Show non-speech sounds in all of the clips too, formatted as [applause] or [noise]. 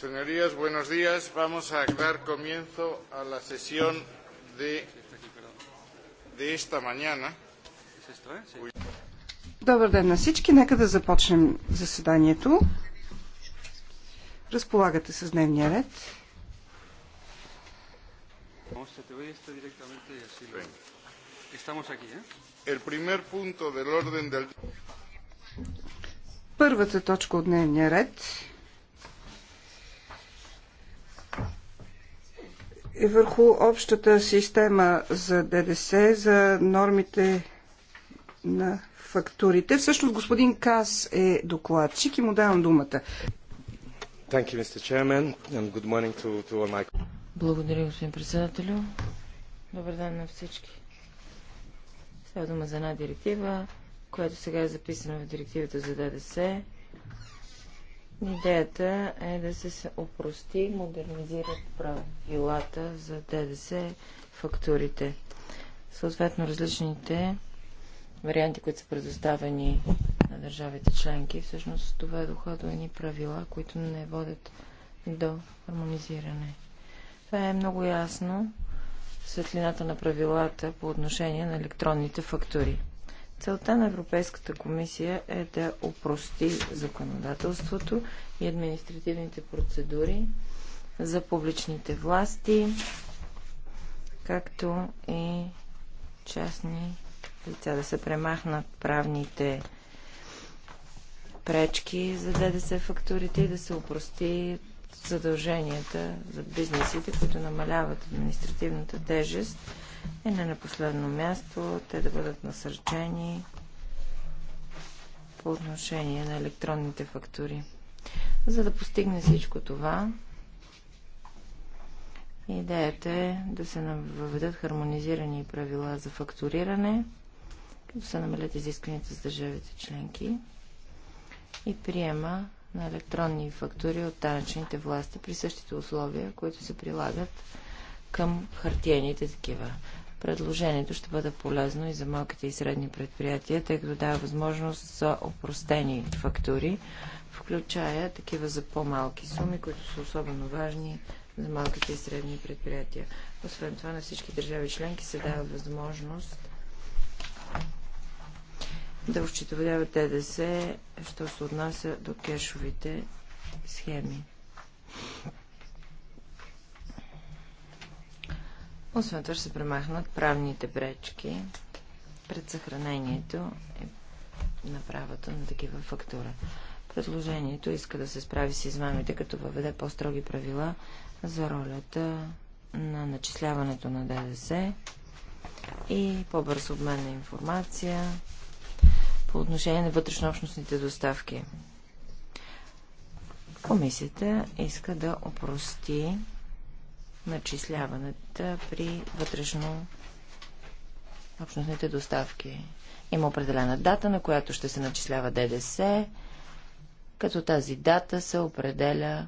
Señorías, buenos días. Vamos a dar comienzo a la sesión de, de esta mañana. Добър ден на всички. Нека да започнем заседанието. Разполагате с дневния ред. ¿eh? Първата точка от дневния ред върху общата система за ДДС, за нормите на фактурите. Всъщност господин Кас е докладчик и му давам думата. Благодаря, господин председателю. Добър ден на всички. Става дума за една директива, която сега е записана в директивата за ДДС. Идеята е да се опрости, модернизират правилата за ДДС фактурите. Съответно, различните варианти, които са предоставени на държавите членки, всъщност доведоха до едни правила, които не водят до хармонизиране. Това е много ясно светлината на правилата по отношение на електронните фактури. Целта на Европейската комисия е да опрости законодателството и административните процедури за публичните власти, както и частни лица, да се премахнат правните пречки за ДДС фактурите и да се опрости задълженията за бизнесите, които намаляват административната тежест и не на последно място, те да бъдат насърчени по отношение на електронните фактури. За да постигне всичко това, идеята е да се въведат хармонизирани правила за фактуриране, като се намалят изискванията с държавите членки и приема на електронни фактури от данъчните власти при същите условия, които се прилагат към хартиените такива предложението ще бъде полезно и за малките и средни предприятия, тъй като дава възможност за опростени фактури, включая такива за по-малки суми, които са особено важни за малките и средни предприятия. Освен това, на всички държави членки се дава възможност да осчетоводяват ДДС, що се отнася до кешовите схеми. Освен това ще се премахнат правните пречки пред съхранението и на правото на такива фактура. Предложението иска да се справи с измамите, като въведе по-строги правила за ролята на начисляването на ДДС и по-бърз обмен на информация по отношение на вътрешнообщностните доставки. Комисията иска да опрости начисляването при вътрешно общностните доставки. Има определена дата, на която ще се начислява ДДС, като тази дата се определя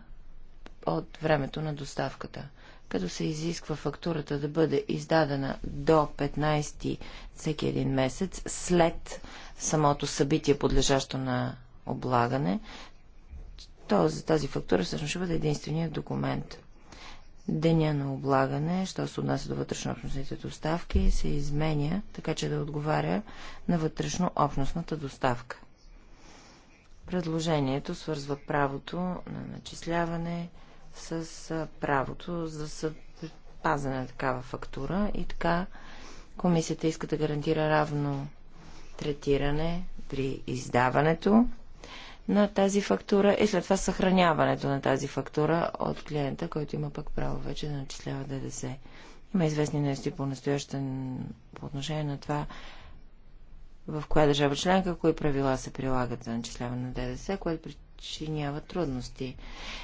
от времето на доставката. Като се изисква фактурата да бъде издадена до 15 всеки един месец, след самото събитие, подлежащо на облагане, този, тази фактура всъщност ще бъде единственият документ деня на облагане, що се отнася до вътрешно-общностните доставки, се изменя, така че да отговаря на вътрешно-общностната доставка. Предложението свързва правото на начисляване с правото за пазене на такава фактура и така комисията иска да гарантира равно третиране при издаването на тази фактура и след това съхраняването на тази фактура от клиента, който има пък право вече да начислява ДДС. Има известни нести по настоящен по отношение на това в коя държава членка, кои правила се прилагат за начисляване на ДДС, което причинява трудности.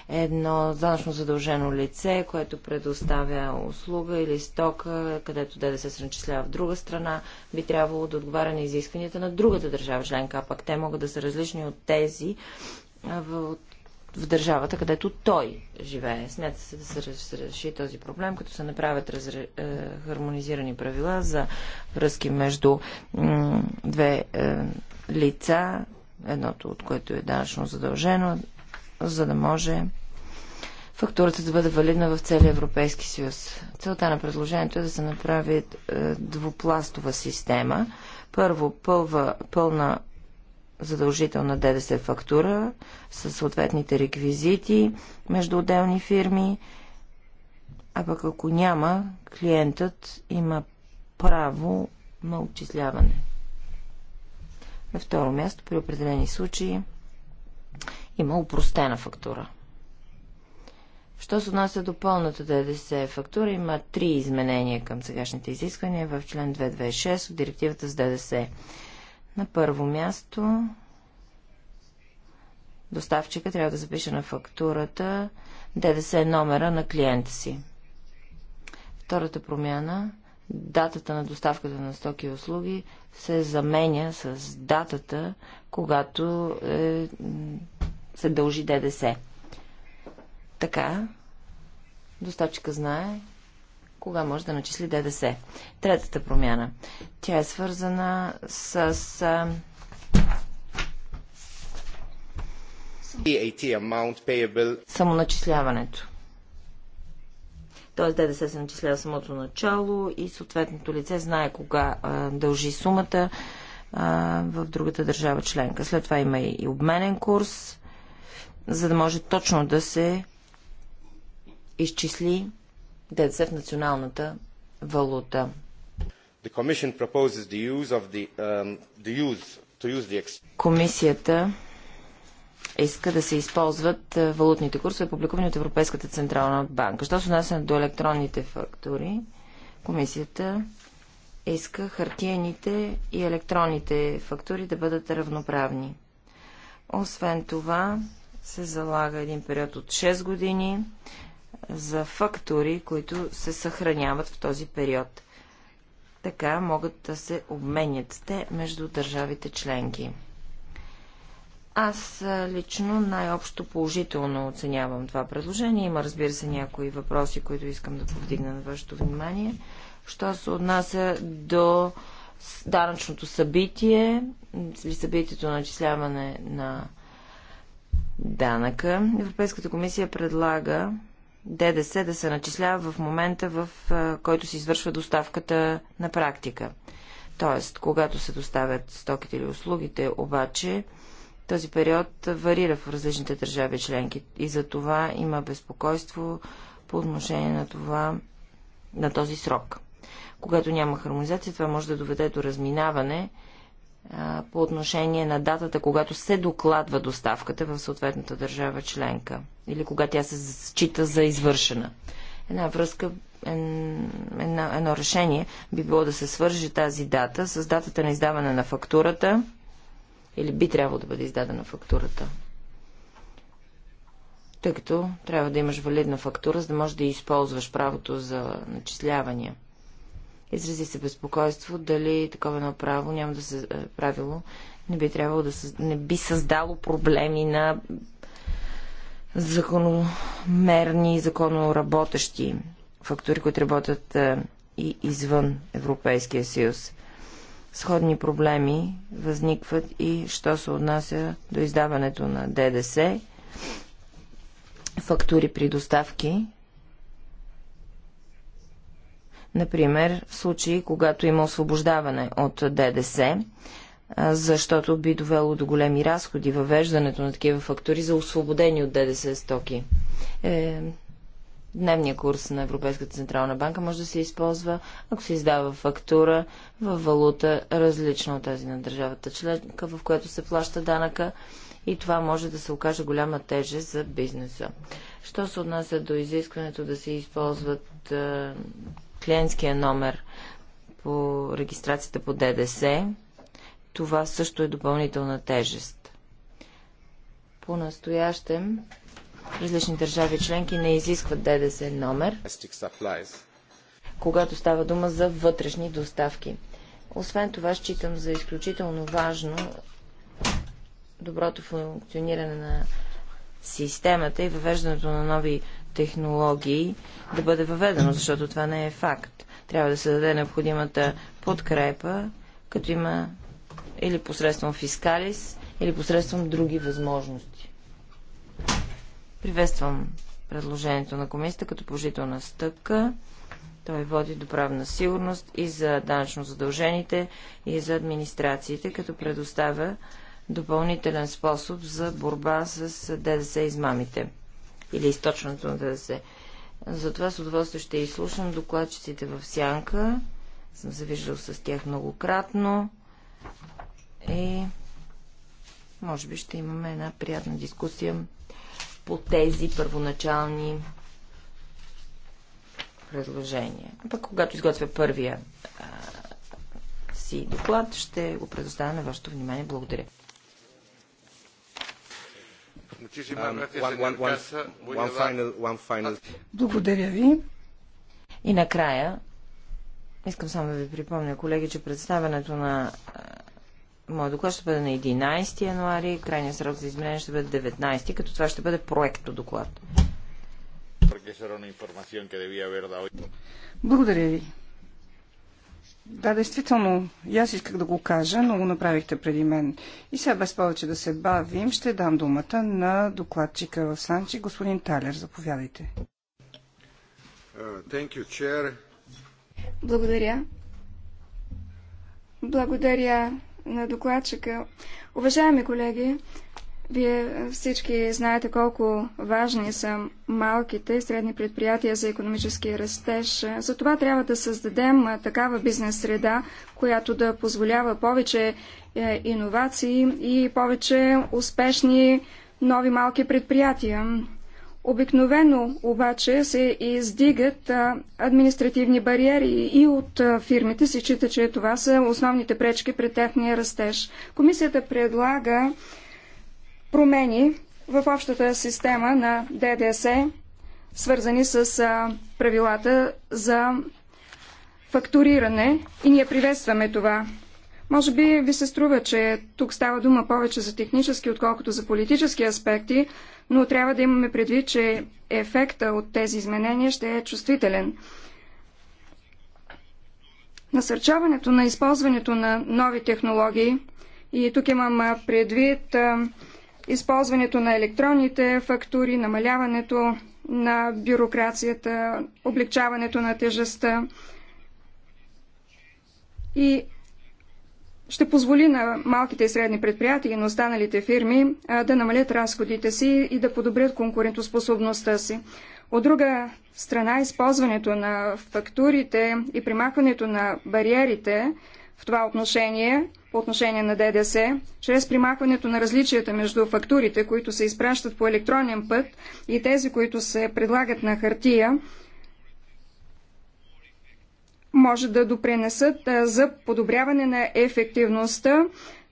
Едно данъчно задължено лице, което предоставя услуга или стока, където ДДС се начислява в друга страна, би трябвало да отговаря на изискванията на другата държава членка, а пък те могат да са различни от тези в, в държавата, където той живее. Смята се да се разреши този проблем, като се направят разре, е, хармонизирани правила за връзки между м, две е, лица, едното от което е данъчно задължено, за да може фактурата да бъде валидна в целия Европейски съюз. Целта на предложението е да се направи е, двупластова система. Първо, пълва, пълна задължителна ДДС фактура с съответните реквизити между отделни фирми, а пък ако няма, клиентът има право на отчисляване. На второ място, при определени случаи, има упростена фактура. Що се отнася до пълната ДДС фактура, има три изменения към сегашните изисквания в член 226 от директивата с ДДС. На първо място, доставчика трябва да запише на фактурата ДДС номера на клиента си. Втората промяна датата на доставката на стоки и услуги се заменя с датата, когато е, се дължи ДДС. Така, доставчика знае кога може да начисли ДДС. Третата промяна. Тя е свързана с. А... Самоначисляването т.е. ДДС се начислява самото начало и съответното лице знае кога а, дължи сумата а, в другата държава членка. След това има и обменен курс, за да може точно да се изчисли ДДС в националната валута. Комисията иска да се използват е, валутните курсове, публикувани от Европейската централна банка. Що се отнася до електронните фактури, комисията иска хартиените и електронните фактури да бъдат равноправни. Освен това, се залага един период от 6 години за фактури, които се съхраняват в този период. Така могат да се обменят те между държавите членки. Аз лично най-общо положително оценявам това предложение. Има, разбира се, някои въпроси, които искам да повдигна на вашето внимание. Що се отнася до данъчното събитие или събитието на начисляване на данъка, Европейската комисия предлага ДДС да се начислява в момента, в който се извършва доставката на практика. Тоест, когато се доставят стоките или услугите, обаче този период варира в различните държави членки и за това има безпокойство по отношение на, това, на този срок. Когато няма хармонизация, това може да доведе до разминаване по отношение на датата, когато се докладва доставката в съответната държава членка или когато тя се счита за извършена. Една връзка едно, едно решение би било да се свържи тази дата с датата на издаване на фактурата или би трябвало да бъде издадена фактурата. Тъй като трябва да имаш валидна фактура, за да можеш да използваш правото за начислявания. Изрази се безпокойство дали такова едно право няма да се е, правило, не би трябвало да се, не би създало проблеми на закономерни, законоработещи фактори, които работят е, и извън Европейския съюз. Сходни проблеми възникват и що се отнася до издаването на ДДС, фактури при доставки. Например, в случаи, когато има освобождаване от ДДС, защото би довело до големи разходи въвеждането на такива фактори за освободени от ДДС стоки. Е, дневния курс на Европейската централна банка може да се използва, ако се издава фактура в валута, различна от тази на държавата членка, в която се плаща данъка и това може да се окаже голяма тежест за бизнеса. Що се отнася до изискването да се използват е, клиентския номер по регистрацията по ДДС, това също е допълнителна тежест. По-настоящем различни държави членки не изискват ДДС номер, когато става дума за вътрешни доставки. Освен това, считам за изключително важно доброто функциониране на системата и въвеждането на нови технологии да бъде въведено, защото това не е факт. Трябва да се даде необходимата подкрепа, като има или посредством фискалис, или посредством други възможности. Приветствам предложението на комисията като положителна стъпка. Той води до правна сигурност и за данъчно задължените, и за администрациите, като предоставя допълнителен способ за борба с ДДС измамите или източването на ДДС. Затова с удоволствие ще изслушам докладчиците в Сянка. Съм се виждал с тях многократно и може би ще имаме една приятна дискусия по тези първоначални предложения. А пък когато изготвя първия а, си доклад, ще го предоставя на вашето внимание. Благодаря. Um, Благодаря ви. И накрая, искам само да ви припомня, колеги, че представянето на Моят доклад ще бъде на 11 януари, крайният срок за изменение ще бъде 19, като това ще бъде проекто доклад. Благодаря ви. Да, действително, и аз исках да го кажа, но го направихте преди мен. И сега без повече да се бавим, ще дам думата на докладчика в Санчи, господин Талер. Заповядайте. Uh, you, Благодаря. Благодаря на докладчика. Уважаеми колеги, вие всички знаете колко важни са малките и средни предприятия за економически растеж. Затова трябва да създадем такава бизнес среда, която да позволява повече е, иновации и повече успешни нови малки предприятия. Обикновено обаче се издигат административни бариери и от фирмите се счита, че това са основните пречки пред техния растеж. Комисията предлага промени в общата система на ДДС, свързани с правилата за фактуриране и ние приветстваме това. Може би ви се струва, че тук става дума повече за технически, отколкото за политически аспекти, но трябва да имаме предвид, че ефекта от тези изменения ще е чувствителен. Насърчаването на използването на нови технологии, и тук имам предвид използването на електронните фактури, намаляването на бюрокрацията, облегчаването на тежестта и ще позволи на малките и средни предприятия и на останалите фирми да намалят разходите си и да подобрят конкурентоспособността си. От друга страна, използването на фактурите и примахването на бариерите в това отношение, по отношение на ДДС, чрез примахването на различията между фактурите, които се изпращат по електронен път и тези, които се предлагат на хартия, може да допринесат за подобряване на ефективността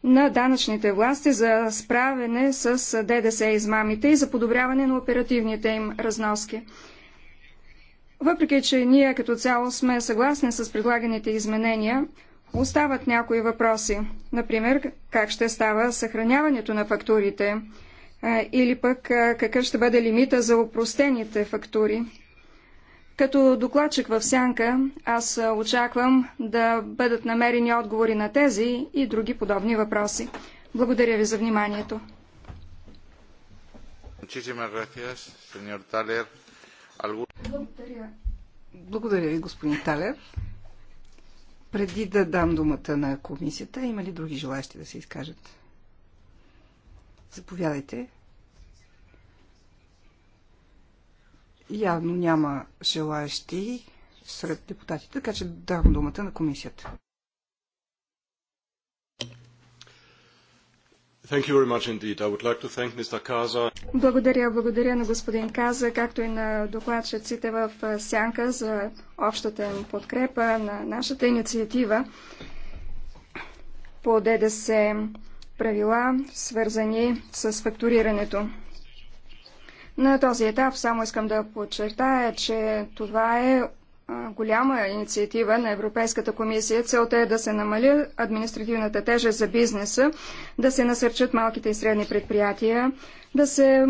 на данъчните власти за справяне с ДДС измамите и за подобряване на оперативните им разноски. Въпреки, че ние като цяло сме съгласни с предлаганите изменения, остават някои въпроси. Например, как ще става съхраняването на фактурите или пък какъв ще бъде лимита за упростените фактури. Като докладчик в Сянка, аз очаквам да бъдат намерени отговори на тези и други подобни въпроси. Благодаря ви за вниманието. Благодаря. Благодаря ви, господин Талер. Преди да дам думата на комисията, има ли други желащи да се изкажат? Заповядайте. Явно няма желаящи сред депутатите, така че давам думата на комисията. Like благодаря, благодаря на господин Каза, както и на докладчиците в Сянка за общата им подкрепа на нашата инициатива по ДДС правила, свързани с фактурирането. На този етап само искам да подчертая, че това е голяма инициатива на Европейската комисия. Целта е да се намали административната тежест за бизнеса, да се насърчат малките и средни предприятия, да се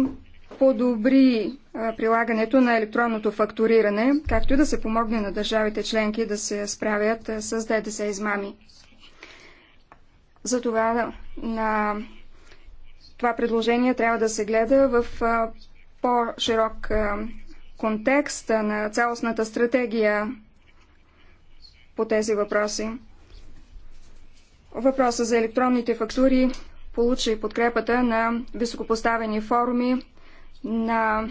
подобри прилагането на електронното фактуриране, както и да се помогне на държавите членки да се справят с ДДС измами. Затова на това предложение трябва да се гледа в по-широк е, контекст е, на цялостната стратегия по тези въпроси. Въпроса за електронните фактури получи подкрепата на високопоставени форуми, на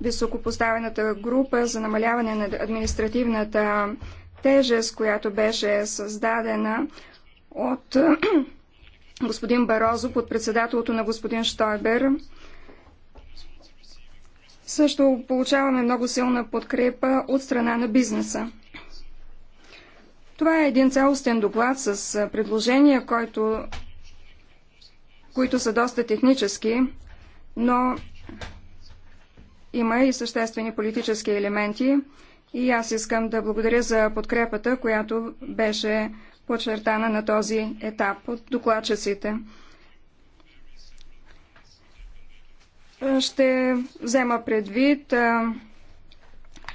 високопоставената група за намаляване на административната тежест, която беше създадена от е, [clears throat] господин Барозо под председателството на господин Штойбер. Също получаваме много силна подкрепа от страна на бизнеса. Това е един цялостен доклад с предложения, който, които са доста технически, но има и съществени политически елементи. И аз искам да благодаря за подкрепата, която беше подчертана на този етап от докладчиците. ще взема предвид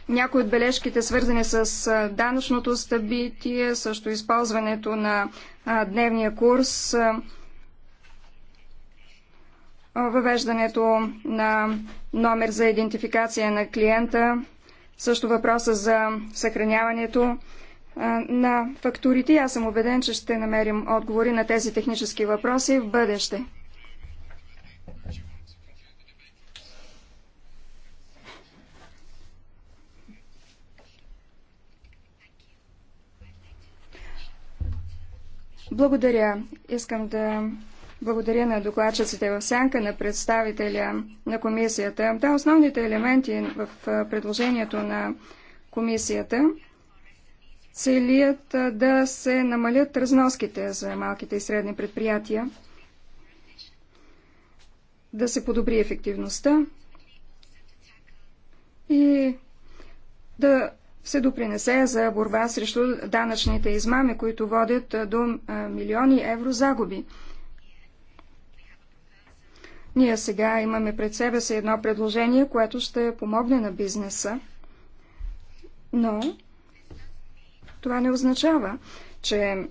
някои от бележките, свързани с данъчното събитие, също използването на дневния курс, въвеждането на номер за идентификация на клиента, също въпроса за съхраняването на фактурите. Аз съм убеден, че ще намерим отговори на тези технически въпроси в бъдеще. Благодаря. Искам да благодаря на докладчиците в сянка на представителя на комисията. Да, основните елементи в предложението на комисията целият да се намалят разноските за малките и средни предприятия, да се подобри ефективността и да се допринесе за борба срещу данъчните измами, които водят до милиони евро загуби. Ние сега имаме пред себе си едно предложение, което ще помогне на бизнеса, но това не означава, че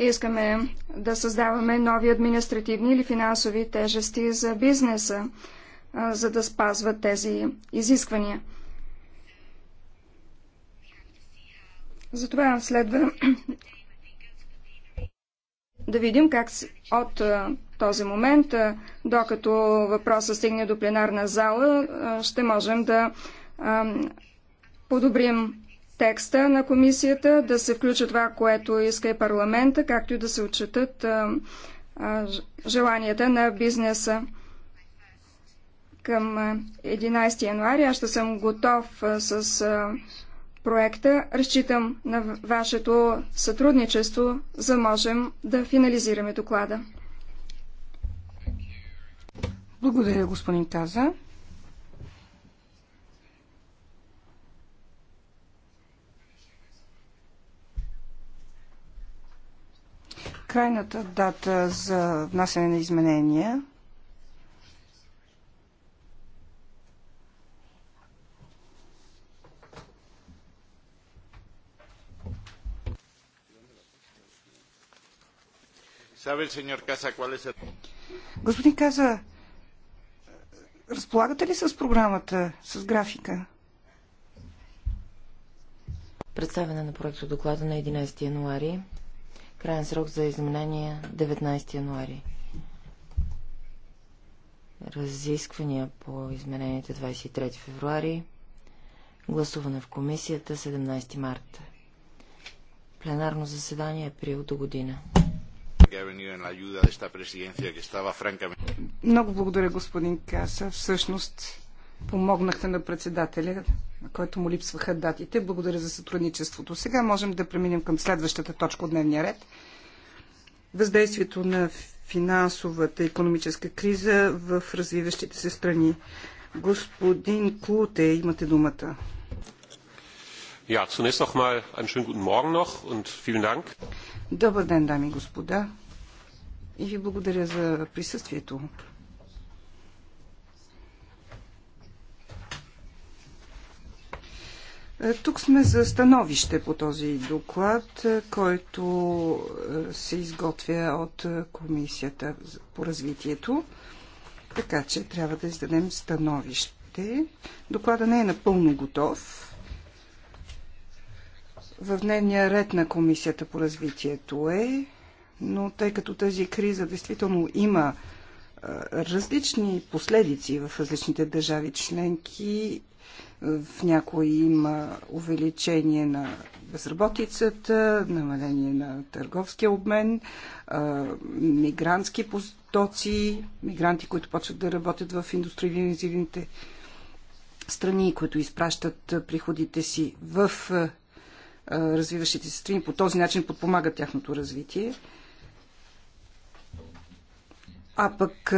Искаме да създаваме нови административни или финансови тежести за бизнеса, за да спазват тези изисквания. Затова следва да видим как от този момент, докато въпросът стигне до пленарна зала, ще можем да подобрим текста на комисията, да се включи това, което иска и парламента, както и да се отчитат желанията на бизнеса. Към 11 януари аз ще съм готов с проекта. Разчитам на вашето сътрудничество, за можем да финализираме доклада. Благодаря, господин Таза. Крайната дата за внасяне на изменения Господин Каза, разполагате ли с програмата, с графика? Представяне на проекто доклада на 11 януари. Крайен срок за изменения 19 е януари. Разисквания по измененията 23 февруари. Гласуване в комисията 17 марта. Пленарно заседание е април до година. Много благодаря, господин Каса. Всъщност, Помогнахте на председателя, на който му липсваха датите. Благодаря за сътрудничеството. Сега можем да преминем към следващата точка от дневния ред. Въздействието на финансовата и економическа криза в развиващите се страни. Господин Клуте, имате думата. Ja, zunächst noch mal einen schönen guten Morgen noch und vielen Dank. Добър ден, дами и господа. И ви благодаря за присъствието. Е, тук сме за становище по този доклад, е, който е, се изготвя от Комисията по развитието. Така че трябва да издадем становище. Доклада не е напълно готов. В дневния ред на Комисията по развитието е, но тъй като тази криза действително има различни последици в различните държави членки в някои има увеличение на безработицата, намаление на търговския обмен, мигрантски потоци, мигранти, които почват да работят в индустриализираните страни, които изпращат приходите си в развиващите се страни, по този начин подпомагат тяхното развитие. А пък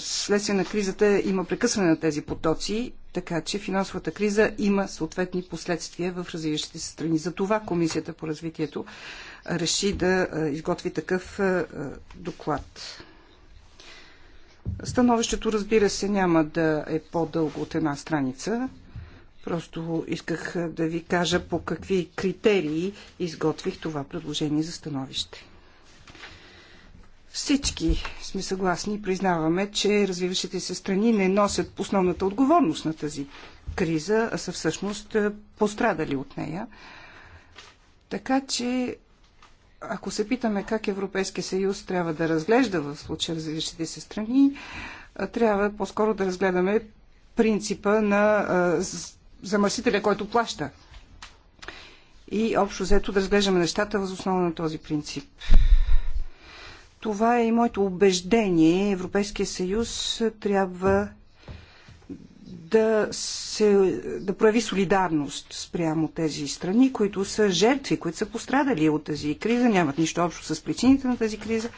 следствие на кризата има прекъсване на тези потоци, така че финансовата криза има съответни последствия в развиващите се страни. За това Комисията по развитието реши да изготви такъв доклад. Становището, разбира се, няма да е по-дълго от една страница. Просто исках да ви кажа по какви критерии изготвих това предложение за становище. Всички сме съгласни и признаваме, че развиващите се страни не носят основната отговорност на тази криза, а са всъщност е, пострадали от нея. Така че, ако се питаме как Европейския съюз трябва да разглежда в случая развиващите се страни, е, трябва по-скоро да разгледаме принципа на е, замърсителя, който плаща. И общо взето да разглеждаме нещата въз основа на този принцип. Това е и моето убеждение. Европейския съюз трябва да, се, да прояви солидарност спрямо тези страни, които са жертви, които са пострадали от тази криза, нямат нищо общо с причините на тази криза.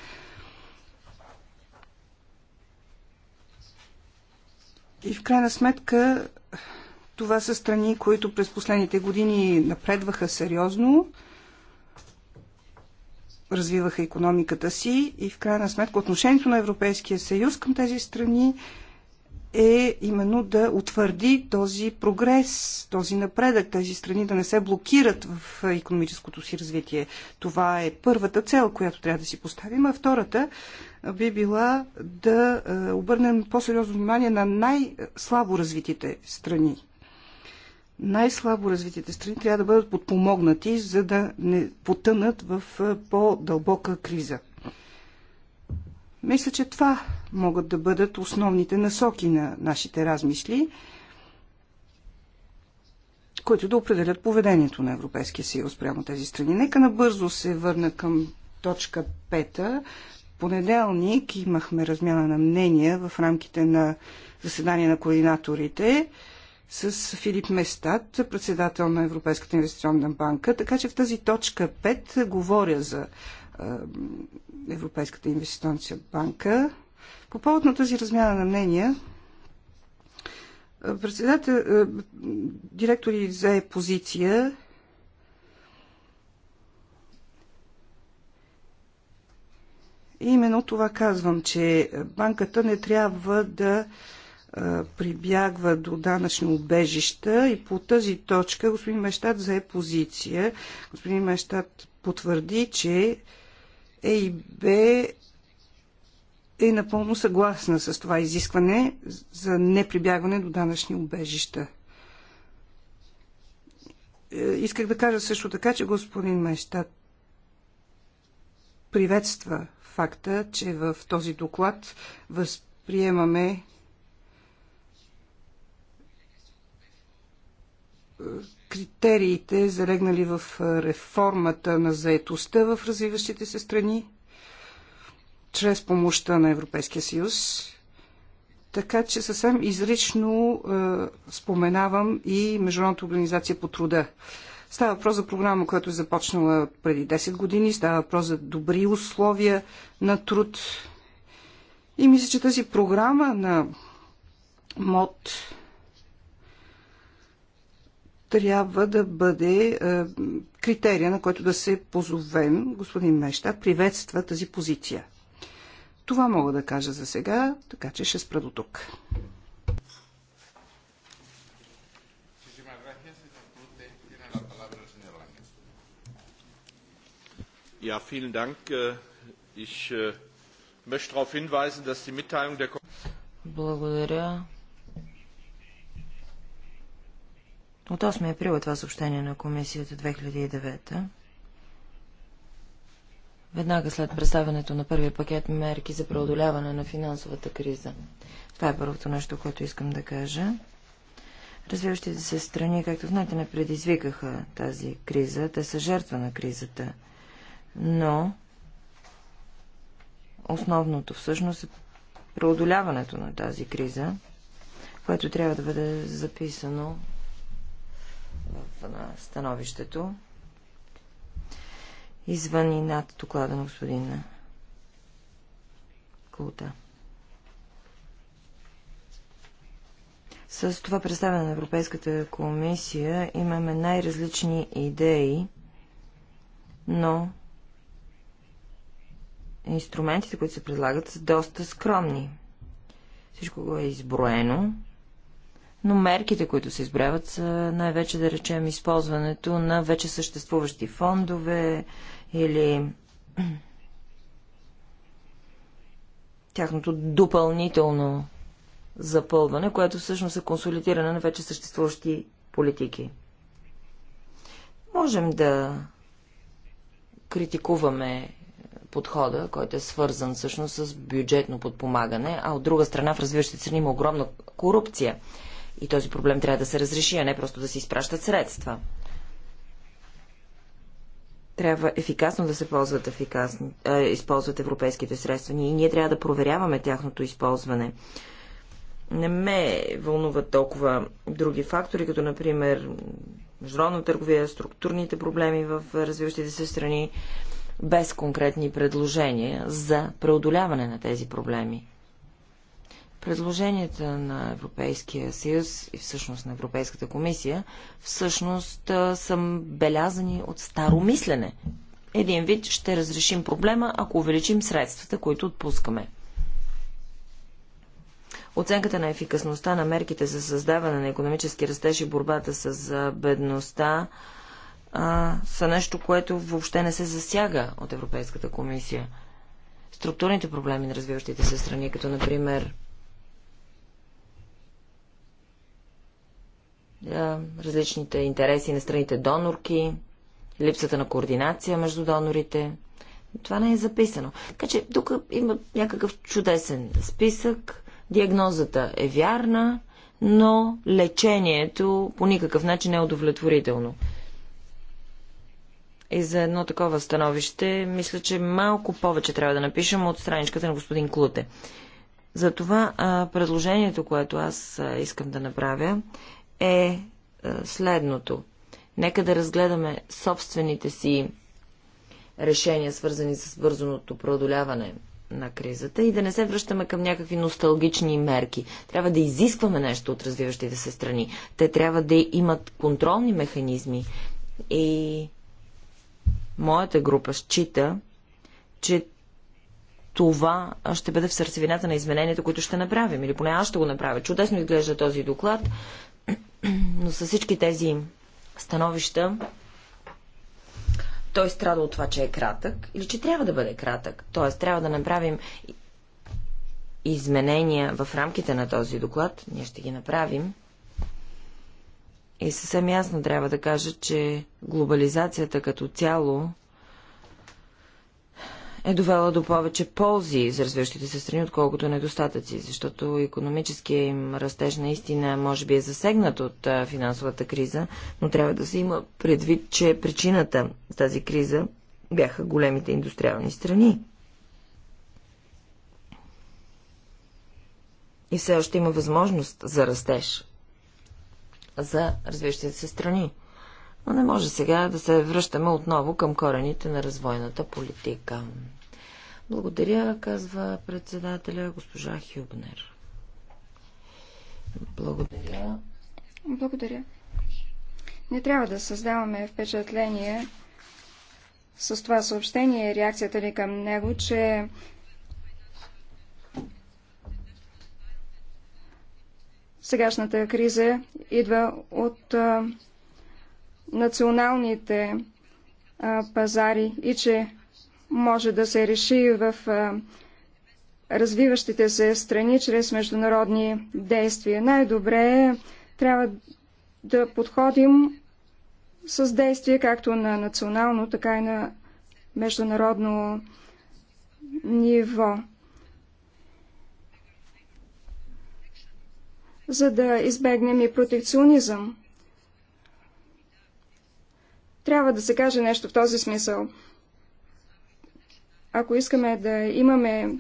И в крайна сметка това са страни, които през последните години напредваха сериозно развиваха економиката си и в крайна сметка отношението на Европейския съюз към тези страни е именно да утвърди този прогрес, този напредък, тези страни да не се блокират в економическото си развитие. Това е първата цел, която трябва да си поставим, а втората би била да обърнем по-сериозно внимание на най-слабо развитите страни най-слабо развитите страни трябва да бъдат подпомогнати, за да не потънат в по-дълбока криза. Мисля, че това могат да бъдат основните насоки на нашите размисли, които да определят поведението на Европейския съюз прямо тези страни. Нека набързо се върна към точка 5. Понеделник имахме размяна на мнения в рамките на заседание на координаторите с Филип Местат, председател на Европейската инвестиционна банка. Така че в тази точка 5 говоря за Европейската инвестиционна банка. По повод на тази размяна на мнения, председател, е, директори взе позиция И именно това казвам, че банката не трябва да прибягва до данъчни убежища и по тази точка господин Мещат взе позиция. Господин Мещат потвърди, че ЕИБ е напълно съгласна с това изискване за неприбягване до данъчни убежища. Е, исках да кажа също така, че господин Мещат приветства факта, че в този доклад възприемаме критериите, залегнали в реформата на заетостта в развиващите се страни, чрез помощта на Европейския съюз. Така че съвсем изрично е, споменавам и Международната организация по труда. Става въпрос за програма, която е започнала преди 10 години. Става въпрос за добри условия на труд. И мисля, че тази програма на МОД трябва да бъде е, критерия, на който да се позовем. Господин Мещак приветства тази позиция. Това мога да кажа за сега, така че ще спра до тук. Ja, vielen Dank. Äh, ich äh, möchte darauf hinweisen, dass die Mitteilung der Благодаря. От 8 април е това съобщение на комисията 2009. Веднага след представянето на първия пакет мерки за преодоляване на финансовата криза. Това е първото нещо, което искам да кажа. Развиващите се страни, както знаете, не предизвикаха тази криза. Те са жертва на кризата. Но основното всъщност е преодоляването на тази криза, което трябва да бъде записано в, на становището, извън и над доклада на господин Култа. С това представяне на Европейската комисия имаме най-различни идеи, но инструментите, които се предлагат, са доста скромни. Всичко го е изброено но мерките, които се избряват, са най-вече, да речем, използването на вече съществуващи фондове или [clears throat] тяхното допълнително запълване, което всъщност е консолидиране на вече съществуващи политики. Можем да критикуваме подхода, който е свързан всъщност с бюджетно подпомагане, а от друга страна в развиващите страни има огромна корупция. И този проблем трябва да се разреши, а не просто да се изпращат средства. Трябва ефикасно да се ползват ефикасно, е, използват европейските средства. И ние, ние трябва да проверяваме тяхното използване. Не ме вълнуват толкова други фактори, като например международна търговия, структурните проблеми в развиващите се страни, без конкретни предложения за преодоляване на тези проблеми. Предложенията на Европейския съюз и всъщност на Европейската комисия всъщност са белязани от старо мислене. Един вид ще разрешим проблема, ако увеличим средствата, които отпускаме. Оценката на ефикасността на мерките за създаване на економически растеж и борбата с бедността а, са нещо, което въобще не се засяга от Европейската комисия. Структурните проблеми на развиващите се страни, като например Е, различните интереси на страните донорки, липсата на координация между донорите. Това не е записано. Така че тук има някакъв чудесен списък, диагнозата е вярна, но лечението по никакъв начин не е удовлетворително. И за едно такова становище, мисля, че малко повече трябва да напишем от страничката на господин Клуте. Затова предложението, което аз искам да направя, е, е следното. Нека да разгледаме собствените си решения, свързани с бързоното преодоляване на кризата и да не се връщаме към някакви носталгични мерки. Трябва да изискваме нещо от развиващите се страни. Те трябва да имат контролни механизми. И моята група счита, че това ще бъде в сърцевината на изменението, които ще направим. Или поне аз ще го направя. Чудесно изглежда този доклад. Но с всички тези становища той страда от това, че е кратък или че трябва да бъде кратък. т.е. трябва да направим изменения в рамките на този доклад. Ние ще ги направим. И съвсем ясно трябва да кажа, че глобализацията като цяло е довела до повече ползи за развиващите се страни, отколкото недостатъци, защото економическия им растеж наистина може би е засегнат от финансовата криза, но трябва да се има предвид, че причината тази криза бяха големите индустриални страни. И все още има възможност за растеж за развиващите се страни. Но не може сега да се връщаме отново към корените на развойната политика. Благодаря, казва председателя госпожа Хюбнер. Благодаря. Благодаря. Не трябва да създаваме впечатление с това съобщение и реакцията ни към него, че сегашната криза идва от националните пазари и че може да се реши в развиващите се страни чрез международни действия. Най-добре е, трябва да подходим с действия както на национално, така и на международно ниво. За да избегнем и протекционизъм. Трябва да се каже нещо в този смисъл – ако искаме да имаме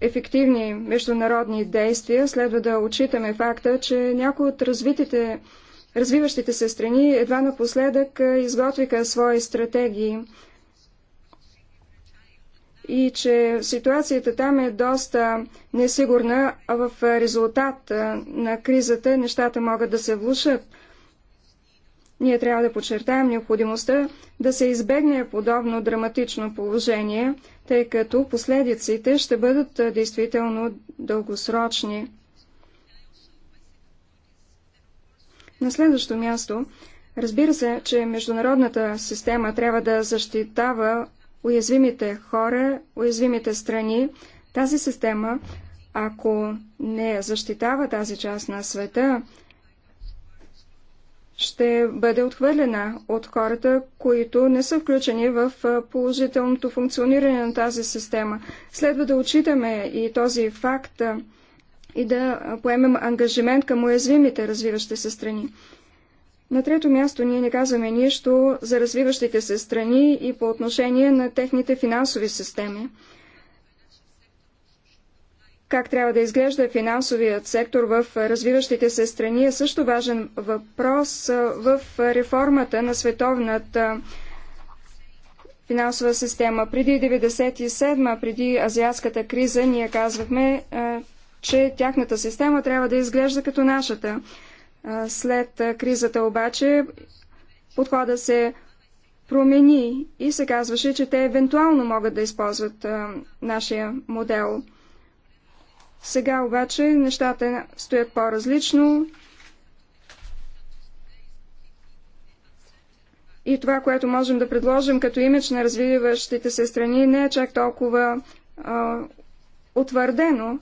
ефективни международни действия, следва да отчитаме факта, че някои от развитите, развиващите се страни едва напоследък изготвиха свои стратегии и че ситуацията там е доста несигурна, а в резултат на кризата нещата могат да се влушат. Ние трябва да подчертаем необходимостта да се избегне подобно драматично положение, тъй като последиците ще бъдат действително дългосрочни. На следващо място, разбира се, че международната система трябва да защитава уязвимите хора, уязвимите страни. Тази система, ако не защитава тази част на света, ще бъде отхвърлена от хората, които не са включени в положителното функциониране на тази система. Следва да отчитаме и този факт и да поемем ангажимент към уязвимите развиващи се страни. На трето място ние не казваме нищо за развиващите се страни и по отношение на техните финансови системи. Как трябва да изглежда финансовият сектор в развиващите се страни е също важен въпрос в реформата на световната финансова система. Преди 1997, преди азиатската криза, ние казвахме, че тяхната система трябва да изглежда като нашата. След кризата обаче подхода се промени и се казваше, че те евентуално могат да използват нашия модел – сега обаче нещата стоят по-различно. И това, което можем да предложим като имидж на развиващите се страни, не е чак толкова а, утвърдено.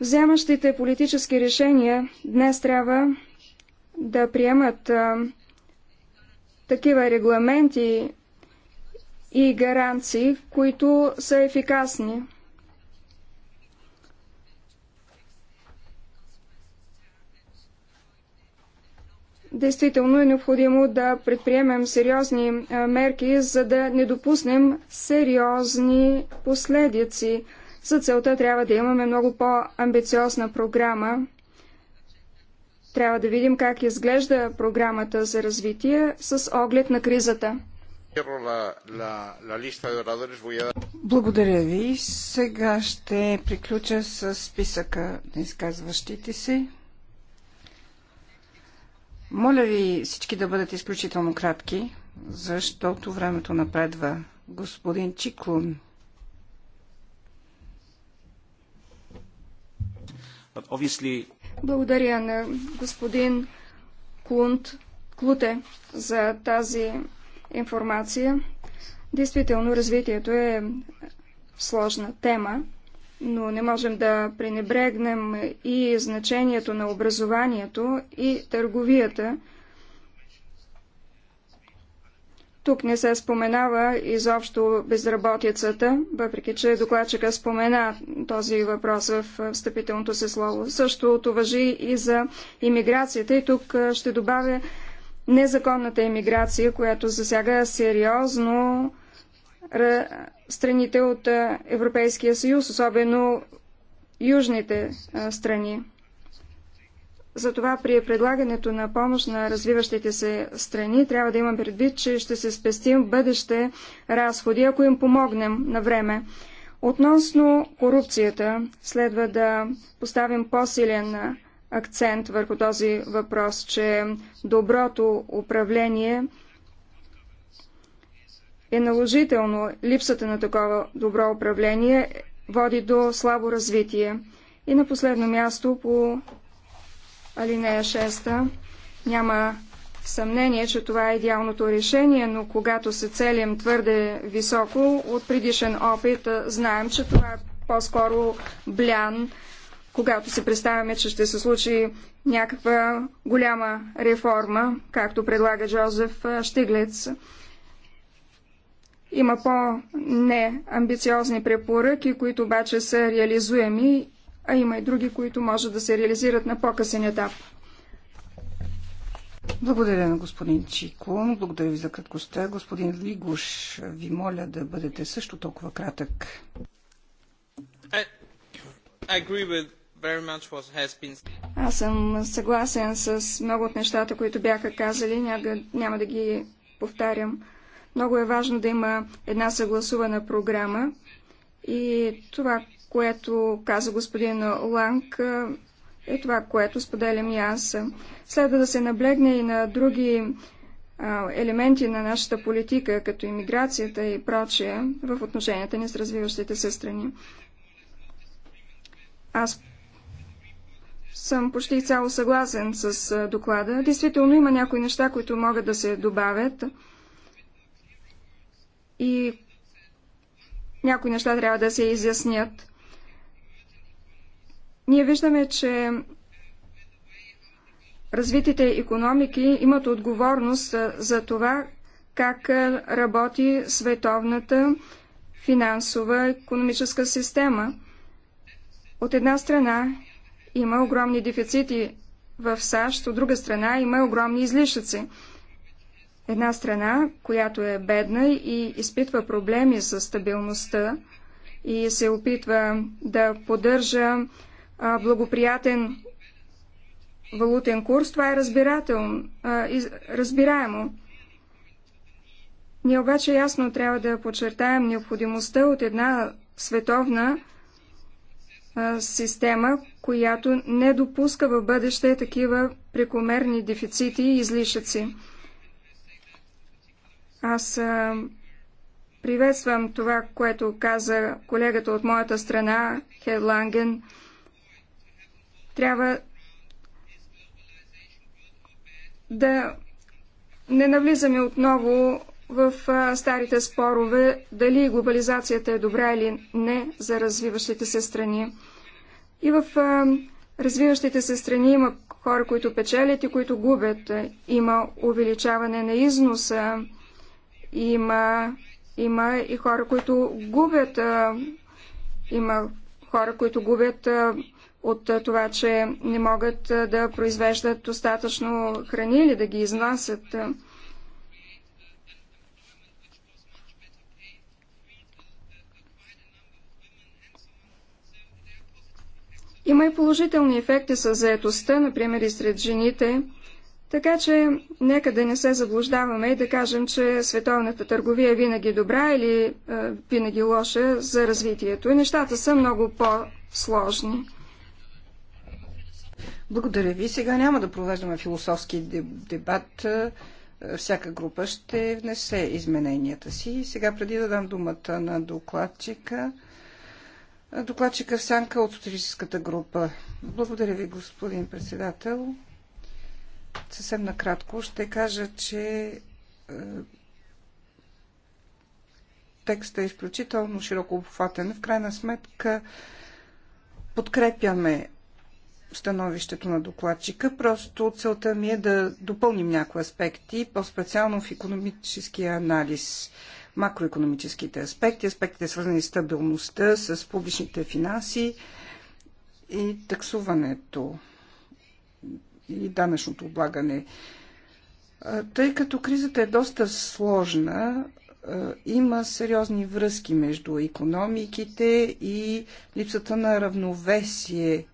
Вземащите политически решения днес трябва да приемат а, такива регламенти и гаранции, които са ефикасни. Действително е необходимо да предприемем сериозни мерки, за да не допуснем сериозни последици. За целта трябва да имаме много по-амбициозна програма. Трябва да видим как изглежда програмата за развитие с оглед на кризата. Благодаря ви. Сега ще приключа с списъка на изказващите си. Моля ви всички да бъдете изключително кратки, защото времето напредва. Господин Чиклун. Obviously... Благодаря на господин Клунт, Клуте за тази информация. Действително, развитието е сложна тема но не можем да пренебрегнем и значението на образованието и търговията. Тук не се споменава изобщо безработицата, въпреки че докладчика спомена този въпрос в встъпителното се слово. Същото въжи и за иммиграцията и тук ще добавя незаконната иммиграция, която засяга сериозно страните от Европейския съюз, особено южните страни. Затова при предлагането на помощ на развиващите се страни трябва да имам предвид, че ще се спестим бъдеще разходи, ако им помогнем на време. Относно корупцията, следва да поставим по-силен акцент върху този въпрос, че доброто управление – е наложително. Липсата на такова добро управление води до слабо развитие. И на последно място по алинея 6 няма съмнение, че това е идеалното решение, но когато се целим твърде високо от предишен опит, знаем, че това е по-скоро блян, когато си представяме, че ще се случи някаква голяма реформа, както предлага Джозеф Штиглец. Има по-неамбициозни препоръки, които обаче са реализуеми, а има и други, които може да се реализират на по-късен етап. Благодаря на господин Чико. Благодаря ви за краткостта. Господин Лигуш, ви моля да бъдете също толкова кратък. Аз съм съгласен с много от нещата, които бяха казали. Няма да ги повтарям. Много е важно да има една съгласувана програма и това, което каза господин Ланг, е това, което споделям и аз. Следва да се наблегне и на други елементи на нашата политика, като иммиграцията и прочее, в отношенията ни с развиващите се страни. Аз съм почти цяло съгласен с доклада. Действително има някои неща, които могат да се добавят и някои неща трябва да се изяснят. Ние виждаме, че развитите економики имат отговорност за това как работи световната финансова економическа система. От една страна има огромни дефицити в САЩ, от друга страна има огромни излишъци. Една страна, която е бедна и изпитва проблеми с стабилността и се опитва да поддържа благоприятен валутен курс, това е разбираемо. Ние обаче ясно трябва да подчертаем необходимостта от една световна система, която не допуска в бъдеще такива прекомерни дефицити и излишъци. Аз приветствам това, което каза колегата от моята страна, Ланген. Трябва да не навлизаме отново в старите спорове дали глобализацията е добра или не за развиващите се страни. И в развиващите се страни има хора, които печелят и които губят. Има увеличаване на износа има, има и хора, които губят. Има хора, които губят от това, че не могат да произвеждат достатъчно храни или да ги изнасят. Има и положителни ефекти с заетостта, например и сред жените – така че нека да не се заблуждаваме и да кажем, че световната търговия е винаги добра или е, винаги лоша за развитието. И нещата са много по-сложни. Благодаря ви. Сега няма да провеждаме философски дебат. Е, всяка група ще внесе измененията си. Сега преди да дам думата на докладчика, докладчика в сянка от социалистическата група. Благодаря ви, господин председател. Съвсем накратко ще кажа, че е, текстът е изключително широко обхватен. В крайна сметка подкрепяме становището на докладчика. Просто целта ми е да допълним някои аспекти, по-специално в економическия анализ, макроекономическите аспекти, аспектите свързани с стабилността, с публичните финанси и таксуването и данъчното облагане. Тъй като кризата е доста сложна, има сериозни връзки между економиките и липсата на равновесие.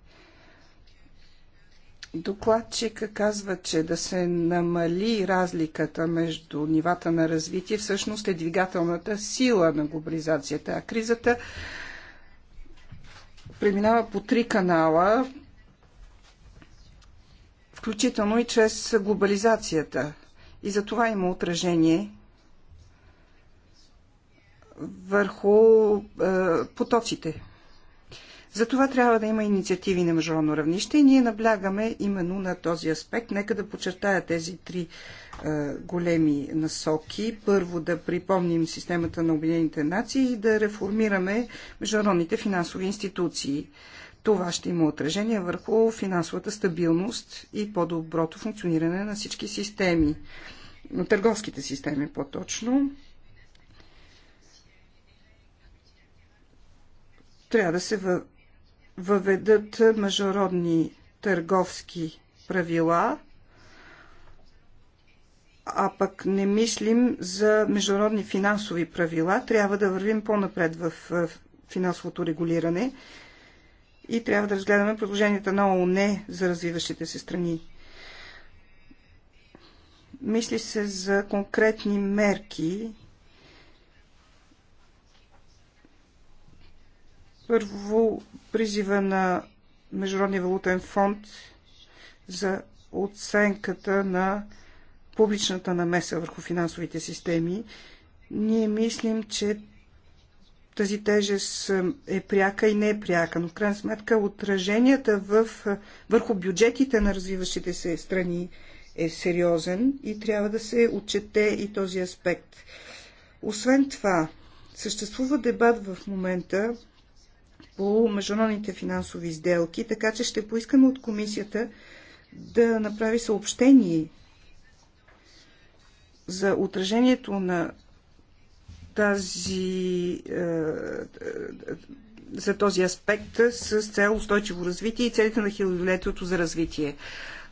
Докладчика казва, че да се намали разликата между нивата на развитие всъщност е двигателната сила на глобализацията, а кризата преминава по три канала включително и чрез глобализацията. И за това има отражение върху е, потоците. За това трябва да има инициативи на международно равнище и ние наблягаме именно на този аспект. Нека да подчертая тези три е, големи насоки. Първо да припомним системата на Обединените нации и да реформираме международните финансови институции. Това ще има отражение върху финансовата стабилност и по-доброто функциониране на всички системи, на търговските системи по-точно. Трябва да се въведат международни търговски правила, а пък не мислим за международни финансови правила. Трябва да вървим по-напред в финансовото регулиране и трябва да разгледаме предложенията на ООН за развиващите се страни. Мисли се за конкретни мерки. Първо, призива на Международния валутен фонд за оценката на публичната намеса върху финансовите системи. Ние мислим, че тази тежест е пряка и не е пряка, но в крайна сметка отраженията в, върху бюджетите на развиващите се страни е сериозен и трябва да се отчете и този аспект. Освен това, съществува дебат в момента по международните финансови сделки, така че ще поискаме от комисията да направи съобщение за отражението на тази, е, е, за този аспект с цел устойчиво развитие и целите на хилядолетието за развитие.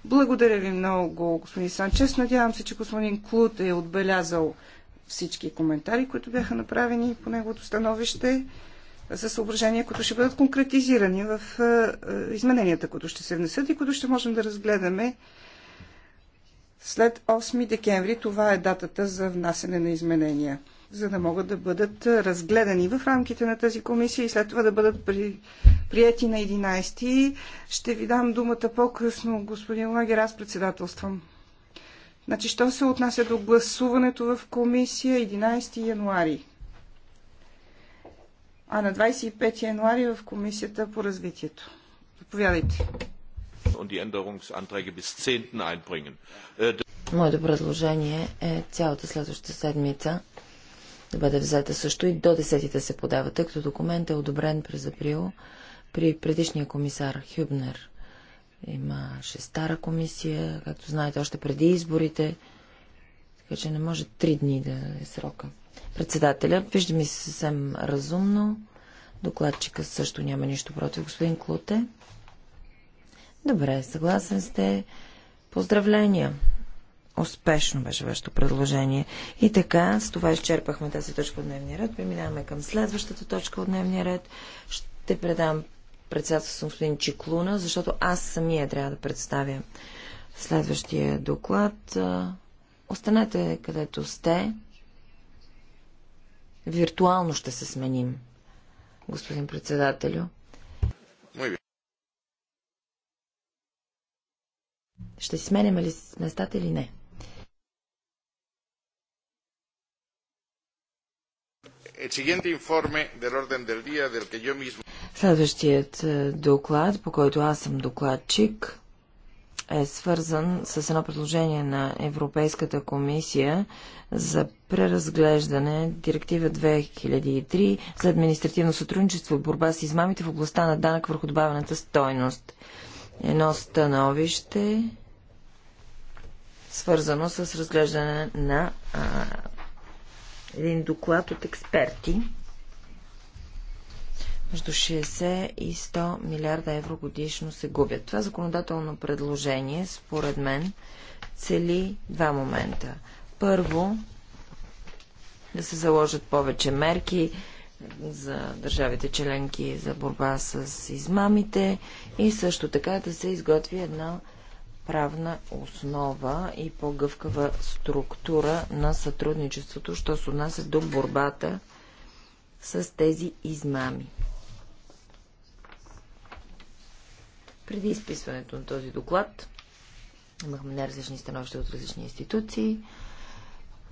Благодаря ви много, господин Санчес. Надявам се, че господин Клут е отбелязал всички коментари, които бяха направени по неговото становище за съображения, които ще бъдат конкретизирани в е, измененията, които ще се внесат и които ще можем да разгледаме след 8 декември. Това е датата за внасене на изменения за да могат да бъдат разгледани в рамките на тази комисия и след това да бъдат при, прияти на 11. Ще ви дам думата по-късно, господин Лагер, аз председателствам. Значи, що се отнася до гласуването в комисия 11 януари? А на 25 януари в комисията по развитието. Заповядайте. Äh, Моето предложение е цялата следваща седмица да бъде взета също и до 10 се подава, тъй като документът е одобрен през април при предишния комисар Хюбнер. Имаше стара комисия, както знаете, още преди изборите, така че не може три дни да е срока. Председателя, вижда ми се съвсем разумно. Докладчика също няма нищо против господин Клоте. Добре, съгласен сте. Поздравления! Успешно беше вашето предложение. И така, с това изчерпахме тази точка от дневния ред. Преминаваме към следващата точка от дневния ред. Ще предам председател на господин Чиклуна, защото аз самия трябва да представя следващия доклад. Останете където сте. Виртуално ще се сменим, господин председателю. Ще сменяме ли местата или не? Следващият е, доклад, по който аз съм докладчик, е свързан с едно предложение на Европейската комисия за преразглеждане Директива 2003 за административно сътрудничество и борба с измамите в областта на данък върху добавената стойност. Едно становище свързано с разглеждане на а, един доклад от експерти между 60 и 100 милиарда евро годишно се губят. Това законодателно предложение, според мен, цели два момента. Първо, да се заложат повече мерки за държавите членки за борба с измамите и също така да се изготви една правна основа и по-гъвкава структура на сътрудничеството, що се отнася до борбата с тези измами. Преди изписването на този доклад имахме най-различни становища от различни институции.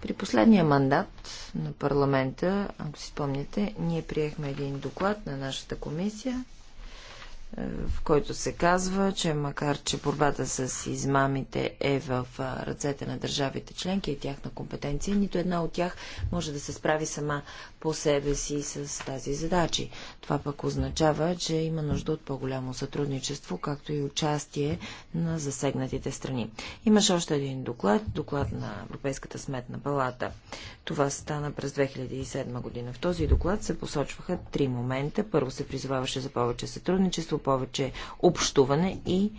При последния мандат на парламента, ако си спомняте, ние приехме един доклад на нашата комисия е, в който се казва, че макар, че борбата с измамите е в ръцете на държавите членки и тяхна компетенция, нито една от тях може да се справи сама по себе си с тази задачи. Това пък означава, че има нужда от по-голямо сътрудничество, както и участие на засегнатите страни. Имаше още един доклад, доклад на Европейската сметна палата. Това стана през 2007 година. В този доклад се посочваха три момента. Първо се призоваваше за повече сътрудничество, качество, повече общуване и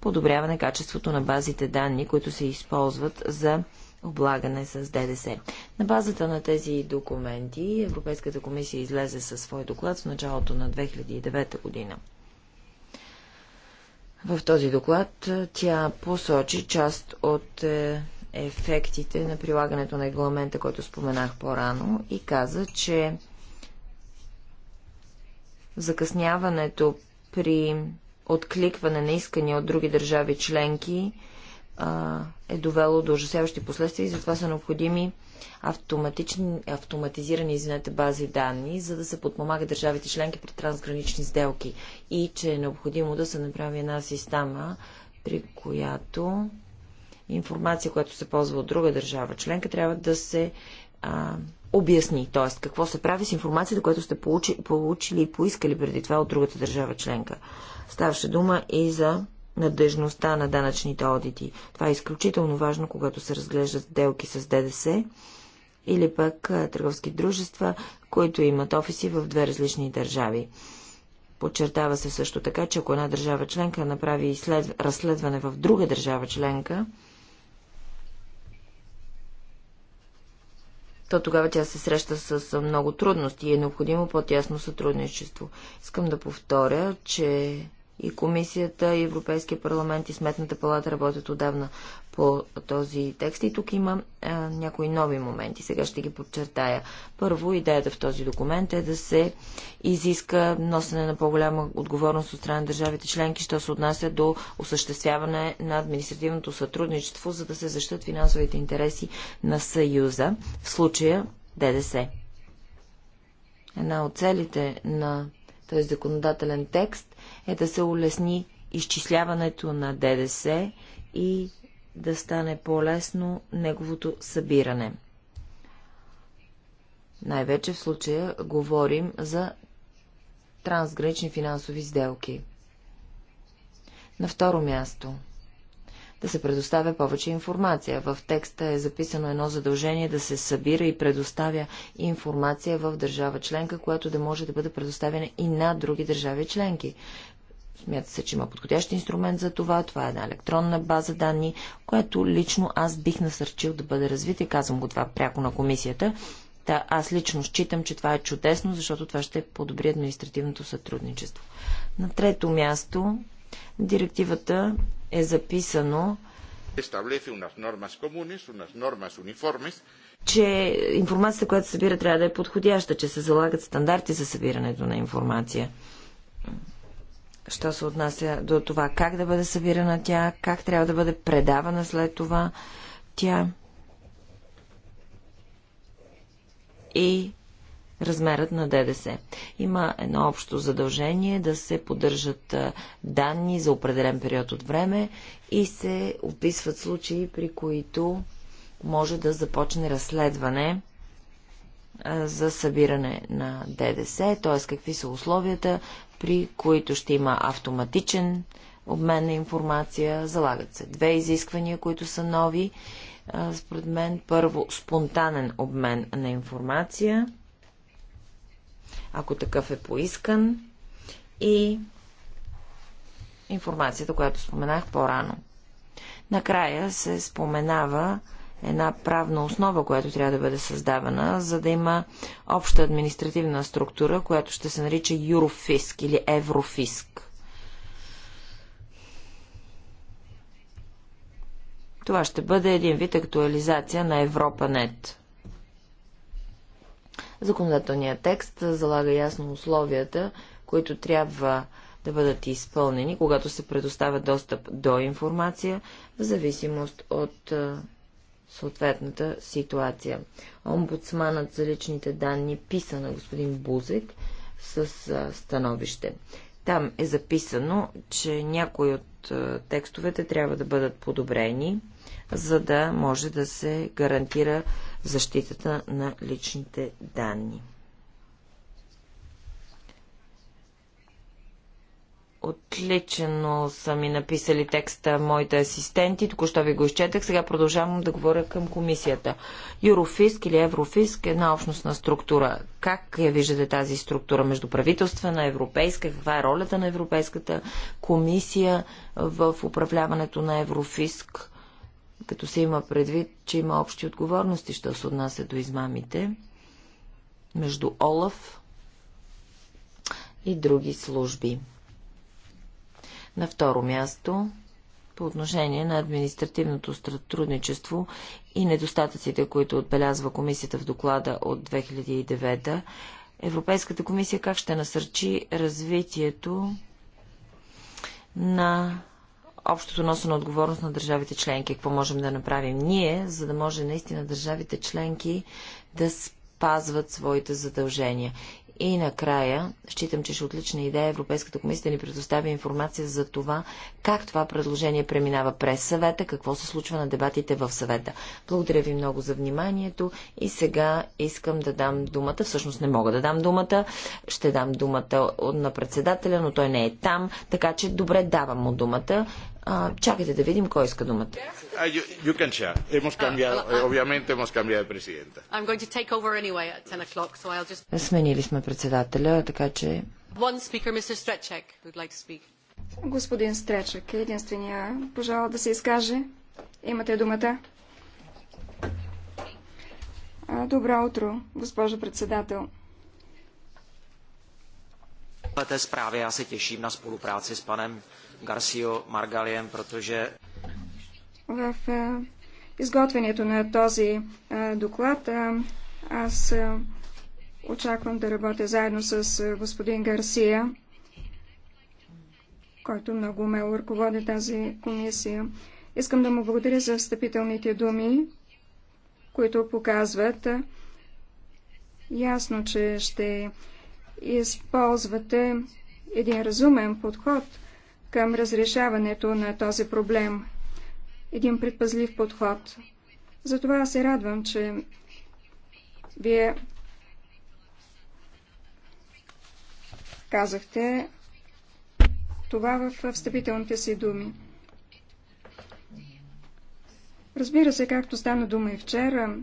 подобряване качеството на базите данни, които се използват за облагане с ДДС. На базата на тези документи Европейската комисия излезе със свой доклад в началото на 2009 година. В този доклад тя посочи част от е, ефектите на прилагането на регламента, който споменах по-рано и каза, че закъсняването при откликване на искания от други държави членки а, е довело до ужасяващи последствия и затова са необходими автоматични, автоматизирани извинете, бази данни, за да се подпомага държавите членки при трансгранични сделки и че е необходимо да се направи една система, при която информация, която се ползва от друга държава членка, трябва да се а, обясни, т.е. какво се прави с информацията, която сте получи, получили и поискали преди това от другата държава членка. Ставаше дума и за надежността на данъчните одити. Това е изключително важно, когато се разглеждат сделки с ДДС или пък търговски дружества, които имат офиси в две различни държави. Подчертава се също така, че ако една държава членка направи разследване в друга държава членка, то тогава тя се среща с много трудности и е необходимо по-тясно сътрудничество. Искам да повторя, че и комисията, и Европейския парламент, и Сметната палата работят отдавна по този текст и тук има а, някои нови моменти. Сега ще ги подчертая. Първо, идеята в този документ е да се изиска носене на по-голяма отговорност от страна на държавите членки, що се отнася до осъществяване на административното сътрудничество, за да се защитят финансовите интереси на Съюза, в случая ДДС. Една от целите на този законодателен текст е да се улесни изчисляването на ДДС и да стане по-лесно неговото събиране. Най-вече в случая говорим за трансгранични финансови сделки. На второ място да се предоставя повече информация. В текста е записано едно задължение да се събира и предоставя информация в държава членка, която да може да бъде предоставена и на други държави членки. Смята се, че има подходящ инструмент за това. Това е една електронна база данни, която лично аз бих насърчил да бъде развита и казвам го това пряко на комисията. Та аз лично считам, че това е чудесно, защото това ще подобри административното сътрудничество. На трето място директивата е записано, че информацията, която се събира, трябва да е подходяща, че се залагат стандарти за събирането на информация що се отнася до това как да бъде събирана тя, как трябва да бъде предавана след това тя и размерът на ДДС. Има едно общо задължение да се поддържат данни за определен период от време и се описват случаи, при които може да започне разследване за събиране на ДДС, т.е. какви са условията, при които ще има автоматичен обмен на информация. Залагат се две изисквания, които са нови. Според мен, първо, спонтанен обмен на информация, ако такъв е поискан, и информацията, която споменах по-рано. Накрая се споменава една правна основа, която трябва да бъде създавана, за да има обща административна структура, която ще се нарича Юрофиск или Еврофиск. Това ще бъде един вид актуализация на Европанет. Законодателният текст залага ясно условията, които трябва да бъдат изпълнени, когато се предоставя достъп до информация, в зависимост от съответната ситуация. Омбудсманът за личните данни писа на господин Бузек с становище. Там е записано, че някои от текстовете трябва да бъдат подобрени, за да може да се гарантира защитата на личните данни. Отлично са ми написали текста моите асистенти, току-що ви го изчетах, сега продължавам да говоря към комисията. Юрофиск или Еврофиск е една общностна структура. Как я виждате тази структура между правителствена, европейска, каква е ролята на Европейската комисия в управляването на Еврофиск, като се има предвид, че има общи отговорности, що се отнася до измамите между Олаф и други служби. На второ място, по отношение на административното сътрудничество и недостатъците, които отбелязва комисията в доклада от 2009, Европейската комисия как ще насърчи развитието на общото носена отговорност на държавите членки? Какво можем да направим ние, за да може наистина държавите членки да спазват своите задължения? И накрая, считам, че ще е отлична идея Европейската комисия да ни предостави информация за това, как това предложение преминава през съвета, какво се случва на дебатите в съвета. Благодаря ви много за вниманието и сега искам да дам думата, всъщност не мога да дам думата, ще дам думата на председателя, но той не е там, така че добре давам му думата. А, чакайте да видим кой иска думата. Сменили сме председателя, така че... Господин Стречек е единствения пожелал да се изкаже. Имате думата. Добро утро, госпожо председател. Té zprávy já se těším na spolupráci s panem Гарсио Маргалиен, протеже. В е, изготвянето на този е, доклад е, аз очаквам да работя заедно с господин Гарсия, който много умело ръководи тази комисия. Искам да му благодаря за встъпителните думи, които показват ясно, че ще използвате един разумен подход – към разрешаването на този проблем. Един предпазлив подход. Затова се радвам, че вие казахте това в встъпителните си думи. Разбира се, както стана дума и вчера,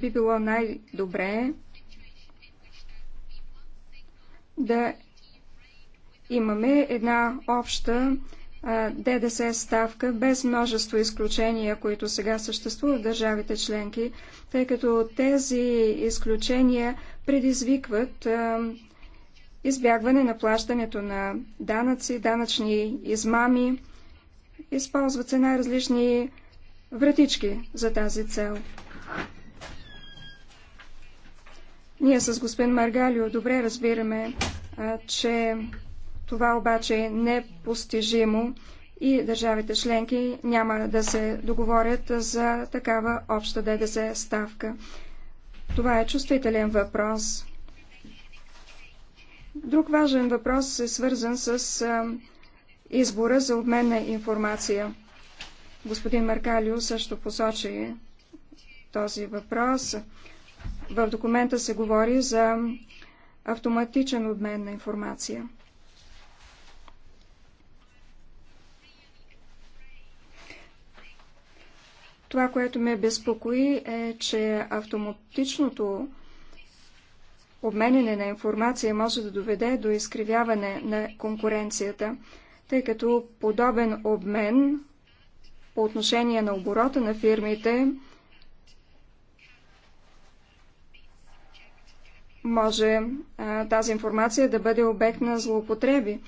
би било най-добре да имаме една обща ДДС ставка без множество изключения, които сега съществуват в държавите членки, тъй като тези изключения предизвикват избягване на плащането на данъци, данъчни измами. Използват се най-различни вратички за тази цел. Ние с господин Маргалио добре разбираме, че това обаче е непостижимо и държавите членки няма да се договорят за такава обща ДДС ставка. Това е чувствителен въпрос. Друг важен въпрос е свързан с избора за обмен на информация. Господин Маркалио също посочи този въпрос. В документа се говори за автоматичен обмен на информация. Това, което ме безпокои е, че автоматичното обменене на информация може да доведе до изкривяване на конкуренцията, тъй като подобен обмен по отношение на оборота на фирмите може а, тази информация да бъде обект на злоупотреби.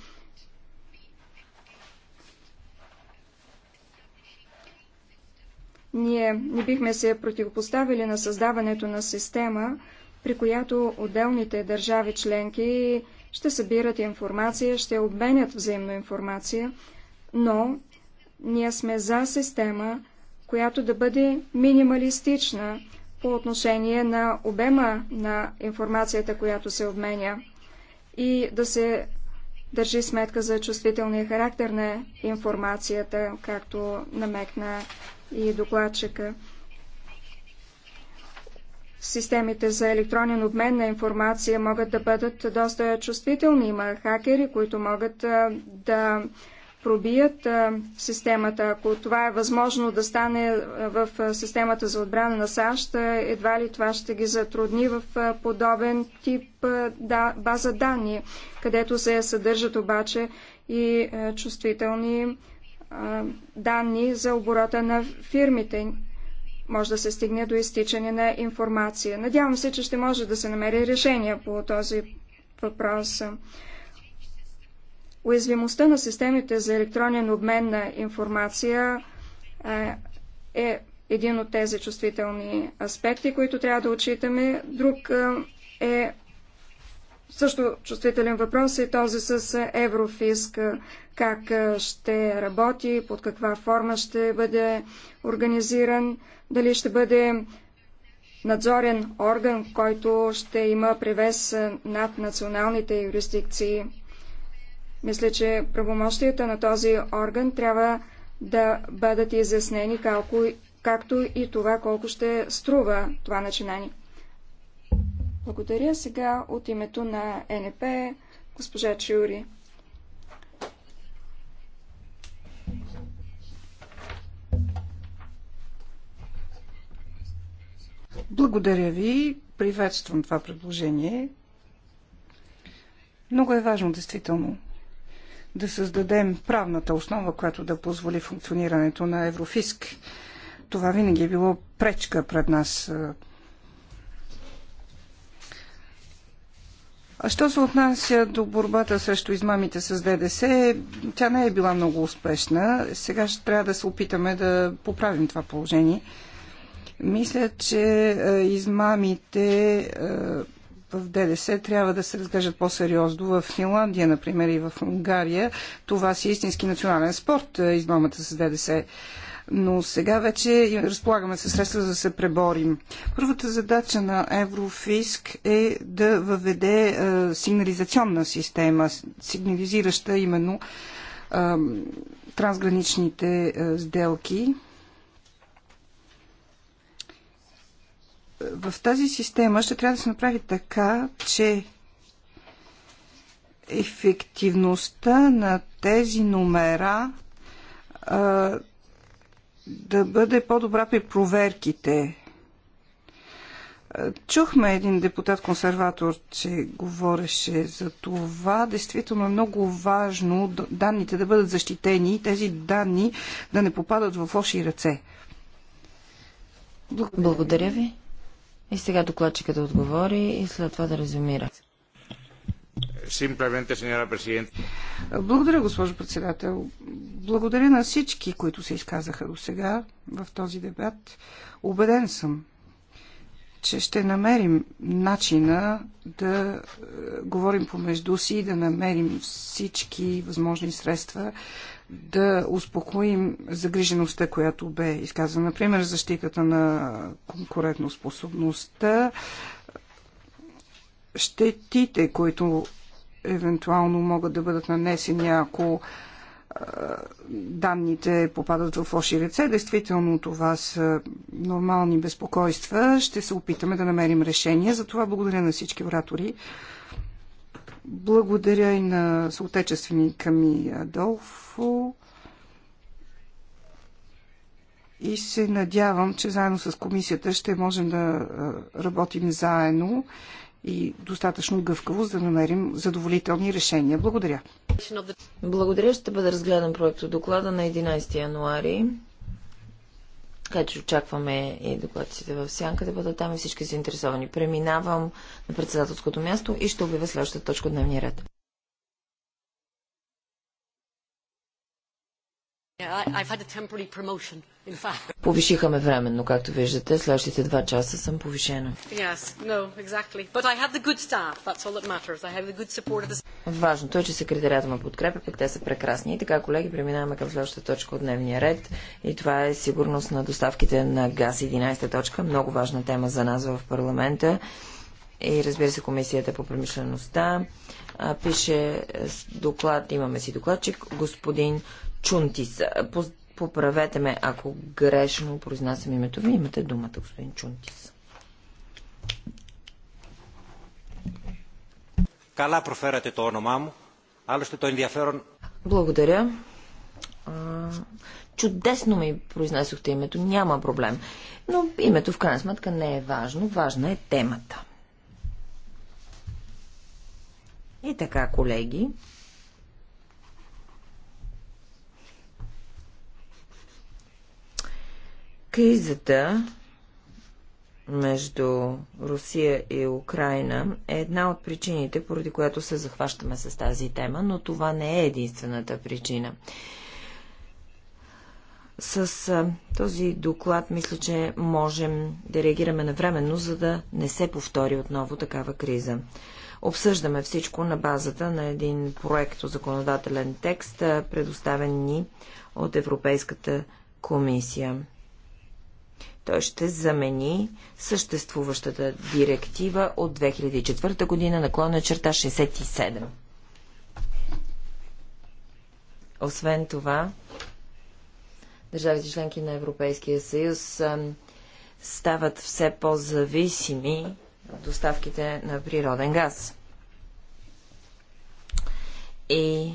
Ние не бихме се противопоставили на създаването на система, при която отделните държави членки ще събират информация, ще обменят взаимно информация, но ние сме за система, която да бъде минималистична по отношение на обема на информацията, която се обменя и да се държи сметка за чувствителния характер на информацията, както намекна и докладчика. Системите за електронен обмен на информация могат да бъдат доста чувствителни. Има хакери, които могат да пробият системата. Ако това е възможно да стане в системата за отбрана на САЩ, едва ли това ще ги затрудни в подобен тип база данни, където се съдържат обаче и чувствителни данни за оборота на фирмите. Може да се стигне до изтичане на информация. Надявам се, че ще може да се намери решение по този въпрос. Уязвимостта на системите за електронен обмен на информация е един от тези чувствителни аспекти, които трябва да отчитаме. Друг е също чувствителен въпрос е този с Еврофиск. Как ще работи, под каква форма ще бъде организиран, дали ще бъде надзорен орган, който ще има превес над националните юрисдикции. Мисля, че правомощията на този орган трябва да бъдат изяснени, както и това колко ще струва това начинание. Благодаря сега от името на НП госпожа Чиури. Благодаря ви. Приветствам това предложение. Много е важно, действително, да създадем правната основа, която да позволи функционирането на Еврофиск. Това винаги е било пречка пред нас А що се отнася до борбата срещу измамите с ДДС, тя не е била много успешна. Сега ще трябва да се опитаме да поправим това положение. Мисля, че е, измамите е, в ДДС трябва да се разглеждат по-сериозно. В Финландия, например, и в Унгария това си е истински национален спорт, е, измамата с ДДС но сега вече разполагаме със средства за да се преборим. Първата задача на Еврофиск е да въведе е, сигнализационна система, сигнализираща именно е, трансграничните е, сделки. В тази система ще трябва да се направи така, че ефективността на тези номера да бъде по-добра при проверките. Чухме един депутат-консерватор, че говореше за това. Действително е много важно данните да бъдат защитени и тези данни да не попадат в лоши ръце. Благодаря, ви. И сега докладчика да отговори и след това да резюмира. Благодаря, госпожо председател. Благодаря на всички, които се изказаха до сега в този дебат. Обеден съм, че ще намерим начина да е, говорим помежду си и да намерим всички възможни средства да успокоим загрижеността, която бе изказана. Например, защитата на конкурентоспособността, щетите, които евентуално могат да бъдат нанесени, ако данните попадат в лоши ръце. Действително това са нормални безпокойства. Ще се опитаме да намерим решение. За това благодаря на всички оратори. Благодаря и на съотечественика ми Адолфо. И се надявам, че заедно с комисията ще можем да работим заедно и достатъчно гъвкаво, за да намерим задоволителни решения. Благодаря. Благодаря. Ще бъде разгледан от доклада на 11 януари. Така че очакваме и докладците в сянка да бъдат там и всички заинтересовани. Преминавам на председателското място и ще обявя следващата точка от дневния ред. Повишиха ме временно, както виждате. Следващите два часа съм повишена. Важното е, че секретарята ме подкрепя, пък те са прекрасни. И така, колеги, преминаваме към следващата точка от дневния ред. И това е сигурност на доставките на газ 11 точка. Много важна тема за нас в парламента. И разбира се, комисията по промишлеността. Пише доклад, имаме си докладчик, господин Чунтис. Поправете ме, ако грешно произнасям името ви. Имате думата, господин Чунтис. проферате то το όνομά μου. ще то индиаферон. Благодаря. Чудесно ми произнесохте името, няма проблем. Но името в крайна сметка не е важно, важна е темата. И така, колеги, Кризата между Русия и Украина е една от причините, поради която се захващаме с тази тема, но това не е единствената причина. С а, този доклад мисля, че можем да реагираме навременно, за да не се повтори отново такава криза. Обсъждаме всичко на базата на един проект законодателен текст, предоставен ни от Европейската комисия. Той ще замени съществуващата директива от 2004 година, наклона черта 67. Освен това, държавите членки на Европейския съюз стават все по-зависими от доставките на природен газ. И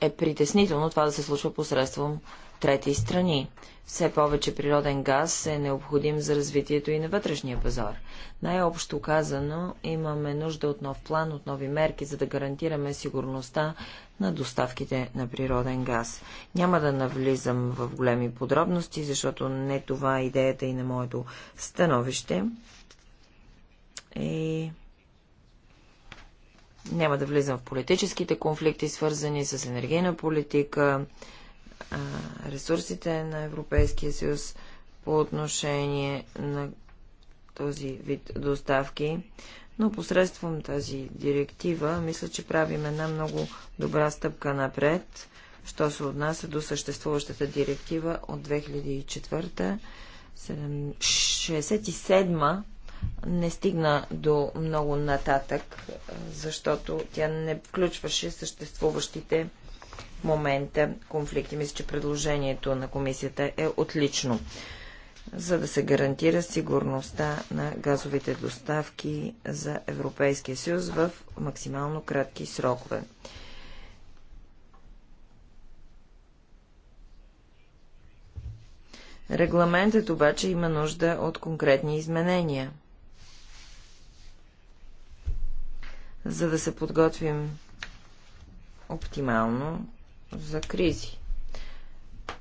е притеснително това да се случва посредством трети страни. Все повече природен газ е необходим за развитието и на вътрешния пазар. Най-общо казано, имаме нужда от нов план, от нови мерки, за да гарантираме сигурността на доставките на природен газ. Няма да навлизам в големи подробности, защото не това е идеята и на моето становище. И няма да влизам в политическите конфликти, свързани с енергийна политика, ресурсите на Европейския съюз по отношение на този вид доставки, но посредством тази директива мисля, че правим една много добра стъпка напред, що се отнася до съществуващата директива от 2004 67 не стигна до много нататък, защото тя не включваше съществуващите момента конфликти. Мисля, че предложението на комисията е отлично, за да се гарантира сигурността на газовите доставки за Европейския съюз в максимално кратки срокове. Регламентът обаче има нужда от конкретни изменения. За да се подготвим оптимално, за кризи.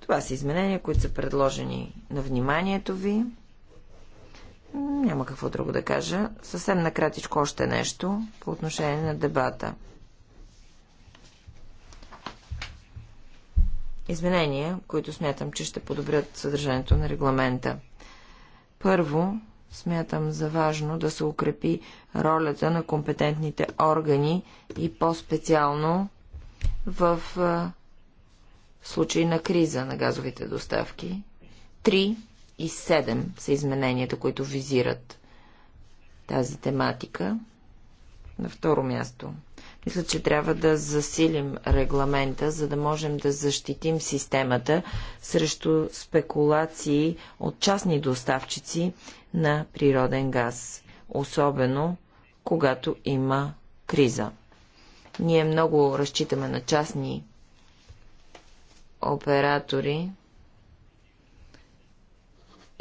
Това са изменения, които са предложени на вниманието ви. Няма какво друго да кажа. Съвсем накратичко още нещо по отношение на дебата. Изменения, които смятам, че ще подобрят съдържанието на регламента. Първо, смятам за важно да се укрепи ролята на компетентните органи и по-специално в случай на криза на газовите доставки. 3 и 7 са измененията, които визират тази тематика. На второ място. Мисля, че трябва да засилим регламента, за да можем да защитим системата срещу спекулации от частни доставчици на природен газ, особено когато има криза. Ние много разчитаме на частни оператори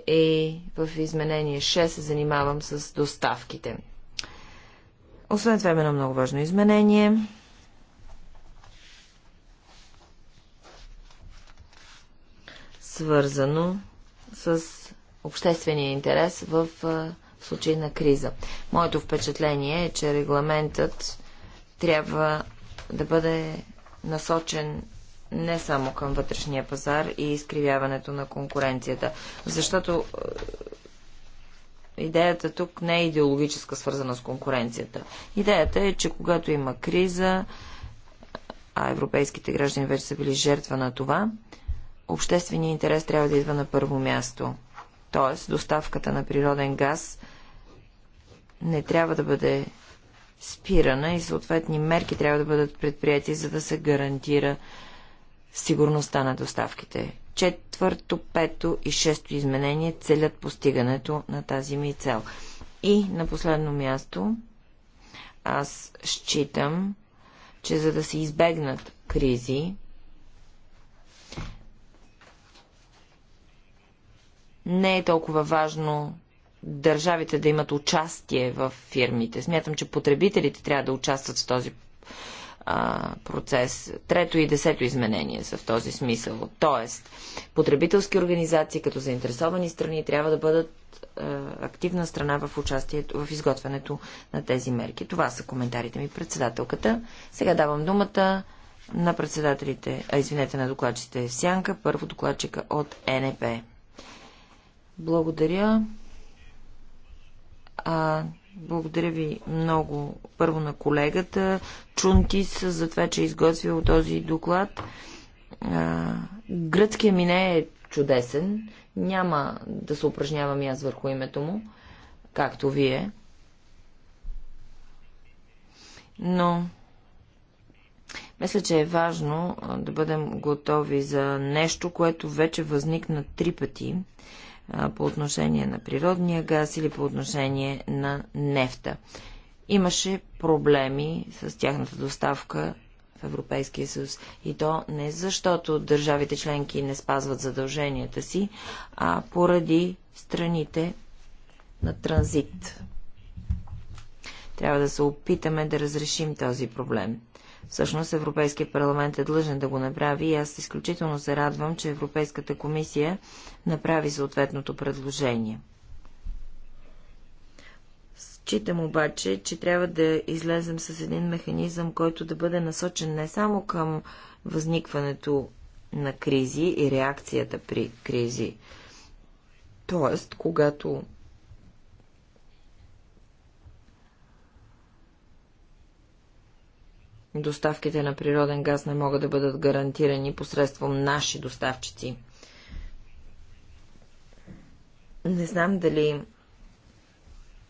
и в изменение 6 се занимавам с доставките. Освен това има едно много важно изменение. Свързано с обществения интерес в случай на криза. Моето впечатление е, че регламентът трябва да бъде насочен не само към вътрешния пазар и изкривяването на конкуренцията. Защото е, идеята тук не е идеологическа, свързана с конкуренцията. Идеята е, че когато има криза, а европейските граждани вече са били жертва на това, обществения интерес трябва да идва на първо място. Тоест, доставката на природен газ не трябва да бъде спирана и съответни мерки трябва да бъдат предприяти, за да се гарантира сигурността на доставките. Четвърто, пето и шесто изменение целят постигането на тази ми цел. И на последно място, аз считам, че за да се избегнат кризи, не е толкова важно държавите да имат участие в фирмите. Смятам, че потребителите трябва да участват в този а, процес. Трето и десето изменение са в този смисъл. Тоест, потребителски организации като заинтересовани страни трябва да бъдат а, активна страна в участието, в изготвянето на тези мерки. Това са коментарите ми председателката. Сега давам думата на председателите, а извинете, на докладчите в Сянка, първо докладчика от НП. Благодаря. А, благодаря ви много първо на колегата Чунтис за това, че е изготвил този доклад. Гръцкия ми не е чудесен. Няма да се упражнявам и аз върху името му, както вие. Но мисля, че е важно да бъдем готови за нещо, което вече възникна три пъти по отношение на природния газ или по отношение на нефта. Имаше проблеми с тяхната доставка в Европейския съюз. И то не защото държавите членки не спазват задълженията си, а поради страните на транзит. Трябва да се опитаме да разрешим този проблем. Всъщност Европейския парламент е длъжен да го направи и аз изключително се радвам, че Европейската комисия направи съответното предложение. Считам обаче, че трябва да излезем с един механизъм, който да бъде насочен не само към възникването на кризи и реакцията при кризи. Тоест, когато доставките на природен газ не могат да бъдат гарантирани посредством наши доставчици. Не знам дали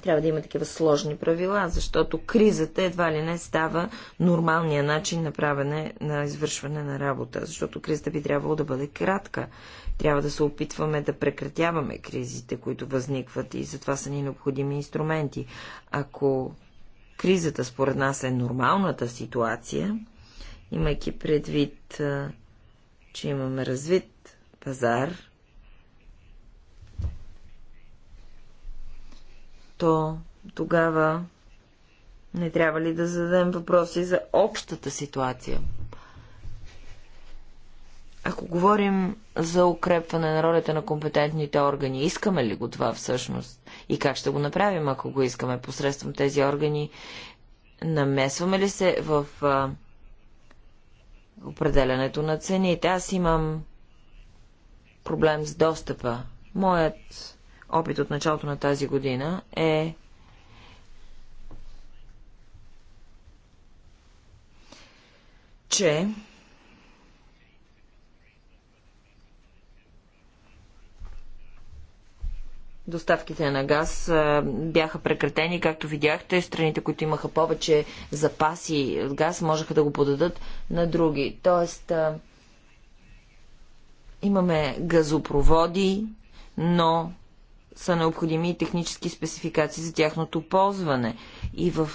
трябва да има такива сложни правила, защото кризата едва ли не става нормалния начин на правене, на извършване на работа, защото кризата би трябвало да бъде кратка. Трябва да се опитваме да прекратяваме кризите, които възникват и затова са ни необходими инструменти. Ако Кризата според нас е нормалната ситуация, имайки предвид, че имаме развит пазар, то тогава не трябва ли да зададем въпроси за общата ситуация? Ако говорим за укрепване на ролята на компетентните органи, искаме ли го това всъщност? И как ще го направим, ако го искаме посредством тези органи? Намесваме ли се в а, определенето на цените? Аз имам проблем с достъпа. Моят опит от началото на тази година е че доставките на газ бяха прекратени. Както видяхте, страните, които имаха повече запаси от газ, можеха да го подадат на други. Тоест, имаме газопроводи, но са необходими и технически спецификации за тяхното ползване. И в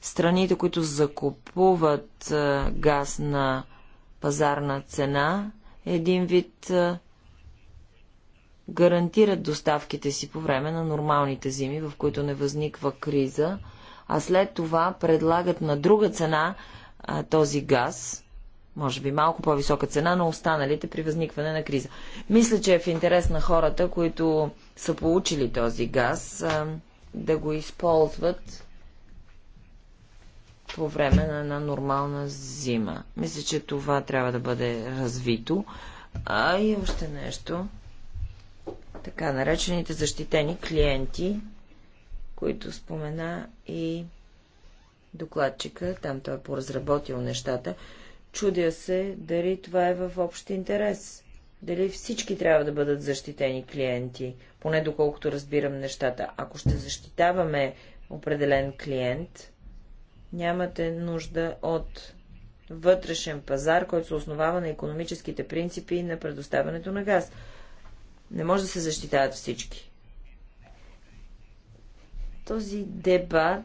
страните, които закупуват газ на пазарна цена, един вид а, гарантират доставките си по време на нормалните зими, в които не възниква криза, а след това предлагат на друга цена а, този газ, може би малко по-висока цена на останалите при възникване на криза. Мисля, че е в интерес на хората, които са получили този газ, а, да го използват по време на една нормална зима. Мисля, че това трябва да бъде развито. А и още нещо така наречените защитени клиенти, които спомена и докладчика, там той е поразработил нещата. Чудя се дали това е в общ интерес. Дали всички трябва да бъдат защитени клиенти, поне доколкото разбирам нещата. Ако ще защитаваме определен клиент, нямате нужда от вътрешен пазар, който се основава на економическите принципи на предоставянето на газ. Не може да се защитават всички. Този дебат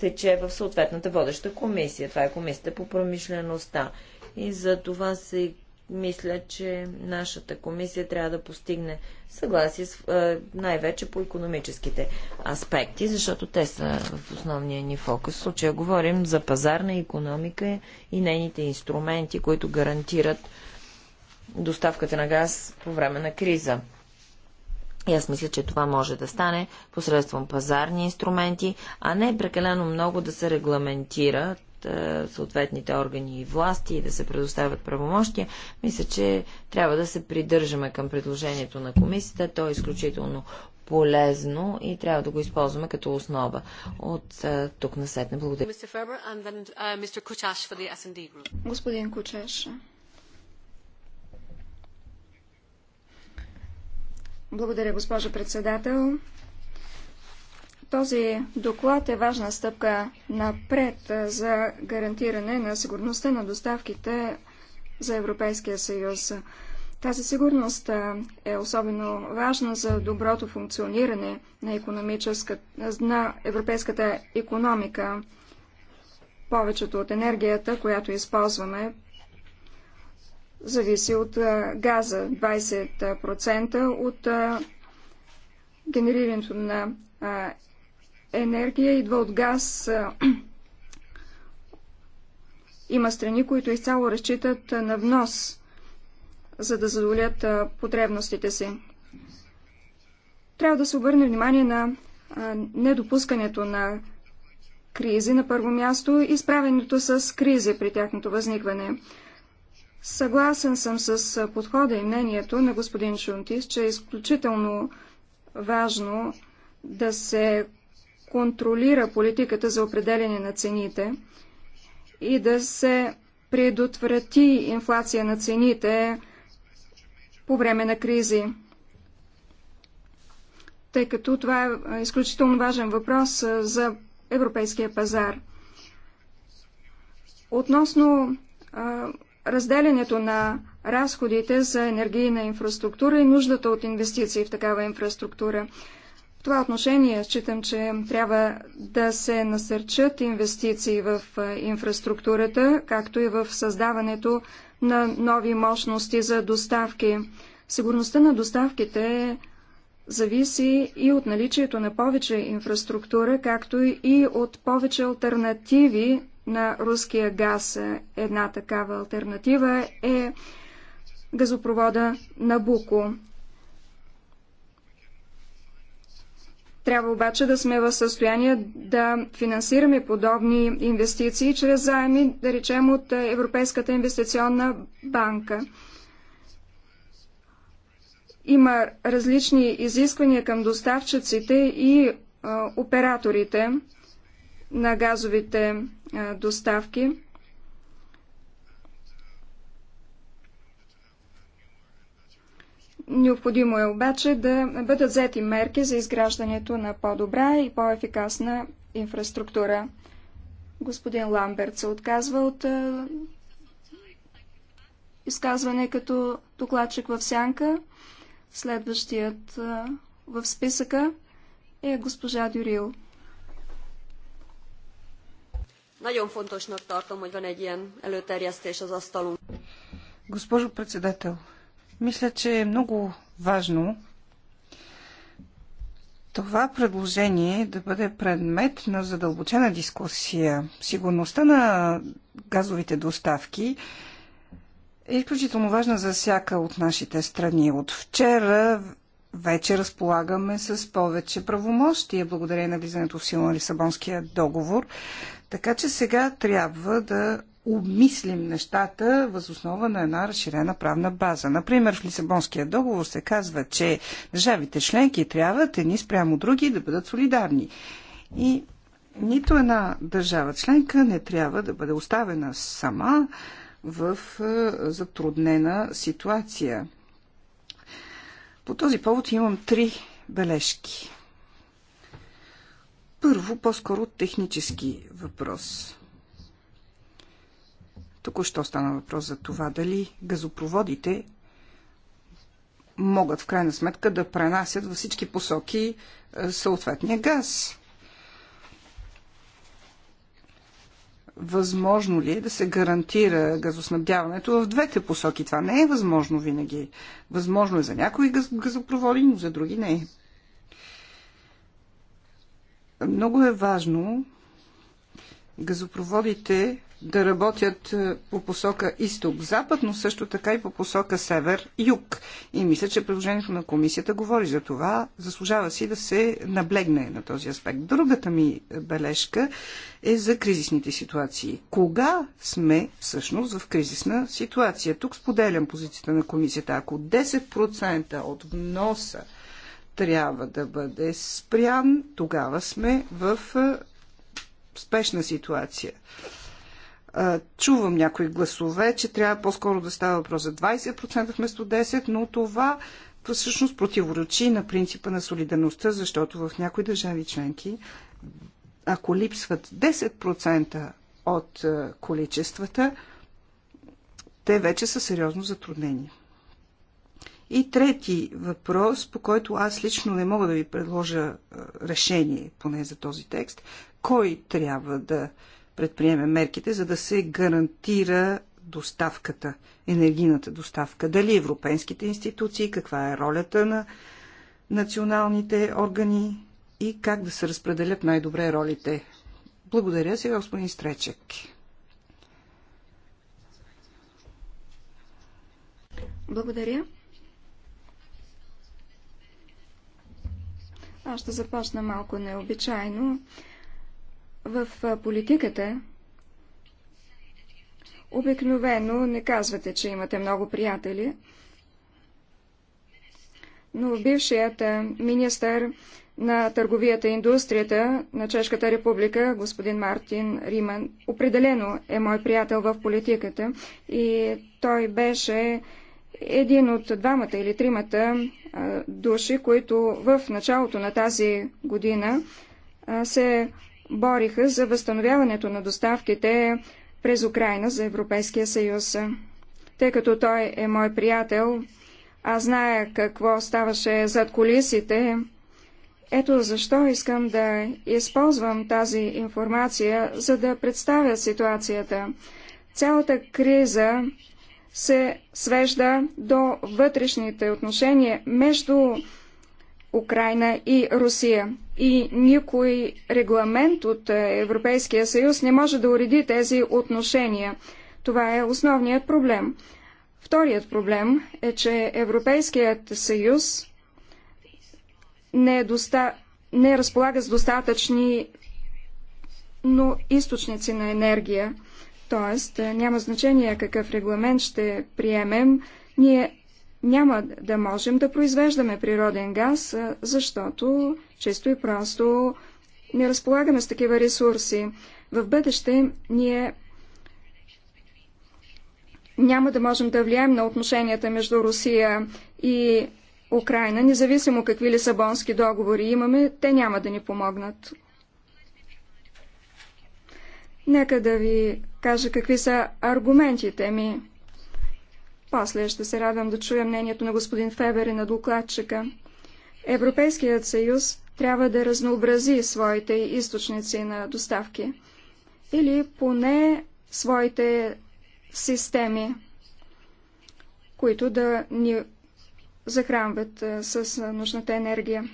тече в съответната водеща комисия. Това е комисията по промишлеността. И за това се мисля, че нашата комисия трябва да постигне съгласие е, най-вече по економическите аспекти, защото те са в основния ни фокус. В случая говорим за пазарна економика и нейните инструменти, които гарантират доставката на газ по време на криза. И аз мисля, че това може да стане посредством пазарни инструменти, а не прекалено много да се регламентират е, съответните органи и власти и да се предоставят правомощия. Мисля, че трябва да се придържаме към предложението на комисията. То е изключително полезно и трябва да го използваме като основа. От е, тук на сетне благодаря. Uh, Господин Кучаш. Благодаря, госпожо председател. Този доклад е важна стъпка напред за гарантиране на сигурността на доставките за Европейския съюз. Тази сигурност е особено важна за доброто функциониране на, на европейската економика. Повечето от енергията, която използваме, зависи от газа 20% от генерирането на енергия идва от газ. [clears throat] Има страни, които изцяло разчитат на внос, за да задоволят потребностите си. Трябва да се обърне внимание на недопускането на кризи на първо място и справенето с кризи при тяхното възникване. Съгласен съм с подхода и мнението на господин Шунтис, че е изключително важно да се контролира политиката за определение на цените и да се предотврати инфлация на цените по време на кризи. Тъй като това е изключително важен въпрос за европейския пазар. Относно разделянето на разходите за енергийна инфраструктура и нуждата от инвестиции в такава инфраструктура. В това отношение считам, че трябва да се насърчат инвестиции в инфраструктурата, както и в създаването на нови мощности за доставки. Сигурността на доставките зависи и от наличието на повече инфраструктура, както и от повече альтернативи на руския газ. Една такава альтернатива е газопровода Набуко. Трябва обаче да сме в състояние да финансираме подобни инвестиции чрез заеми, да речем от Европейската инвестиционна банка. Има различни изисквания към доставчиците и а, операторите на газовите доставки. Необходимо е обаче да бъдат взети мерки за изграждането на по-добра и по-ефикасна инфраструктура. Господин Ламберт се отказва от е, изказване като докладчик в сянка. Следващият е, в списъка е госпожа Дюрил. Nagyon fontosnak tartom, hogy van egy ilyen előterjesztés az asztalunk. Госпожо председател, мисля, че е много важно това предложение да бъде предмет на задълбочена дискусия. Сигурността на газовите доставки е изключително важна за всяка от нашите страни. От вчера вече разполагаме с повече правомощия, благодарение на влизането в сила на Лисабонския договор. Така че сега трябва да обмислим нещата въз основа на една разширена правна база. Например, в Лисабонския договор се казва, че държавите членки трябва едни спрямо други да бъдат солидарни. И нито една държава членка не трябва да бъде оставена сама в е, затруднена ситуация. По този повод имам три бележки. Първо, по-скоро технически въпрос. Току-що стана въпрос за това дали газопроводите могат в крайна сметка да пренасят във всички посоки е, съответния газ. Възможно ли е да се гарантира газоснабдяването в двете посоки? Това не е възможно винаги. Възможно е за някои газопроводи, но за други не е. Много е важно газопроводите да работят е, по посока изток-запад, но също така и по посока север-юг. И мисля, че предложението на комисията говори за това. Заслужава си да се наблегне на този аспект. Другата ми бележка е за кризисните ситуации. Кога сме всъщност в кризисна ситуация? Тук споделям позицията на комисията. Ако 10% от вноса трябва да бъде спрян, тогава сме в спешна ситуация. Чувам някои гласове, че трябва по-скоро да става въпрос за 20% вместо 10%, но това всъщност противоречи на принципа на солидарността, защото в някои държави членки, ако липсват 10% от количествата, те вече са сериозно затруднени. И трети въпрос, по който аз лично не мога да ви предложа решение, поне за този текст. Кой трябва да предприеме мерките, за да се гарантира доставката, енергийната доставка? Дали европейските институции, каква е ролята на националните органи и как да се разпределят най-добре ролите? Благодаря си, господин Стречек. Благодаря. Аз ще започна малко необичайно. В политиката обикновено не казвате, че имате много приятели, но бившият министър на търговията и индустрията на Чешката република, господин Мартин Риман, определено е мой приятел в политиката и той беше един от двамата или тримата души, които в началото на тази година се бориха за възстановяването на доставките през Украина за Европейския съюз. Тъй като той е мой приятел, аз зная какво ставаше зад колисите. Ето защо искам да използвам тази информация, за да представя ситуацията. Цялата криза се свежда до вътрешните отношения между Украина и Русия. И никой регламент от Европейския съюз не може да уреди тези отношения. Това е основният проблем. Вторият проблем е, че Европейският съюз не, е доста... не разполага с достатъчни но източници на енергия. Т.е. няма значение какъв регламент ще приемем, ние няма да можем да произвеждаме природен газ, е, защото често и просто не разполагаме с такива ресурси. В бъдеще ние няма да можем да влияем на отношенията между Русия и Украина, независимо какви лисабонски договори имаме, те няма да ни помогнат. Нека да ви кажа какви са аргументите ми. После ще се радвам да чуя мнението на господин Фебер и на докладчика. Европейският съюз трябва да разнообрази своите източници на доставки или поне своите системи, които да ни захранват с нужната енергия.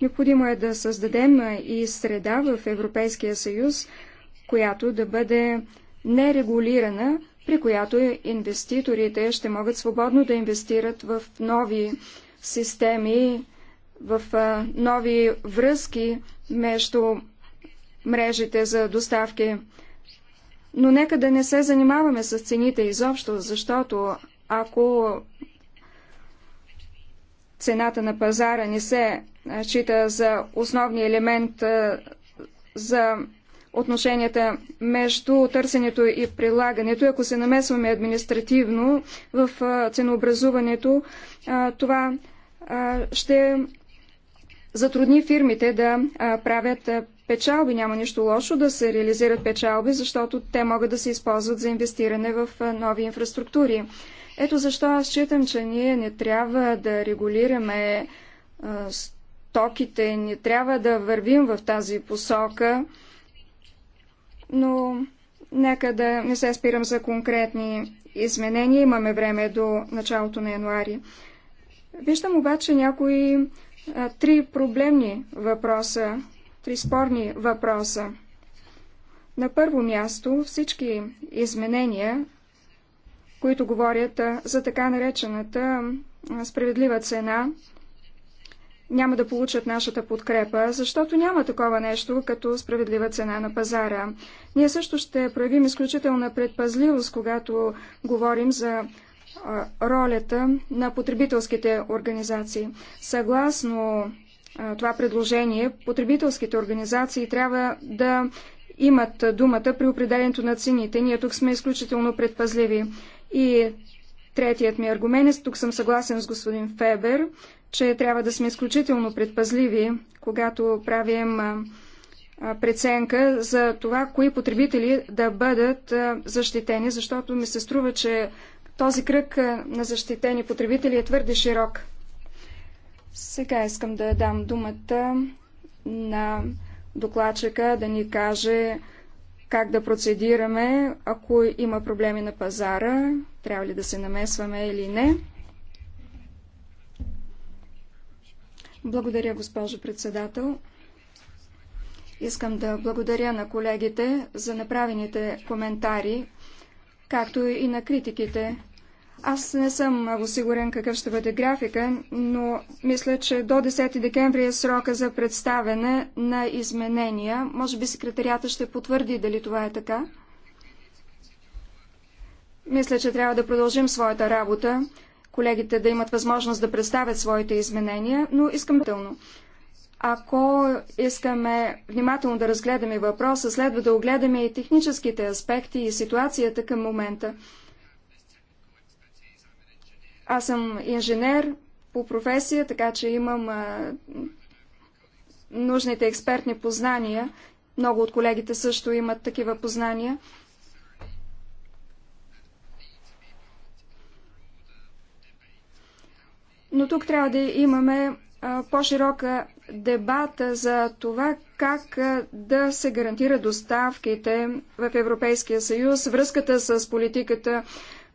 Необходимо е да създадем и среда в Европейския съюз, която да бъде нерегулирана, при която инвеститорите ще могат свободно да инвестират в нови системи, в нови връзки между мрежите за доставки. Но нека да не се занимаваме с цените изобщо, защото ако цената на пазара не се счита за основния елемент за отношенията между търсенето и прилагането. Ако се намесваме административно в ценообразуването, това ще затрудни фирмите да правят печалби. Няма нищо лошо да се реализират печалби, защото те могат да се използват за инвестиране в нови инфраструктури. Ето защо аз считам, че ние не трябва да регулираме стоките, не трябва да вървим в тази посока но нека да не се спирам за конкретни изменения. Имаме време до началото на януари. Виждам обаче някои а, три проблемни въпроса, три спорни въпроса. На първо място всички изменения, които говорят а, за така наречената а, справедлива цена – няма да получат нашата подкрепа, защото няма такова нещо като справедлива цена на пазара. Ние също ще проявим изключителна предпазливост, когато говорим за ролята на потребителските организации. Съгласно това предложение, потребителските организации трябва да имат думата при определенето на цените. Ние тук сме изключително предпазливи. И третият ми аргумент, е тук съм съгласен с господин Фебер, че трябва да сме изключително предпазливи, когато правим преценка за това, кои потребители да бъдат защитени, защото ми се струва, че този кръг на защитени потребители е твърде широк. Сега искам да дам думата на докладчика да ни каже как да процедираме, ако има проблеми на пазара, трябва ли да се намесваме или не. Благодаря, госпожо председател. Искам да благодаря на колегите за направените коментари, както и на критиките. Аз не съм много сигурен какъв ще бъде графика, но мисля, че до 10 декември е срока за представяне на изменения. Може би секретарията ще потвърди дали това е така. Мисля, че трябва да продължим своята работа колегите да имат възможност да представят своите изменения, но искам тълно. Ако искаме внимателно да разгледаме въпроса, следва да огледаме и техническите аспекти и ситуацията към момента. Аз съм инженер по професия, така че имам а, нужните експертни познания. Много от колегите също имат такива познания. Но тук трябва да имаме по-широка дебата за това как да се гарантира доставките в Европейския съюз, връзката с политиката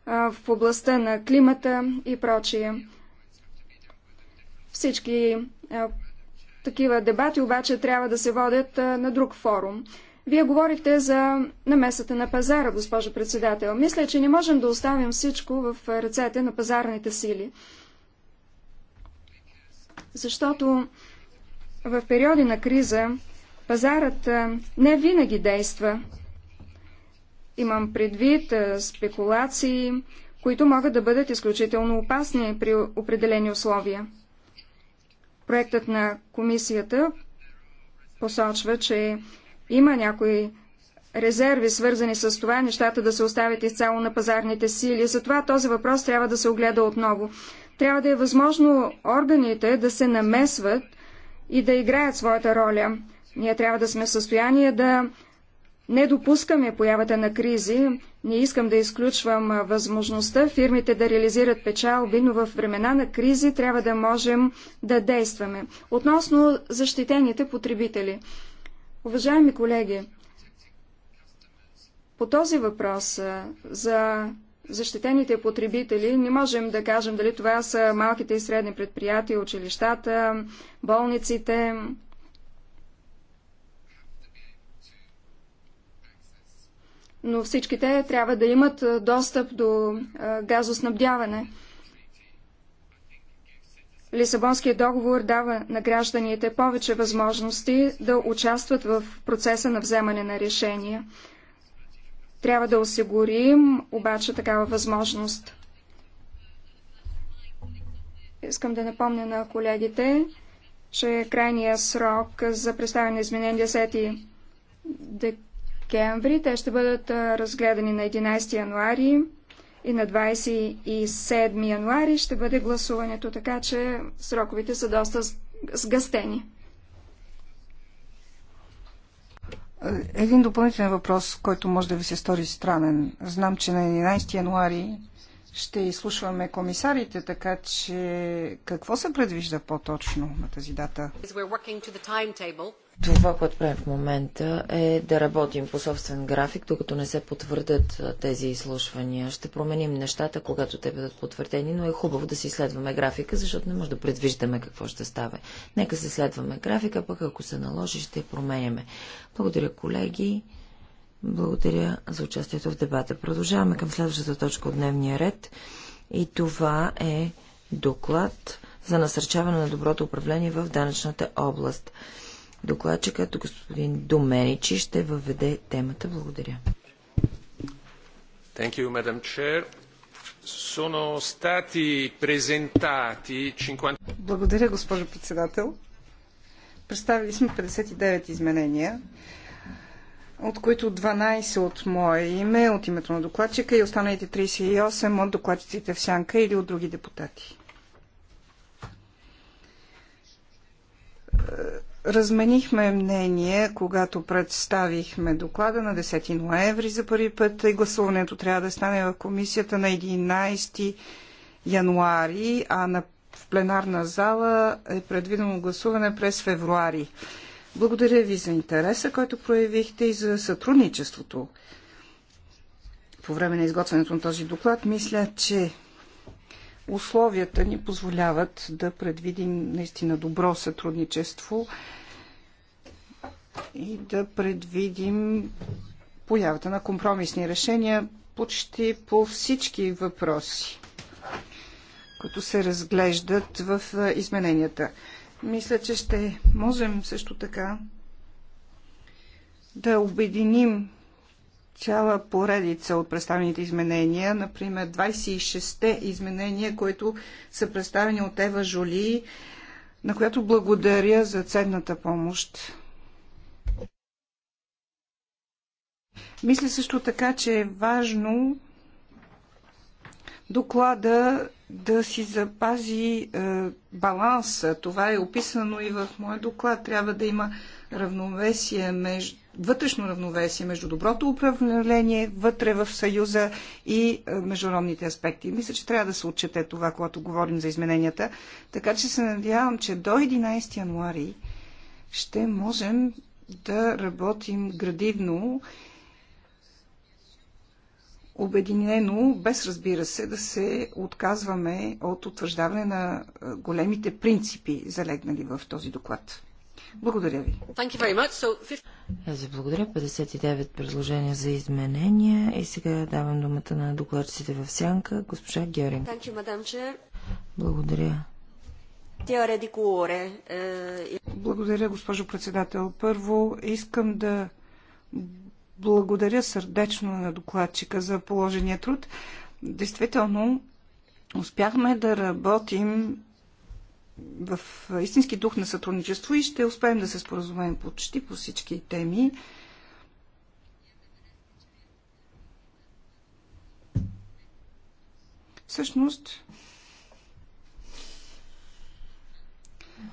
в областта на климата и прочие. Всички такива дебати обаче трябва да се водят на друг форум. Вие говорите за намесата на пазара, госпожо председател. Мисля, че не можем да оставим всичко в ръцете на пазарните сили защото в периоди на криза пазарът не винаги действа. Имам предвид спекулации, които могат да бъдат изключително опасни при определени условия. Проектът на комисията посочва, че има някои резерви, свързани с това нещата да се оставят изцяло на пазарните сили. Затова този въпрос трябва да се огледа отново. Трябва да е възможно органите да се намесват и да играят своята роля. Ние трябва да сме в състояние да не допускаме появата на кризи. Не искам да изключвам възможността фирмите да реализират печалби, но в времена на кризи трябва да можем да действаме. Относно защитените потребители. Уважаеми колеги, по този въпрос за защитените потребители, не можем да кажем дали това са малките и средни предприятия, училищата, болниците. Но всичките трябва да имат достъп до газоснабдяване. Лисабонският договор дава на гражданите повече възможности да участват в процеса на вземане на решения. Трябва да осигурим обаче такава възможност. Искам да напомня на колегите, че крайният срок за представяне на изменения 10 е декември. Те ще бъдат разгледани на 11 януари и на 27 януари ще бъде гласуването, така че сроковете са доста сгъстени. Е, един допълнителен въпрос, който може да ви се стори странен. Знам, че на 11 януари ще изслушваме комисарите, така че какво се предвижда по-точно на тази дата? Това, което правим в момента е да работим по собствен график, докато не се потвърдят тези изслушвания. Ще променим нещата, когато те бъдат потвърдени, но е хубаво да си следваме графика, защото не може да предвиждаме какво ще става. Нека се следваме графика, пък ако се наложи, ще променяме. Благодаря, колеги. Благодаря за участието в дебата. Продължаваме към следващата точка от дневния ред и това е доклад за насърчаване на доброто управление в данъчната област. Докладчикът господин Доменичи ще въведе темата. Благодаря. Thank you, Madam Chair. Sono stati presentati 50... Благодаря, госпожо председател. Представили сме 59 изменения от които 12 от мое име, от името на докладчика и останалите 38 от докладчиците в Сянка или от други депутати. Разменихме мнение, когато представихме доклада на 10 ноември за първи път и гласуването трябва да стане в комисията на 11 януари, а на, в пленарна зала е предвидено гласуване през февруари. Благодаря ви за интереса, който проявихте и за сътрудничеството по време на изготвянето на този доклад. Мисля, че условията ни позволяват да предвидим наистина добро сътрудничество и да предвидим появата на компромисни решения почти по всички въпроси, които се разглеждат в измененията. Мисля, че ще можем също така да обединим цяла поредица от представените изменения, например 26-те изменения, които са представени от Ева Жоли, на която благодаря за ценната помощ. Мисля също така, че е важно доклада да си запази е, баланса. Това е описано и в моя доклад. Трябва да има равновесие между вътрешно равновесие между доброто управление вътре в Съюза и е, международните аспекти. Мисля, че трябва да се отчете това, когато говорим за измененията. Така че се надявам, че до 11 януари ще можем да работим градивно обединено, без разбира се да се отказваме от утвърждаване на големите принципи, залегнали в този доклад. Благодаря ви. Аз ви благодаря. 59 предложения за изменения. И сега давам думата на докладчиците в сянка, госпожа Геринг. Благодаря. Е, благодаря, госпожо председател. Първо искам да благодаря сърдечно на докладчика за положения труд. Действително, успяхме да работим в истински дух на сътрудничество и ще успеем да се споразумеем почти по всички теми. Всъщност,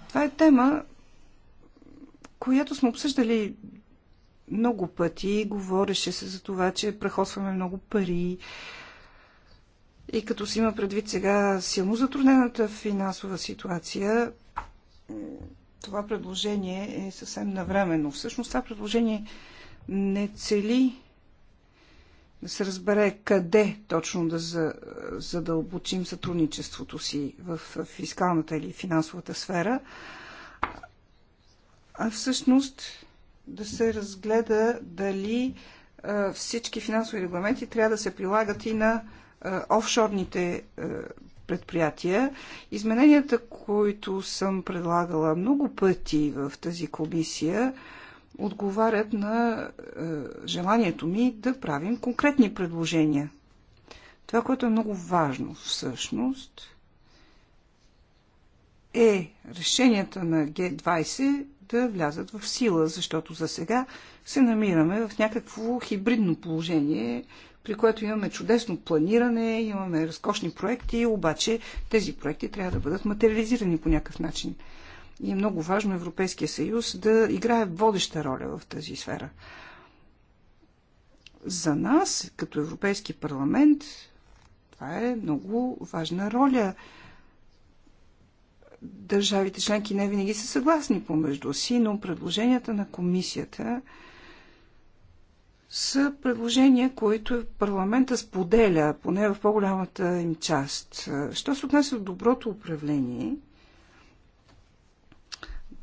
това е тема, която сме обсъждали много пъти говореше се за това, че прахосваме много пари. И като си има предвид сега силно затруднената финансова ситуация, това предложение е съвсем навременно. Всъщност това предложение не цели да се разбере къде точно да задълбочим сътрудничеството си в фискалната или финансовата сфера, а всъщност да се разгледа дали всички финансови регламенти трябва да се прилагат и на офшорните предприятия. Измененията, които съм предлагала много пъти в тази комисия, отговарят на желанието ми да правим конкретни предложения. Това, което е много важно всъщност, е решенията на Г20 да влязат в сила, защото за сега се намираме в някакво хибридно положение, при което имаме чудесно планиране, имаме разкошни проекти, обаче тези проекти трябва да бъдат материализирани по някакъв начин. И е много важно Европейския съюз да играе водеща роля в тази сфера. За нас, като Европейски парламент, това е много важна роля държавите членки не винаги са съгласни помежду си, но предложенията на комисията са предложения, които парламента споделя, поне в по-голямата им част. Що се отнася до доброто управление,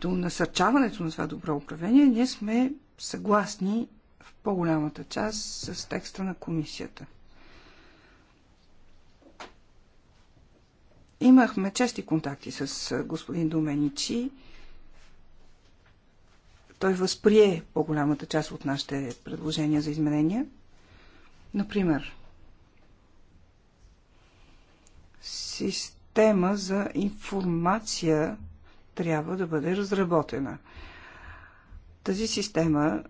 до насърчаването на това добро управление, ние сме съгласни в по-голямата част с текста на комисията. Имахме чести контакти с господин Доменичи. Той възприе по-голямата част от нашите предложения за изменения. Например, система за информация трябва да бъде разработена. Тази система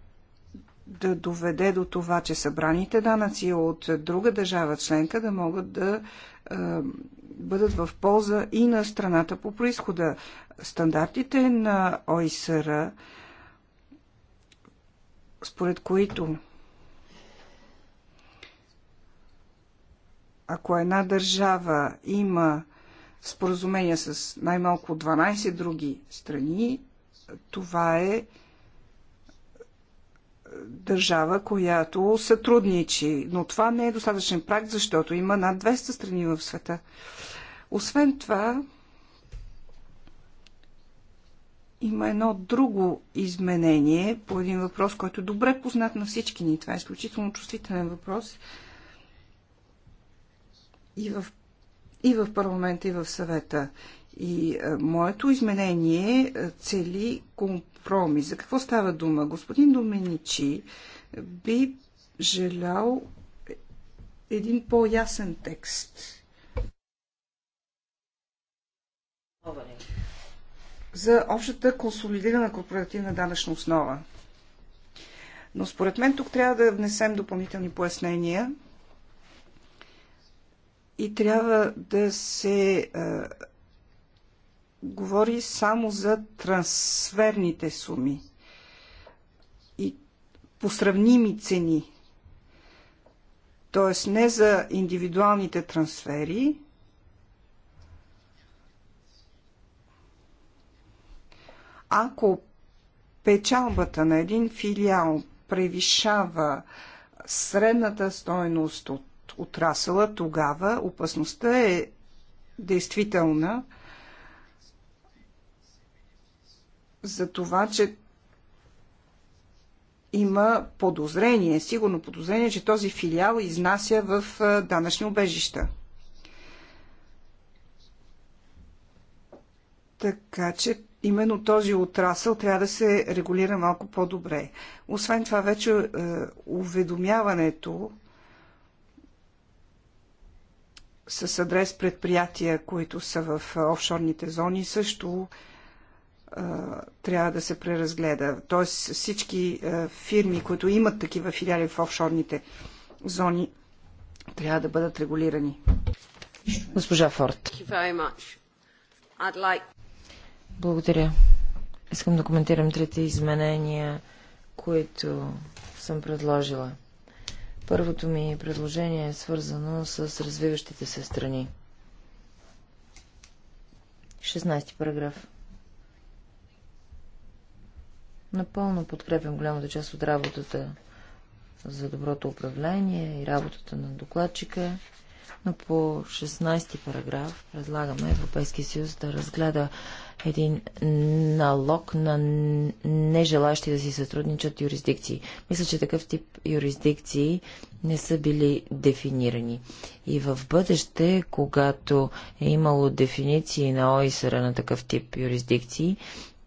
да доведе до това, че събраните данъци от друга държава членка да могат да бъдат в полза и на страната по происхода. Стандартите на ОИСР, според които ако една държава има споразумения с най-малко 12 други страни, това е държава, която сътрудничи. Но това не е достатъчен прак, защото има над 200 страни в света. Освен това, има едно друго изменение по един въпрос, който е добре познат на всички ни. Това е изключително чувствителен въпрос. И в, и в парламента, и в съвета. И а, е, моето изменение е, цели комп Газпром. И за какво става дума? Господин Доменичи би желял един по-ясен текст. За общата консолидирана корпоративна данъчна основа. Но според мен тук трябва да внесем допълнителни пояснения и трябва да се говори само за трансферните суми и посравними цени. Тоест не за индивидуалните трансфери, ако печалбата на един филиал превишава средната стойност от отрасъла, тогава опасността е действителна – за това, че има подозрение, сигурно подозрение, че този филиал изнася в данъчни убежища. Така че именно този отрасъл трябва да се регулира малко по-добре. Освен това, вече е, уведомяването с адрес предприятия, които са в офшорните зони, също трябва да се преразгледа. Тоест всички фирми, които имат такива филиали в офшорните зони, трябва да бъдат регулирани. Госпожа Форд. Благодаря. Искам да коментирам трите изменения, които съм предложила. Първото ми предложение е свързано с развиващите се страни. 16 параграф. Напълно подкрепям голямата част от работата за доброто управление и работата на докладчика, но по 16 параграф предлагаме Европейския съюз да разгледа един налог на нежелащи да си сътрудничат юрисдикции. Мисля, че такъв тип юрисдикции не са били дефинирани. И в бъдеще, когато е имало дефиниции на ОИСР на такъв тип юрисдикции,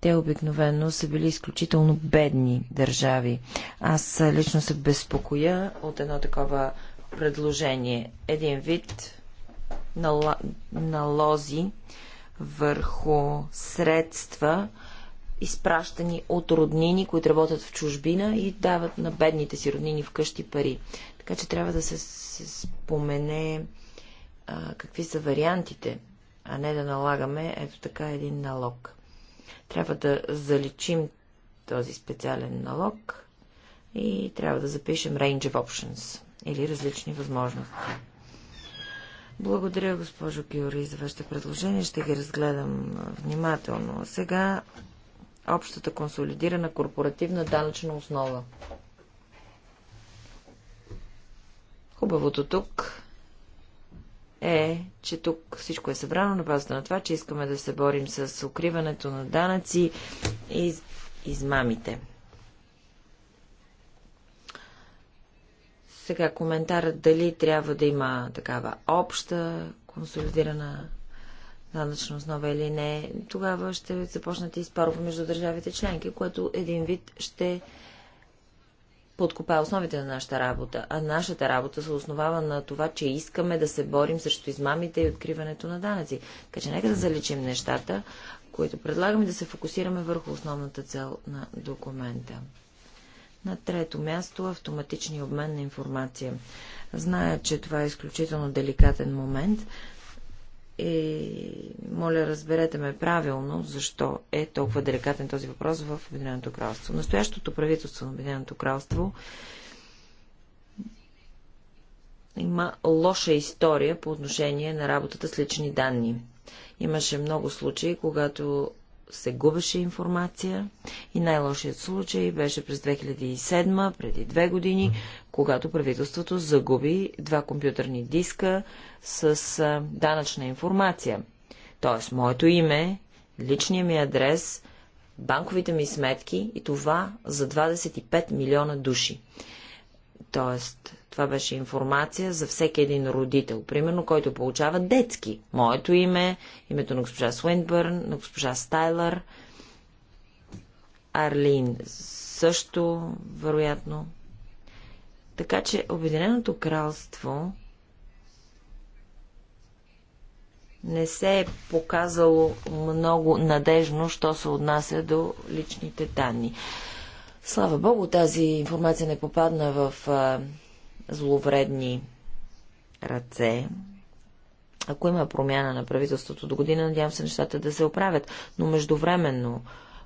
те обикновено са били изключително бедни държави. Аз лично се безпокоя от едно такова предложение. Един вид налози върху средства, изпращани от роднини, които работят в чужбина и дават на бедните си роднини вкъщи пари. Така че трябва да се, се спомене а, какви са вариантите, а не да налагаме ето така един налог. Трябва да заличим този специален налог и трябва да запишем Range of Options или различни възможности. Благодаря, госпожо Кюри, за вашето предложение. Ще ги разгледам внимателно. Сега общата консолидирана корпоративна данъчна основа. Хубавото тук е, че тук всичко е събрано на базата на това, че искаме да се борим с укриването на данъци и измамите. Сега коментарът дали трябва да има такава обща консолидирана данъчна основа или не, тогава ще започнат и спорове между държавите членки, което един вид ще подкопае основите на нашата работа. А нашата работа се основава на това, че искаме да се борим срещу измамите и откриването на данъци. Така че нека да заличим нещата, които предлагаме да се фокусираме върху основната цел на документа. На трето място автоматичния обмен на информация. Зная, че това е изключително деликатен момент, и е, моля, разберете ме правилно, защо е толкова деликатен този въпрос в Обединеното кралство. Настоящото правителство на Обединеното кралство има лоша история по отношение на работата с лични данни. Имаше много случаи, когато се губеше информация и най-лошият случай беше през 2007, преди две години, когато правителството загуби два компютърни диска с данъчна информация. Тоест, моето име, личния ми адрес, банковите ми сметки и това за 25 милиона души. Тоест, това беше информация за всеки един родител, примерно, който получава детски. Моето име, името на госпожа Суинбърн, на госпожа Стайлър, Арлин също, вероятно. Така че Обединеното кралство не се е показало много надежно, що се отнася до личните данни. Слава Богу, тази информация не попадна в зловредни ръце. Ако има промяна на правителството до година, надявам се нещата да се оправят. Но междувременно,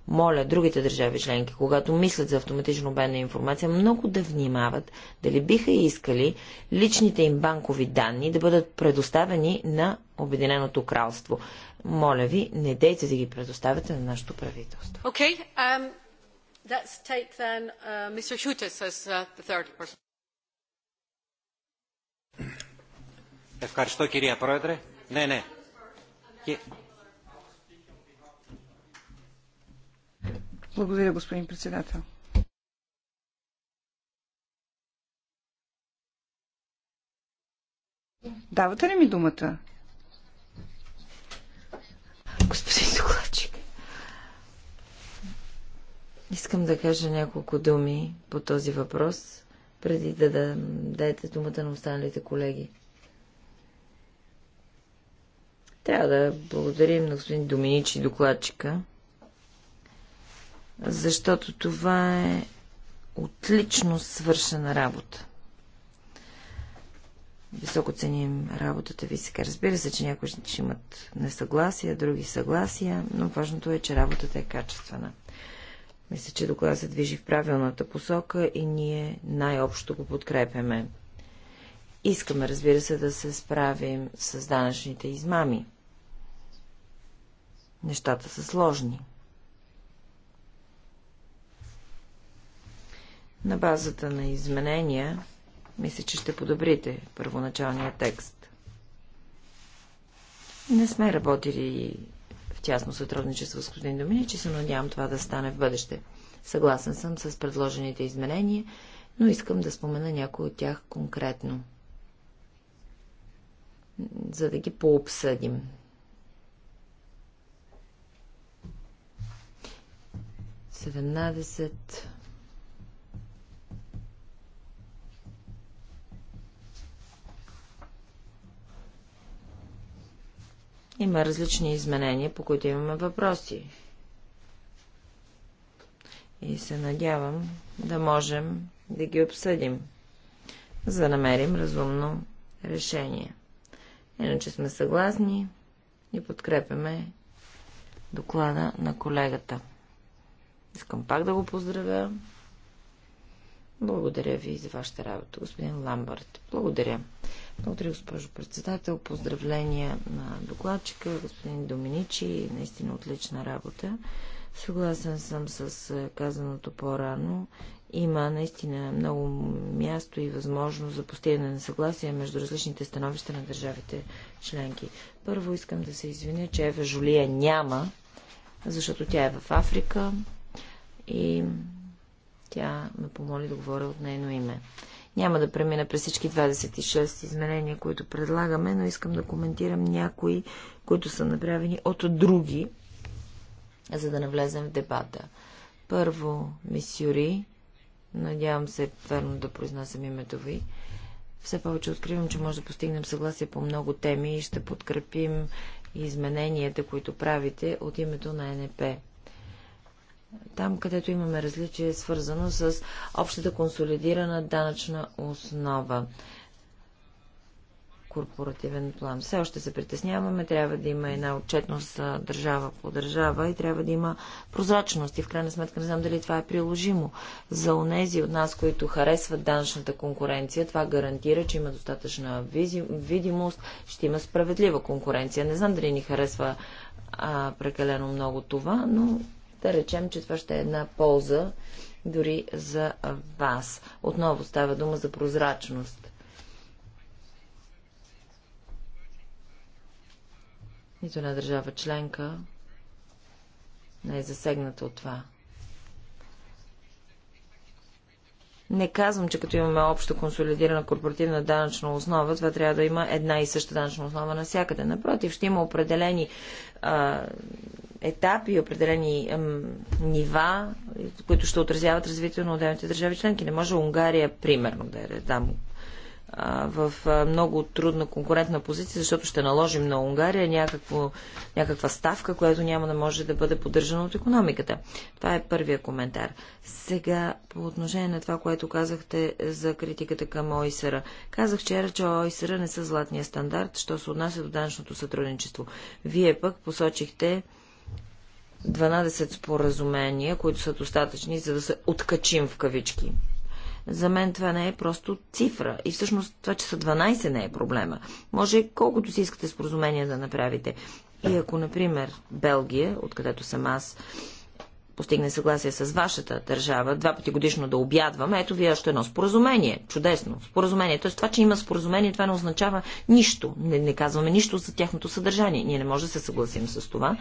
моля другите държави членки, когато мислят за автоматично обмен информация, много да внимават дали биха искали личните им банкови данни да бъдат предоставени на Обединеното кралство. Моля ви, не дейте да ги предоставяте на нашето правителство. Okay, um... Let's take then uh, Mr. Ευχαριστώ κυρία Πρόεδρε. Ναι, ναι. Благодаря, господин председател. Давате ли ми думата? Господин докладчик, искам да кажа няколко думи по този въпрос, преди да дадете думата на останалите колеги. Трябва да благодарим на господин Доминичи докладчика, защото това е отлично свършена работа. Високо ценим работата ви сега. Разбира се, че някои ще имат несъгласия, други съгласия, но важното е, че работата е качествена. Мисля, че докладът се движи в правилната посока и ние най-общо го подкрепяме. Искаме, разбира се, да се справим с данъчните измами. Нещата са сложни. На базата на изменения, мисля, че ще подобрите първоначалния текст. Не сме работили в тясно сътрудничество с господин Доминич и се надявам това да стане в бъдеще. Съгласен съм с предложените изменения, но искам да спомена някои от тях конкретно, за да ги пообсъдим. 17. Има различни изменения, по които имаме въпроси. И се надявам да можем да ги обсъдим, за да намерим разумно решение. Иначе сме съгласни и подкрепяме доклада на колегата. Искам пак да го поздравя. Благодаря ви за вашата работа, господин Ламбард. Благодаря. Благодаря, госпожо председател. Поздравления на докладчика, господин Доминичи. Наистина отлична работа. Съгласен съм с е, казаното по-рано. Има наистина много място и възможност за постигане на съгласие между различните становища на държавите членки. Първо искам да се извиня, че Ева Жулия няма, защото тя е в Африка и тя ме помоли да говоря от нейно име. Няма да премина през всички 26 изменения, които предлагаме, но искам да коментирам някои, които са направени от други, за да навлезем в дебата. Първо, мисюри, надявам се верно да произнасям името ви, все повече откривам, че може да постигнем съгласие по много теми и ще подкрепим измененията, които правите от името на НП там, където имаме различие, свързано с общата консолидирана данъчна основа. Корпоративен план. Все още се притесняваме, трябва да има една отчетност държава по държава и трябва да има прозрачност. И в крайна сметка не знам дали това е приложимо. За онези от нас, които харесват данъчната конкуренция, това гарантира, че има достатъчна видимост, ще има справедлива конкуренция. Не знам дали ни харесва а, прекалено много това, но да речем, че това ще е една полза дори за вас. Отново става дума за прозрачност. Нито една държава членка не е засегната от това. Не казвам, че като имаме общо консолидирана корпоративна данъчна основа, това трябва да има една и съща данъчна основа навсякъде. Напротив, ще има определени а, етапи, определени ам, нива, които ще отразяват развитието на отделните държави членки. Не може Унгария, примерно, да е там в много трудна конкурентна позиция, защото ще наложим на Унгария някакво, някаква ставка, която няма да може да бъде поддържана от економиката. Това е първия коментар. Сега, по отношение на това, което казахте за критиката към ОИСРа. Казах вчера, че ОИСРа не са златния стандарт, що се отнася до данъчното сътрудничество. Вие пък посочихте 12 споразумения, които са достатъчни, за да се откачим в кавички за мен това не е просто цифра. И всъщност това, че са 12 не е проблема. Може колкото си искате споразумение да направите. И ако, например, Белгия, откъдето съм аз, постигне съгласие с вашата държава, два пъти годишно да обядваме, ето ви още едно споразумение. Чудесно. Споразумение. Тоест това, че има споразумение, това не означава нищо. Не, не казваме нищо за тяхното съдържание. Ние не можем да се съгласим с това.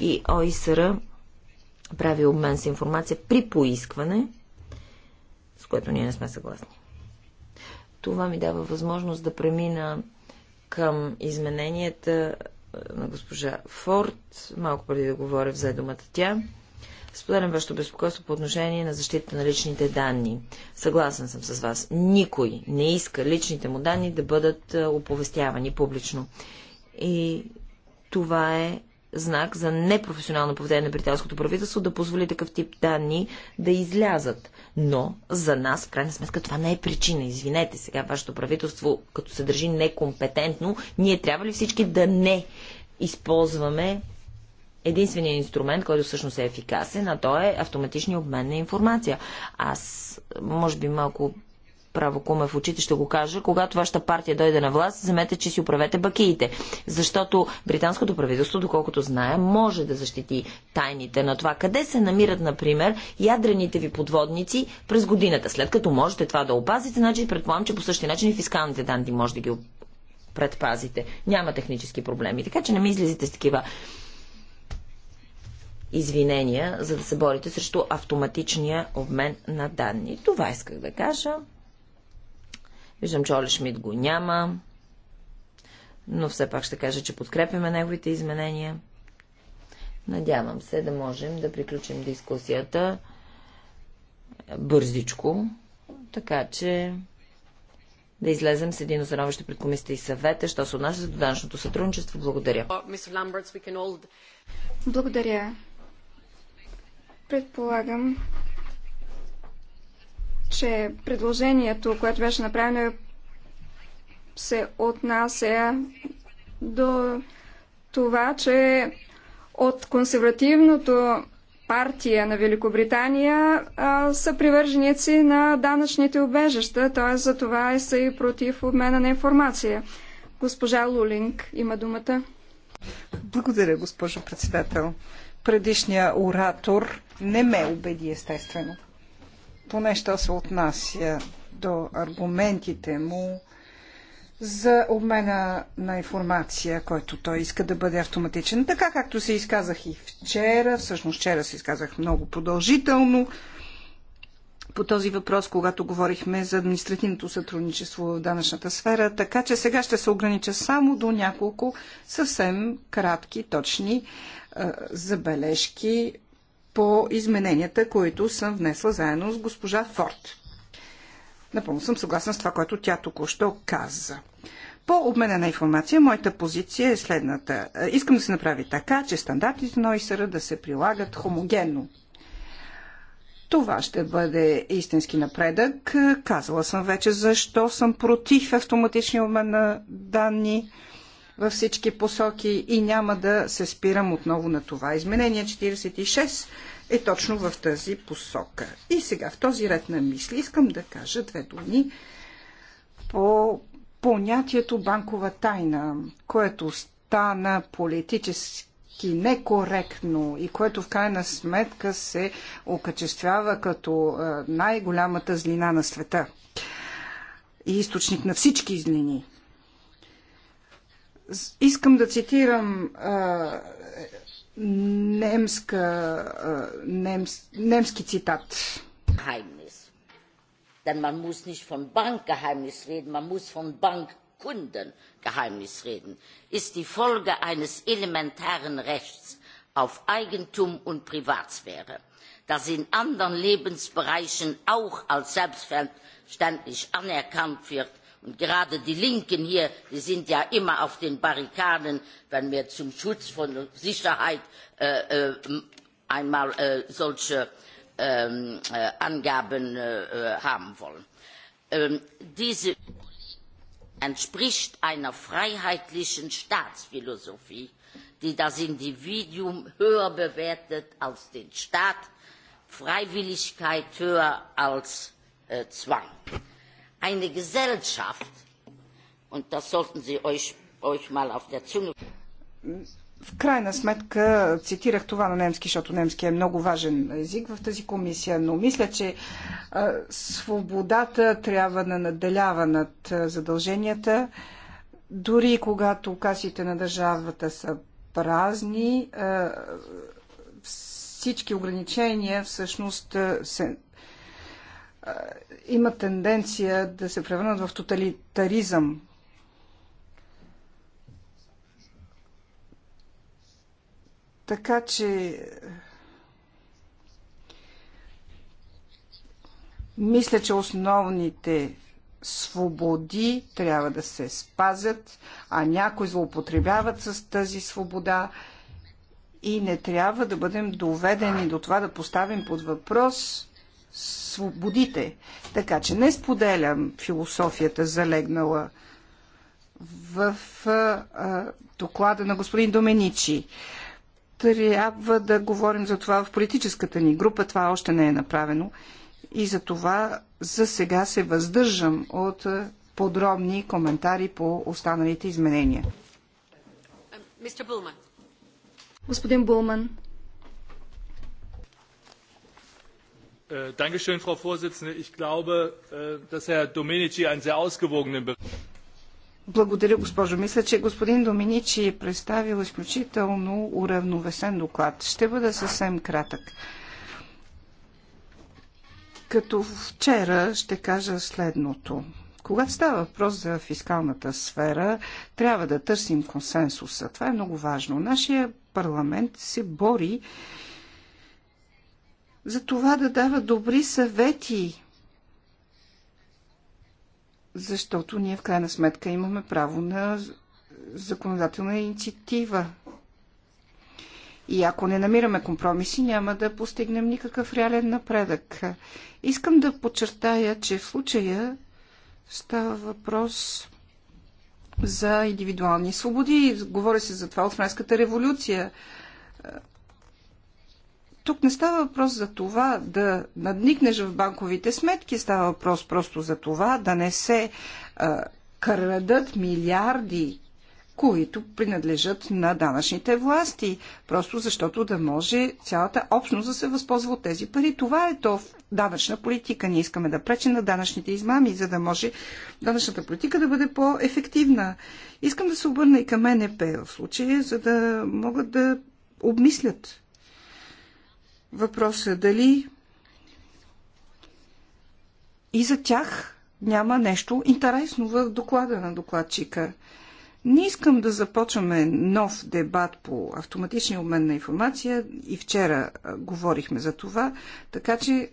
И ОИСР прави обмен с информация при поискване с което ние не сме съгласни. Това ми дава възможност да премина към измененията на госпожа Форд, малко преди да говоря взе думата тя. Споделям вашето безпокойство по отношение на защита на личните данни. Съгласен съм с вас. Никой не иска личните му данни да бъдат оповестявани публично. И това е знак за непрофесионално поведение на британското правителство да позволи такъв тип данни да излязат. Но за нас, в крайна сметка, това не е причина. Извинете, сега вашето правителство, като се държи некомпетентно, ние трябва ли всички да не използваме единствения инструмент, който всъщност е ефикасен, а то е автоматичния обмен на информация. Аз, може би, малко право куме в очите, ще го кажа, когато вашата партия дойде на власт, вземете, че си управете бакиите. Защото британското правителство, доколкото знае, може да защити тайните на това къде се намират, например, ядрените ви подводници през годината. След като можете това да опазите, значи предполагам, че по същия начин и фискалните данни може да ги предпазите. Няма технически проблеми. Така че не ми излизате с такива извинения, за да се борите срещу автоматичния обмен на данни. Това исках да кажа. Виждам, че Оли Шмидт го няма, но все пак ще кажа, че подкрепяме неговите изменения. Надявам се да можем да приключим дискусията бързичко, така че да излезем с един становище пред комисията и съвета, що се отнася до данъчното сътрудничество. Благодаря. Благодаря. Предполагам, че предложението, което беше направено, се отнася до това, че от консервативното партия на Великобритания а, са привърженици на данъчните обежища, т.е. за това и са и против обмена на информация. Госпожа Лулинг има думата. Благодаря, госпожо председател. предишният оратор не ме убеди, естествено поне що се отнася до аргументите му за обмена на информация, който той иска да бъде автоматичен. Така както се изказах и вчера, всъщност вчера се изказах много продължително по този въпрос, когато говорихме за административното сътрудничество в данъчната сфера, така че сега ще се огранича само до няколко съвсем кратки, точни е, забележки по измененията, които съм внесла заедно с госпожа Форд. Напълно съм съгласна с това, което тя току-що каза. По обмена на информация, моята позиция е следната. Искам да се направи така, че стандартите на ОИСР да се прилагат хомогенно. Това ще бъде истински напредък. Казала съм вече защо съм против автоматичния обмен на данни във всички посоки и няма да се спирам отново на това. Изменение 46 е точно в тази посока. И сега в този ред на мисли искам да кажа две думи по понятието банкова тайна, което стана политически некоректно и което в крайна сметка се окачествява като най-голямата злина на света и източник на всички злини – Искам да цитирам а, немска, а, немс, немски цитат. Geheimnis. Denn man muss nicht von Bankgeheimnis reden, man muss von Bankkundengeheimnis reden. Ist die Folge eines elementaren Rechts auf Eigentum und Privatsphäre, das in anderen Lebensbereichen auch als selbstverständlich anerkannt wird, Und gerade die Linken hier, die sind ja immer auf den Barrikaden, wenn wir zum Schutz von Sicherheit einmal solche Angaben haben wollen. Diese entspricht einer freiheitlichen Staatsphilosophie, die das Individuum höher bewertet als den Staat, Freiwilligkeit höher als Zwang eine Gesellschaft, und das sollten Sie euch, euch mal auf der Zunge. В крайна сметка цитирах това на немски, защото немски е много важен език в тази комисия, но мисля, че свободата трябва да наделява над задълженията, дори когато касите на държавата са празни, всички ограничения всъщност се има тенденция да се превърнат в тоталитаризъм. Така че мисля, че основните свободи трябва да се спазят, а някои злоупотребяват с тази свобода и не трябва да бъдем доведени до това да поставим под въпрос свободите. Така че не споделям философията залегнала в а, доклада на господин Доменичи. Трябва да говорим за това в политическата ни група. Това още не е направено. И за това за сега се въздържам от подробни коментари по останалите изменения. Господин Булман. Äh, frau präsidentin! ich glaube äh, dass herr domenici einen sehr ausgewogenen bericht. благодаря госпожо. мисля че господин доминичи е представил изключително уравновесен доклад. ще бъда съвсем кратък. като вчера ще кажа следното. Когато става въпрос за фискалната сфера, трябва да търсим консенсуса. Това е много важно. Нашия парламент се бори за това да дава добри съвети, защото ние в крайна сметка имаме право на законодателна инициатива. И ако не намираме компромиси, няма да постигнем никакъв реален напредък. Искам да подчертая, че в случая става въпрос за индивидуални свободи. Говори се за това от Френската революция. Тук не става въпрос за това да надникнеш в банковите сметки, става въпрос просто за това да не се а, крадат милиарди, които принадлежат на данъчните власти, просто защото да може цялата общност да се възползва от тези пари. Това е то в данъчна политика. Ние искаме да пречим на данъчните измами, за да може данъчната политика да бъде по-ефективна. Искам да се обърна и към НП в случая, за да могат да обмислят въпроса е дали и за тях няма нещо интересно в доклада на докладчика. Не искам да започваме нов дебат по автоматичния обмен на информация и вчера говорихме за това, така че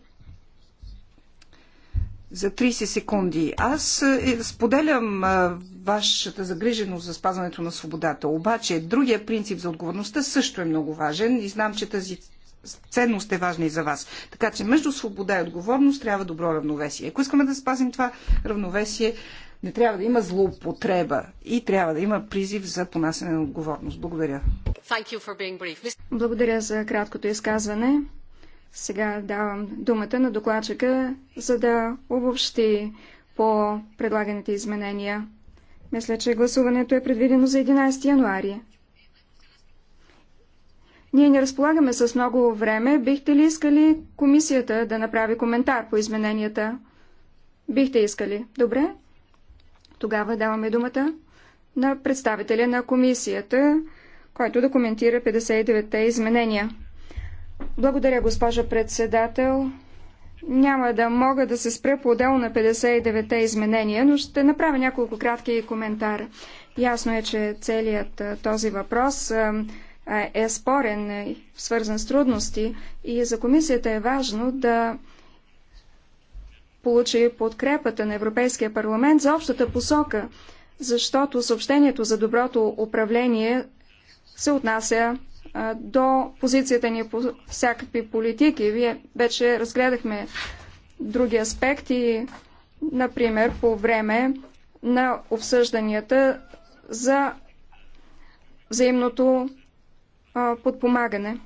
за 30 секунди. Аз е, споделям вашата загриженост за спазването на свободата, обаче другия принцип за отговорността също е много важен и знам, че тази ценност е важна и за вас. Така че между свобода и отговорност трябва добро равновесие. Ако искаме да спазим това равновесие, не трябва да има злоупотреба и трябва да има призив за понасене на отговорност. Благодаря. Благодаря за краткото изказване. Сега давам думата на докладчика, за да обобщи по предлаганите изменения. Мисля, че гласуването е предвидено за 11 януари. Ние не разполагаме с много време. Бихте ли искали комисията да направи коментар по измененията? Бихте искали. Добре. Тогава даваме думата на представителя на комисията, който да коментира 59-те изменения. Благодаря, госпожа председател. Няма да мога да се спра по отдел на 59-те изменения, но ще направя няколко кратки коментара. Ясно е, че целият този въпрос е спорен, е свързан с трудности и за комисията е важно да получи подкрепата на Европейския парламент за общата посока, защото съобщението за доброто управление се отнася до позицията ни по всякакви политики. Вие вече разгледахме други аспекти, например по време на обсъжданията за взаимното подпомагане.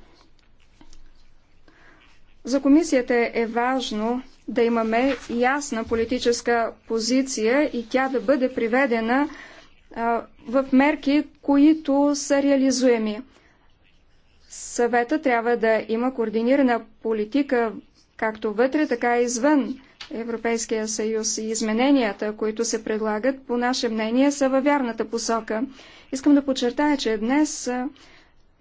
За комисията е важно да имаме ясна политическа позиция и тя да бъде приведена в мерки, които са реализуеми. Съвета трябва да има координирана политика както вътре, така и извън Европейския съюз и измененията, които се предлагат, по наше мнение, са във вярната посока. Искам да подчертая, че днес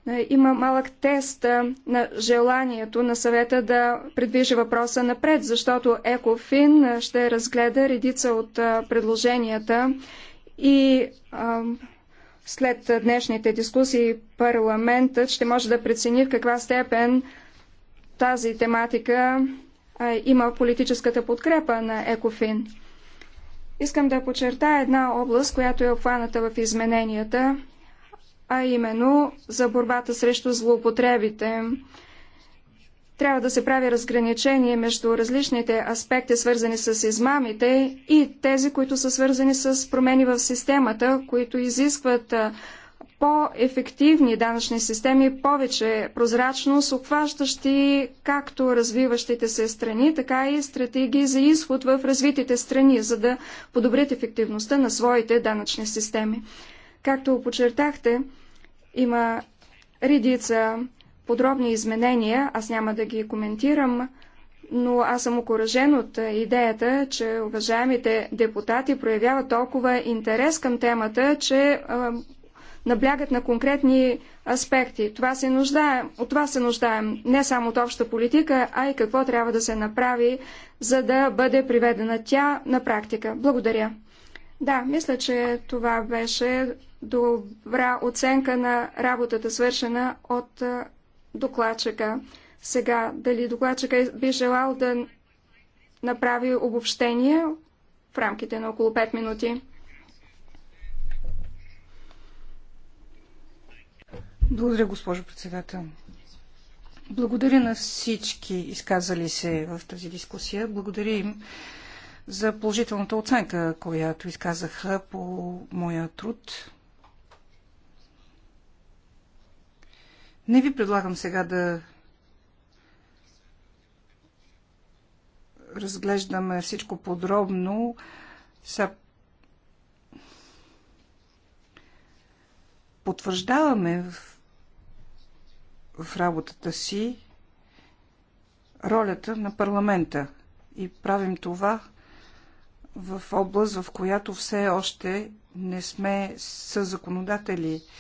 е, има малък тест е, на желанието на съвета да предвижи въпроса напред, защото ЕКОФИН е, ще разгледа редица от предложенията и а, след днешните дискусии парламентът ще може да прецени в каква степен тази тематика а, има политическата подкрепа на ЕКОФИН. Искам да подчертая една област, която е обхваната в измененията а именно за борбата срещу злоупотребите. Трябва да се прави разграничение между различните аспекти, свързани с измамите и тези, които са свързани с промени в системата, които изискват по-ефективни данъчни системи, повече прозрачност, обхващащи както развиващите се страни, така и стратегии за изход в развитите страни, за да подобрят ефективността на своите данъчни системи. Както подчертахте, има редица подробни изменения, аз няма да ги коментирам, но аз съм окоръжен от идеята, че уважаемите депутати проявяват толкова интерес към темата, че а, наблягат на конкретни аспекти. Това се нуждае, от това се нуждаем не само от обща политика, а и какво трябва да се направи, за да бъде приведена тя на практика. Благодаря. Да, мисля, че това беше добра оценка на работата, свършена от докладчика. Сега, дали докладчика би желал да направи обобщение в рамките на около 5 минути? Благодаря, госпожо председател. Благодаря на всички изказали се в тази дискусия. Благодаря им за положителната оценка, която изказаха по моя труд. Не ви предлагам сега да разглеждаме всичко подробно. Са... потвърждаваме в, в работата си ролята на парламента и правим това в област, в която все още не сме съзаконодатели законодатели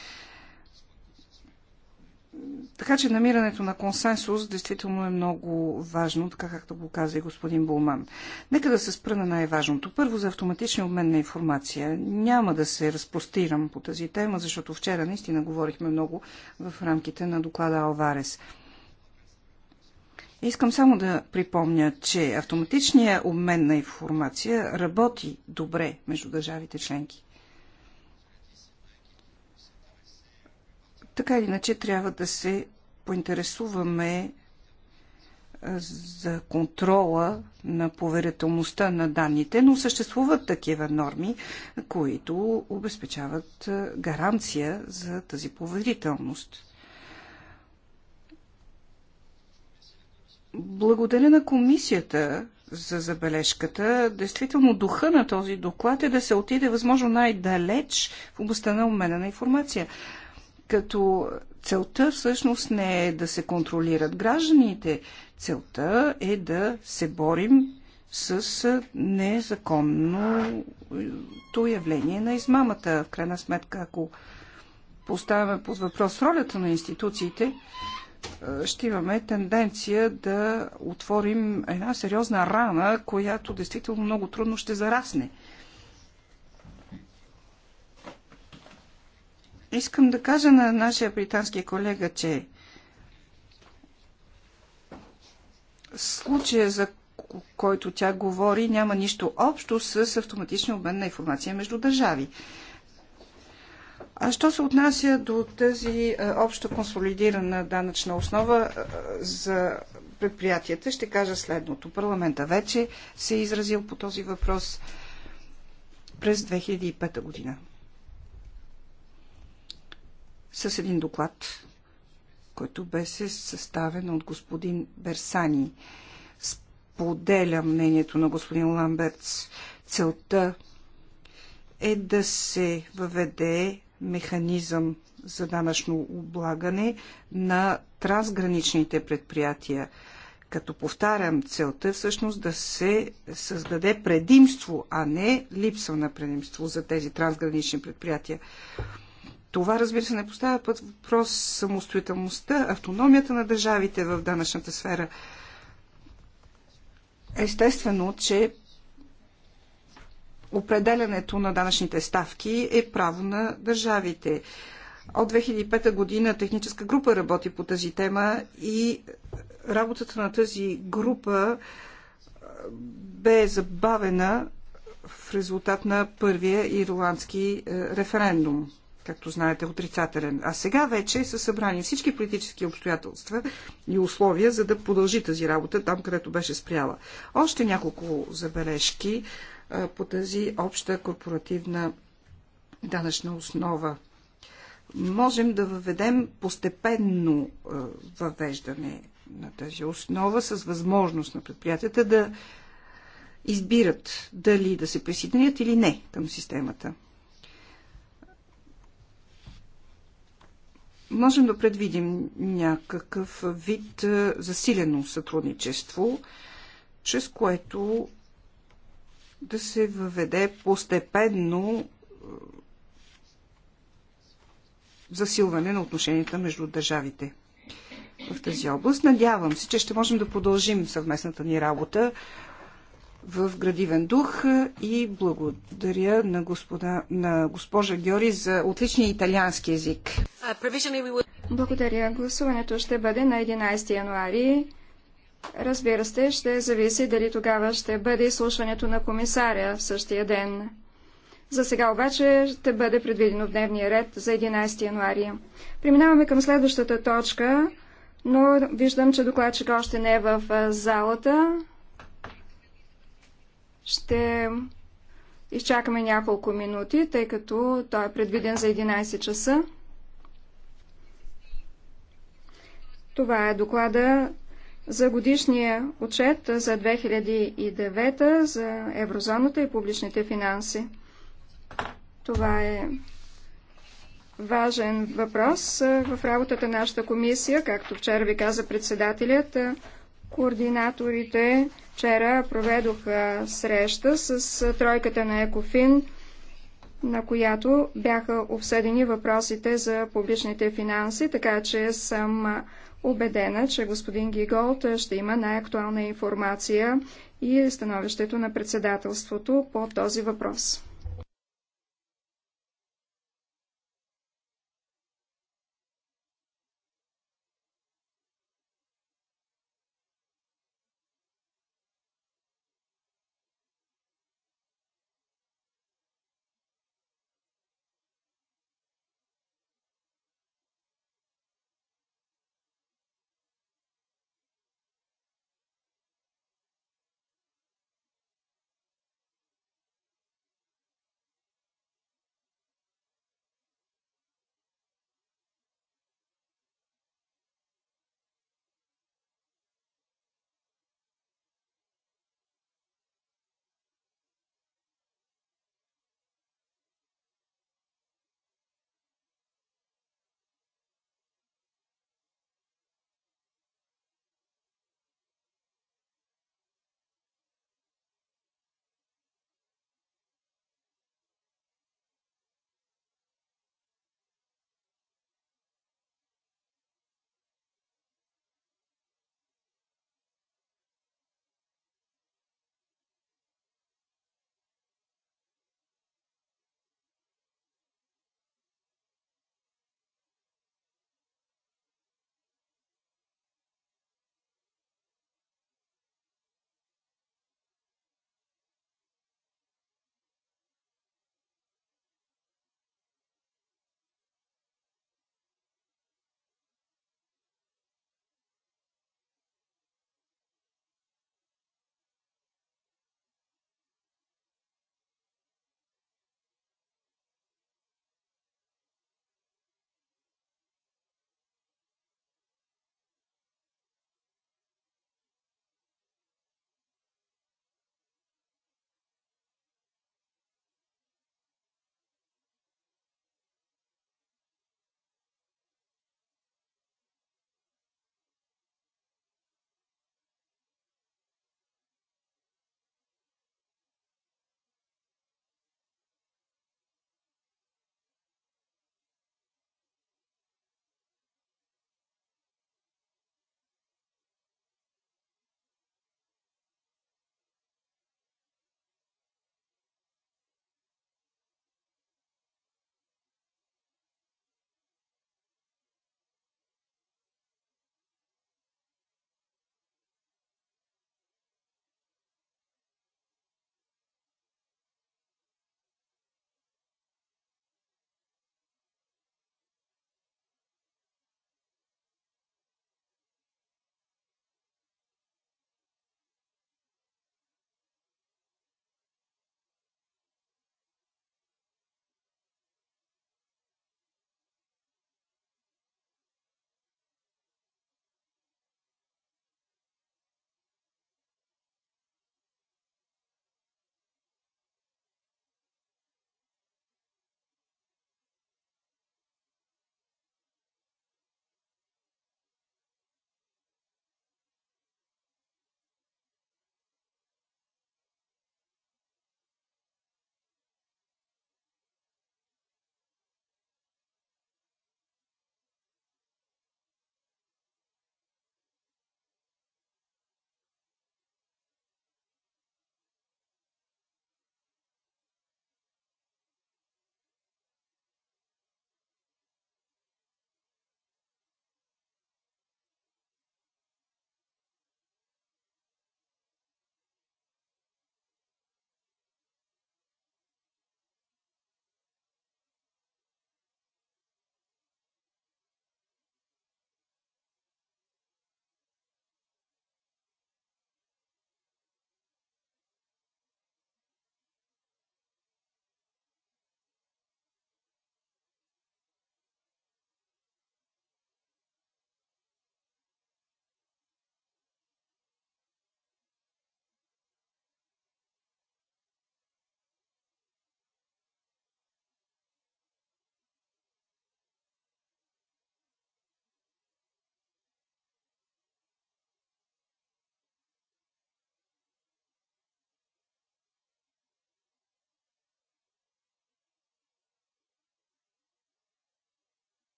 така че намирането на консенсус действително е много важно, така както го каза и господин Булман. Нека да се спра на най-важното. Първо за автоматичния обмен на информация. Няма да се разпростирам по тази тема, защото вчера наистина говорихме много в рамките на доклада Алварес. Искам само да припомня, че автоматичният обмен на информация работи добре между държавите членки. Така или иначе трябва да се поинтересуваме за контрола на поверителността на данните, но съществуват такива норми, които обезпечават гаранция за тази поверителност. Благодаря на комисията за забележката. Действително духа на този доклад е да се отиде възможно най-далеч в областта на обмена на информация като целта всъщност не е да се контролират гражданите, целта е да се борим с незаконното явление на измамата. В крайна сметка, ако поставяме под въпрос ролята на институциите, ще имаме тенденция да отворим една сериозна рана, която действително много трудно ще зарасне. Искам да кажа на нашия британски колега, че случая, за който тя говори, няма нищо общо с автоматичния обмен на информация между държави. А що се отнася до тази е, обща консолидирана данъчна основа е, за предприятията, ще кажа следното. Парламента вече се е изразил по този въпрос през 2005 година с един доклад, който беше съставен от господин Берсани. Споделя мнението на господин Ламбертс. Целта е да се въведе механизъм за данъчно облагане на трансграничните предприятия. Като повтарям, целта е всъщност да се създаде предимство, а не липса на предимство за тези трансгранични предприятия. Това, разбира се, не поставя път въпрос самостоятелността, автономията на държавите в данъчната сфера. Естествено, че определянето на данъчните ставки е право на държавите. От 2005 година техническа група работи по тази тема и работата на тази група бе забавена в резултат на първия ирландски референдум както знаете, отрицателен. А сега вече са събрани всички политически обстоятелства и условия, за да продължи тази работа там, където беше спряла. Още няколко забележки а, по тази обща корпоративна данъчна основа. Можем да въведем постепенно а, въвеждане на тази основа с възможност на предприятията да избират дали да се присъединят или не към системата. можем да предвидим някакъв вид е, засилено сътрудничество, чрез което да се въведе постепенно е, засилване на отношенията между държавите в тази област. Надявам се, че ще можем да продължим съвместната ни работа в градивен дух и благодаря на, господа, на госпожа Гьори за отличния италиански език. Uh, благодаря. Гласуването ще бъде на 11 януари. Разбира се, ще зависи дали тогава ще бъде изслушването на комисаря в същия ден. За сега обаче ще бъде предвидено в дневния ред за 11 януари. Преминаваме към следващата точка, но виждам, че докладчик още не е в залата. Ще изчакаме няколко минути, тъй като той е предвиден за 11 часа. Това е доклада за годишния отчет за 2009 за еврозоната и публичните финанси. Това е важен въпрос в работата на нашата комисия, както вчера ви каза председателят. Координаторите вчера проведоха среща с тройката на Екофин, на която бяха обсъдени въпросите за публичните финанси, така че съм убедена, че господин Гиголт ще има най-актуална информация и становището на председателството по този въпрос.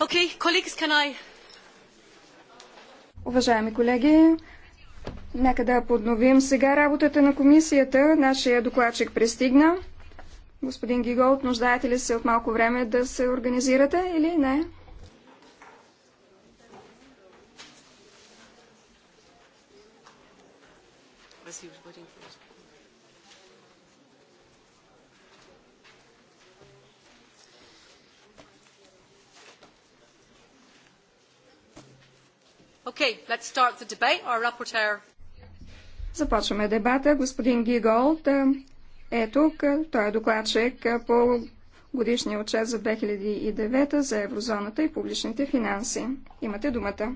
Okay, colleagues, can I... Уважаеми колеги, нека да подновим сега работата на комисията. Нашия докладчик пристигна. Господин Гигол, нуждаете ли се от малко време да се организирате или не? Спасибо, господин. Okay, let's start the debate. Our Започваме дебата. Господин Гиголд е, е тук. Той е докладчик е, по годишния отчет за 2009 за еврозоната и публичните финанси. Имате думата.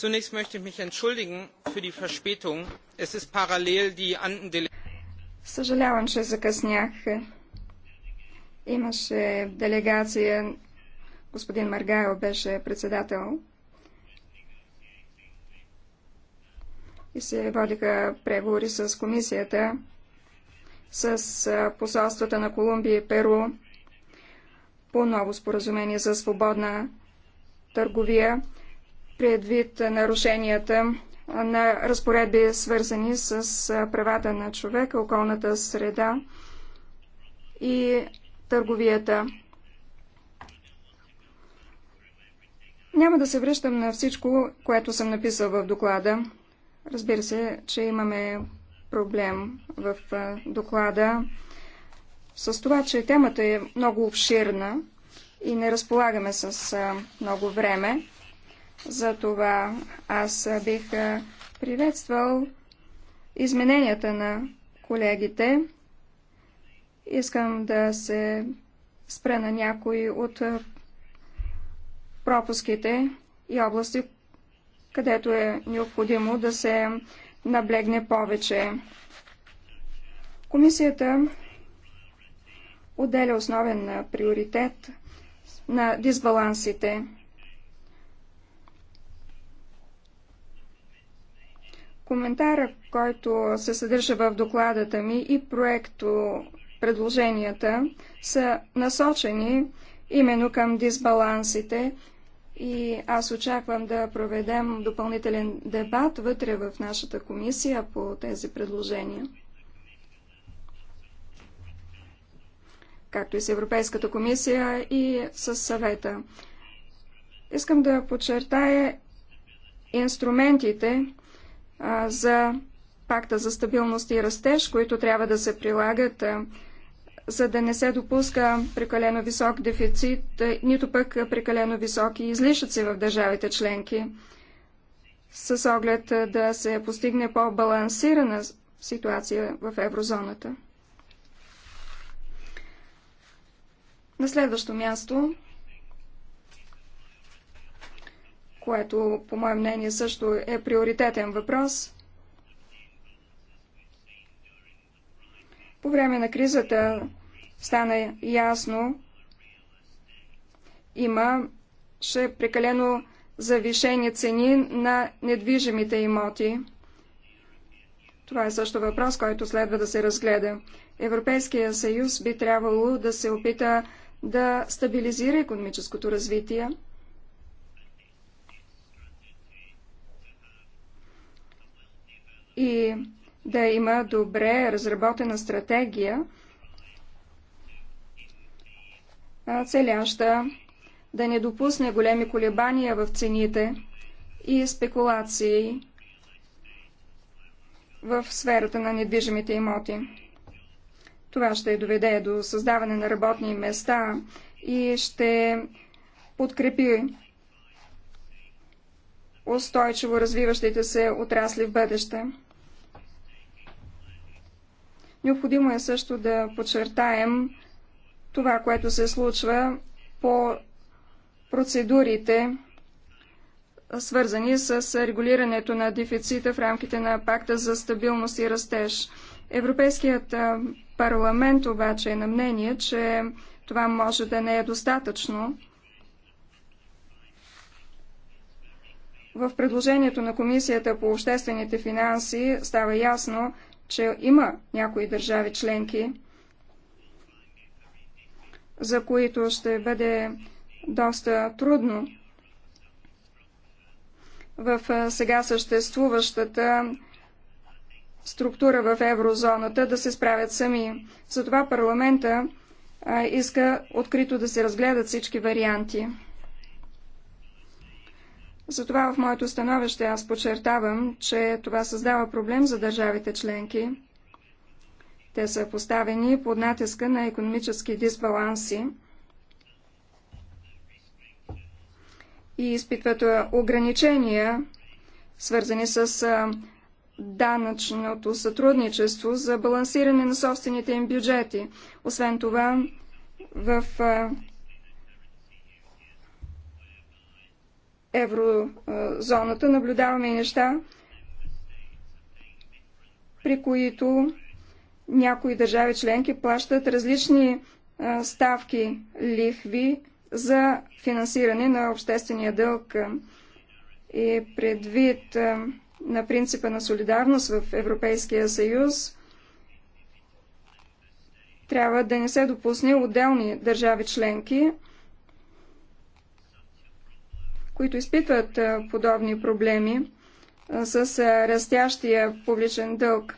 Zunächst möchte ich mich entschuldigen für die Verspätung. Es ist parallel die Съжалявам, че закъснях. Имаше делегация, господин Маргайл беше председател и се водиха преговори с комисията, с посолствата на Колумбия и Перу по ново споразумение за свободна търговия предвид нарушенията на разпоредби, свързани с правата на човека, околната среда и търговията. Няма да се връщам на всичко, което съм написал в доклада. Разбира се, че имаме проблем в доклада с това, че темата е много обширна и не разполагаме с много време. Затова аз бих приветствал измененията на колегите Искам да се спре на някои от пропуските и области, където е необходимо да се наблегне повече. Комисията отделя основен приоритет на дисбалансите. Коментара, който се съдържа в докладата ми и проекто предложенията са насочени именно към дисбалансите и аз очаквам да проведем допълнителен дебат вътре в нашата комисия по тези предложения. както и с Европейската комисия и с съвета. Искам да подчертая инструментите за пакта за стабилност и растеж, които трябва да се прилагат. А, за да не се допуска прекалено висок дефицит, нито пък прекалено високи излишъци в държавите членки, с оглед да се постигне по-балансирана ситуация в еврозоната. На следващо място, което по мое мнение също е приоритетен въпрос, по време на кризата стана ясно, имаше прекалено завишени цени на недвижимите имоти. Това е също въпрос, който следва да се разгледа. Европейския съюз би трябвало да се опита да стабилизира економическото развитие. И да има добре разработена стратегия целяща да не допусне големи колебания в цените и спекулации в сферата на недвижимите имоти. Това ще доведе до създаване на работни места и ще подкрепи устойчиво развиващите се отрасли в бъдеще. Необходимо е също да подчертаем това, което се случва по процедурите, свързани с регулирането на дефицита в рамките на пакта за стабилност и растеж. Европейският парламент обаче е на мнение, че това може да не е достатъчно. В предложението на Комисията по обществените финанси става ясно, че има някои държави членки, за които ще бъде доста трудно в сега съществуващата структура в еврозоната да се справят сами. Затова парламента иска открито да се разгледат всички варианти. Затова в моето становище аз подчертавам, че това създава проблем за държавите членки те са поставени под натиска на економически дисбаланси и изпитват ограничения, свързани с данъчното сътрудничество за балансиране на собствените им бюджети. Освен това, в еврозоната наблюдаваме и неща, при които някои държави членки плащат различни ставки лихви за финансиране на обществения дълг и предвид на принципа на солидарност в Европейския съюз, трябва да не се допусне отделни държави членки, които изпитват подобни проблеми с растящия публичен дълг.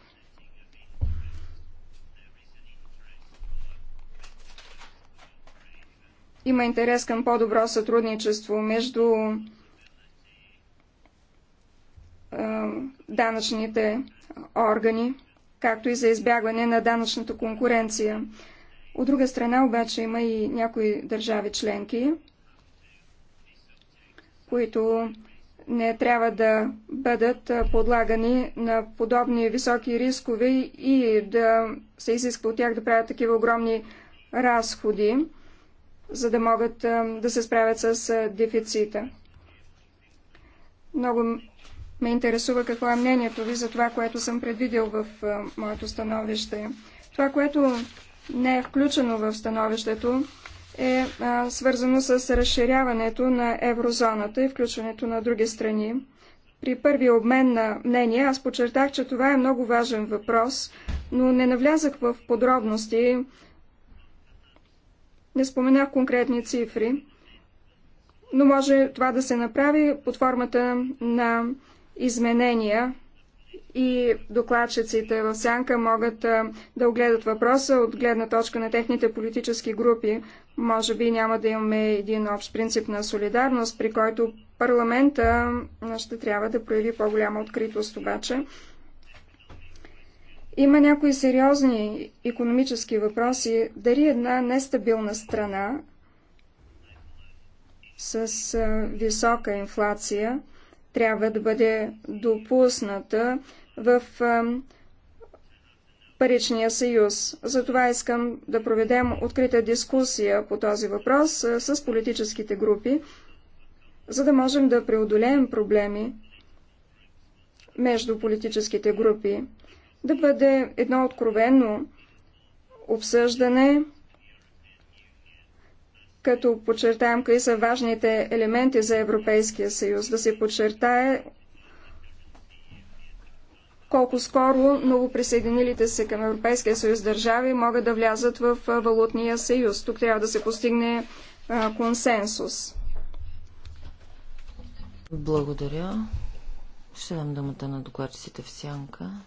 има интерес към по-добро сътрудничество между данъчните органи, както и за избягване на данъчната конкуренция. От друга страна обаче има и някои държави членки, които не трябва да бъдат подлагани на подобни високи рискове и да се изисква от тях да правят такива огромни разходи за да могат да се справят с дефицита. Много ме интересува какво е мнението ви за това, което съм предвидил в моето становище. Това, което не е включено в становището, е свързано с разширяването на еврозоната и включването на други страни. При първи обмен на мнение аз подчертах, че това е много важен въпрос, но не навлязах в подробности не споменах конкретни цифри, но може това да се направи под формата на изменения и докладчиците в сянка могат да огледат въпроса от гледна точка на техните политически групи. Може би няма да имаме един общ принцип на солидарност, при който парламента ще трябва да прояви по-голяма откритост обаче. Има някои сериозни економически въпроси. Дали една нестабилна страна с висока инфлация трябва да бъде допусната в паричния съюз. Затова искам да проведем открита дискусия по този въпрос с политическите групи, за да можем да преодолеем проблеми между политическите групи да бъде едно откровено обсъждане, като подчертаем кои са важните елементи за Европейския съюз, да се подчертае колко скоро новоприсъединилите се към Европейския съюз държави могат да влязат в валутния съюз. Тук трябва да се постигне консенсус. Благодаря. Ще дам думата на докладчиците в сянка.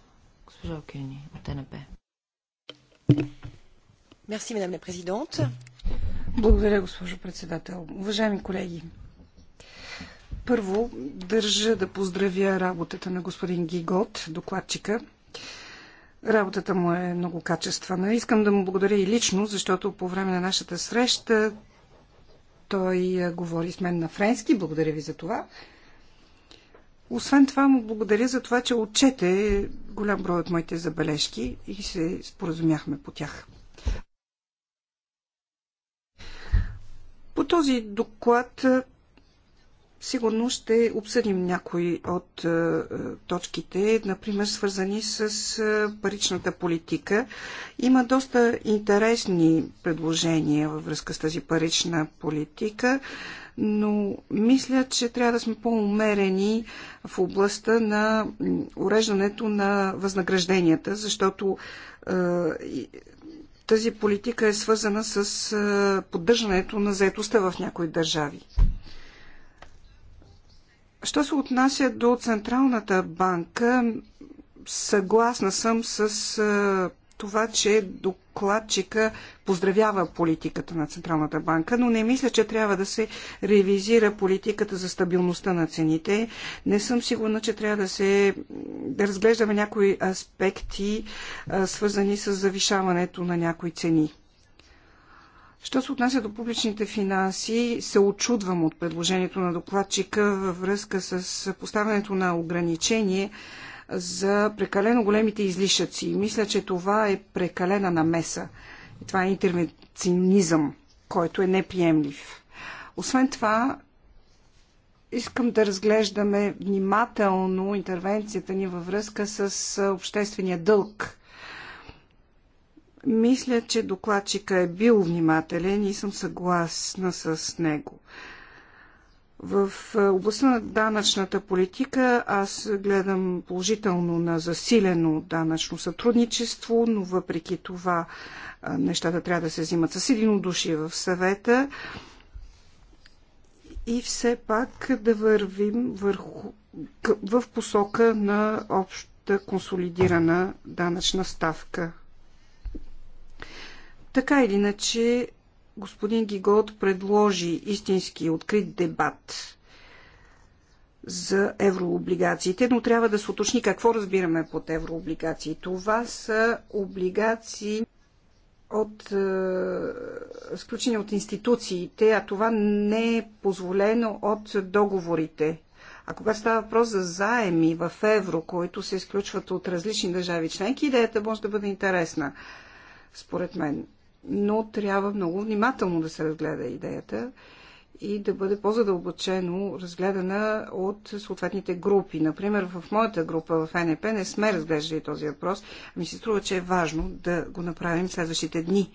Благодаря, госпожо председател. Уважаеми колеги, първо държа да поздравя работата на господин Гигот, докладчика. Работата му е много качествена. Искам да му благодаря и лично, защото по време на нашата среща той говори с мен на френски. Благодаря ви за това. Освен това му благодаря за това, че отчете голям брой от моите забележки и се споразумяхме по тях. По този доклад е, сигурно ще обсъдим някои от е, точките, например свързани с е, паричната политика. Има доста интересни предложения във връзка с тази парична политика но мисля, че трябва да сме по-умерени в областта на уреждането на възнагражденията, защото тази политика е свързана с поддържането на заетостта в някои държави. Що се отнася до Централната банка, съгласна съм с това, че докладчика поздравява политиката на Централната банка, но не мисля, че трябва да се ревизира политиката за стабилността на цените. Не съм сигурна, че трябва да се да разглеждаме някои аспекти, а, свързани с завишаването на някои цени. Що се отнася до публичните финанси, се очудвам от предложението на докладчика във връзка с поставянето на ограничение за прекалено големите излишъци. мисля, че това е прекалена намеса. това е интервенционизъм, който е неприемлив. Освен това, искам да разглеждаме внимателно интервенцията ни във връзка с обществения дълг. Мисля, че докладчика е бил внимателен и съм съгласна с него. В е, областта на данъчната политика аз гледам положително на засилено данъчно сътрудничество, но въпреки това е, нещата трябва да се взимат с единодушие в съвета и все пак да вървим върху, в посока на обща консолидирана данъчна ставка. Така или иначе, господин Гигот предложи истински открит дебат за еврооблигациите, но трябва да се уточни какво разбираме под еврооблигации. Това са облигации от, е, сключени от институциите, а това не е позволено от договорите. А когато става въпрос за заеми в евро, които се изключват от различни държави членки, идеята може да бъде интересна, според мен но трябва много внимателно да се разгледа идеята и да бъде по-задълбочено разгледана от съответните групи. Например, в моята група в НП не сме разглеждали този въпрос, а ми се струва, че е важно да го направим следващите дни.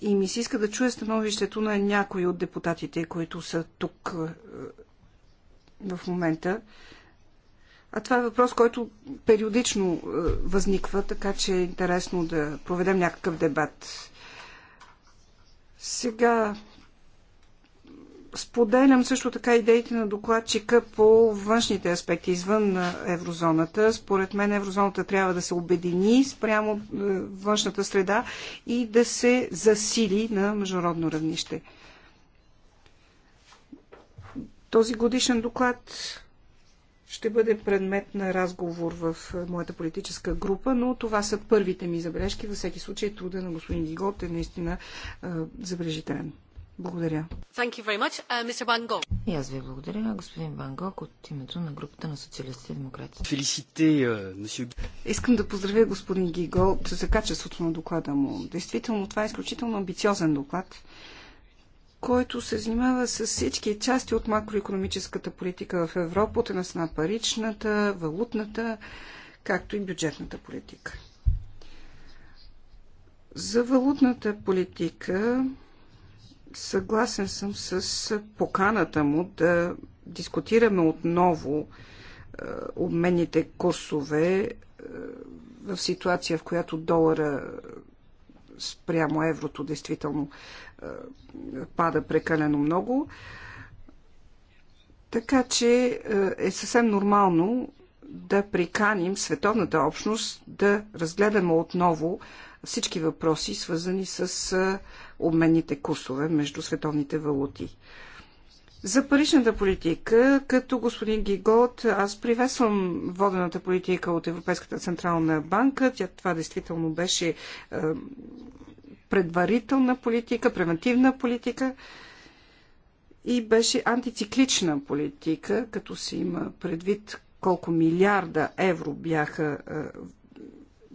И ми се иска да чуя становището на някои от депутатите, които са тук е, в момента. А това е въпрос, който периодично е, възниква, така че е интересно да проведем някакъв дебат. Сега споделям също така идеите на докладчика по външните аспекти извън е, еврозоната. Според мен еврозоната трябва да се обедини спрямо е, външната среда и да се засили на международно равнище. Този годишен доклад ще бъде предмет на разговор в е, моята политическа група, но това са първите ми забележки. Във всеки случай труда на господин Гигот е наистина е, забележителен. Благодаря. Thank you very much. Uh, Mr. Van Gogh. И аз ви благодаря, господин Ван Гог, от името на групата на социалистите и демократите. Фелисите, uh, Искам да поздравя господин Гиго за качеството на доклада му. Действително, това е изключително амбициозен доклад. Uh, който се занимава с всички части от макроекономическата политика в Европа, от една страна паричната, валутната, както и бюджетната политика. За валутната политика съгласен съм с поканата му да дискутираме отново е, обменните курсове е, в ситуация, в която долара спрямо еврото действително е, пада прекалено много. Така че е, е съвсем нормално да приканим световната общност да разгледаме отново всички въпроси, свързани с е, обменните курсове между световните валути. За паричната политика, като господин Гигот, аз приветствам водената политика от Европейската централна банка. Тя, това действително беше предварителна политика, превентивна политика и беше антициклична политика, като се има предвид колко милиарда евро бяха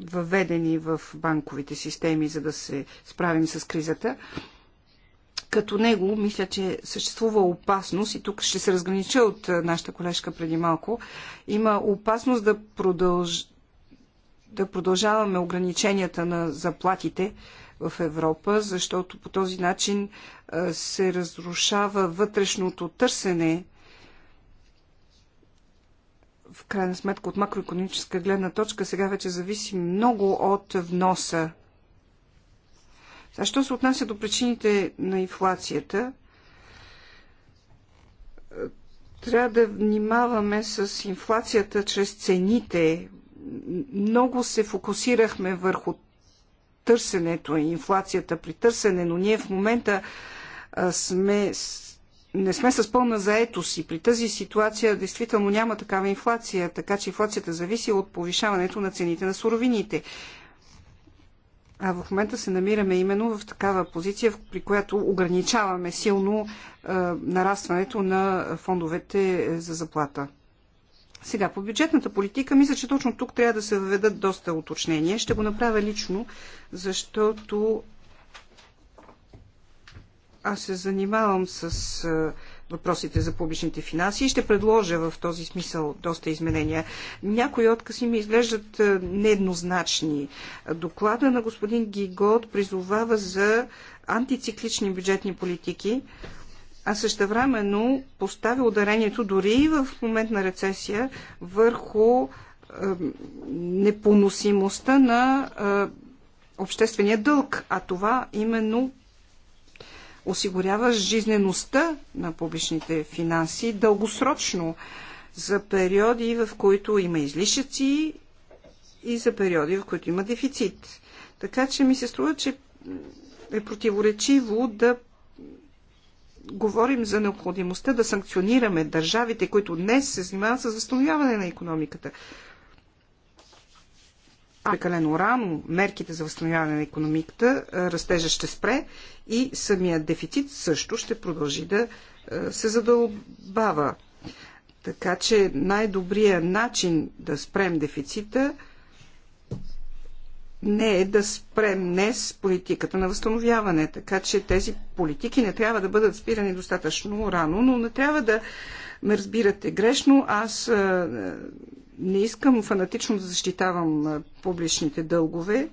въведени в банковите системи, за да се справим с кризата. Като него, мисля, че съществува опасност, и тук ще се разгранича от нашата колежка преди малко, има опасност да, продълж... да продължаваме ограниченията на заплатите, в Европа, защото по този начин се разрушава вътрешното търсене в крайна сметка от макроекономическа гледна точка сега вече зависи много от вноса. Защо се отнася до причините на инфлацията, трябва да внимаваме с инфлацията чрез цените. Много се фокусирахме върху търсенето и е, инфлацията при търсене, но ние в момента сме, не сме с пълна заетост и при тази ситуация действително няма такава инфлация, така че инфлацията зависи от повишаването на цените на суровините. А в момента се намираме именно в такава позиция, при която ограничаваме силно е, нарастването на фондовете е, за заплата. Сега, по бюджетната политика, мисля, че точно тук трябва да се въведат доста уточнения. Ще го направя лично, защото аз се занимавам с въпросите за публичните финанси и ще предложа в този смисъл доста изменения. Някои откази ми изглеждат нееднозначни. Доклада на господин Гигот призовава за антициклични бюджетни политики а същевременно поставя ударението дори и в момент на рецесия върху е, непоносимостта на е, обществения дълг, а това именно осигурява жизнеността на публичните финанси дългосрочно за периоди, в които има излишъци и за периоди, в които има дефицит. Така че ми се струва, че е противоречиво да говорим за необходимостта да санкционираме държавите, които днес се занимават с възстановяване на економиката. А прекалено рано мерките за възстановяване на економиката, е, растежа ще спре и самият дефицит също ще продължи да е, се задълбава. Така че най-добрият начин да спрем дефицита е не е да спрем днес политиката на възстановяване. Така че тези политики не трябва да бъдат спирани достатъчно рано, но не трябва да ме разбирате грешно. Аз не искам фанатично да защитавам публичните дългове.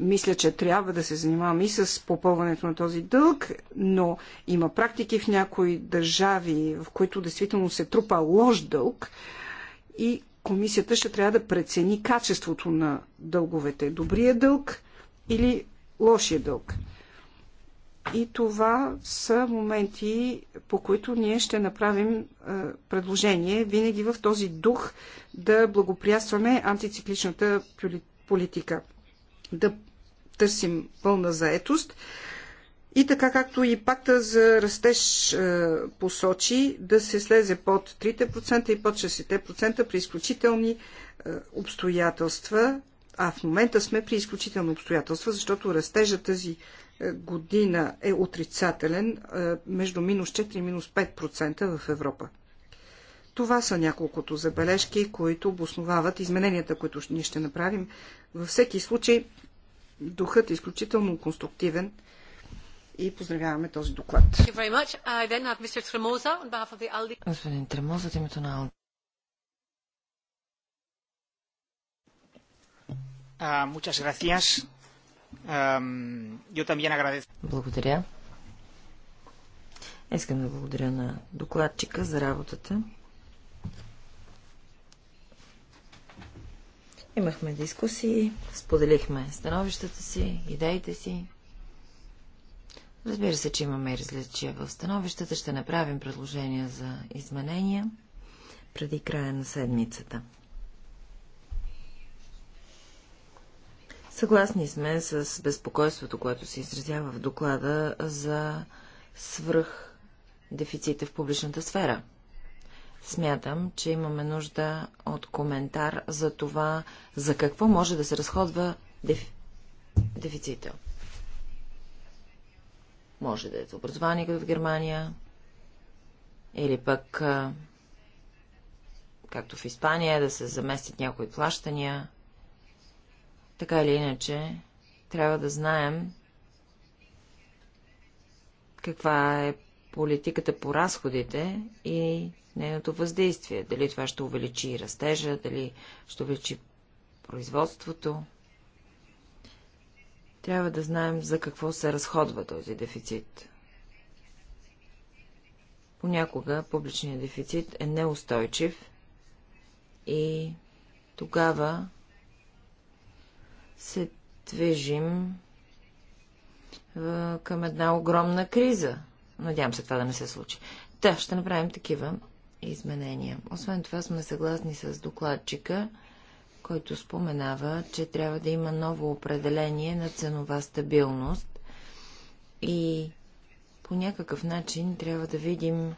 Мисля, че трябва да се занимавам и с попълването на този дълг, но има практики в някои държави, в които действително се трупа лош дълг и комисията ще трябва да прецени качеството на дълговете. Добрия дълг или лошия дълг. И това са моменти, по които ние ще направим е, предложение винаги в този дух да благоприятстваме антицикличната политика. Да търсим пълна заетост, и така както и пакта за растеж е, посочи да се слезе под 3% и под 60% при изключителни е, обстоятелства, а в момента сме при изключителни обстоятелства, защото растежа тази е, година е отрицателен между минус 4 и минус 5% в Европа. Това са няколкото забележки, които обосновават измененията, които ние ще направим. Във всеки случай, духът е изключително конструктивен – и поздравяваме този доклад. Господин Тремоза, от името на Алди. Благодаря. Искам да благодаря на докладчика за работата. Имахме дискусии, споделихме становищата си, идеите си. Разбира се, че имаме различия в становищата. Ще направим предложения за изменения преди края на седмицата. Съгласни сме с безпокойството, което се изразява в доклада за свръх дефицита в публичната сфера. Смятам, че имаме нужда от коментар за това, за какво може да се разходва деф... дефицита. Може да е за образование, като в Германия, или пък, както в Испания, да се заместят някои плащания. Така или иначе, трябва да знаем каква е политиката по разходите и нейното въздействие. Дали това ще увеличи растежа, дали ще увеличи производството. Трябва да знаем за какво се разходва този дефицит. Понякога публичният дефицит е неустойчив и тогава се движим към една огромна криза. Надявам се това да не се случи. да, ще направим такива изменения. Освен това сме съгласни с докладчика, който споменава, че трябва да има ново определение на ценова стабилност и по някакъв начин трябва да видим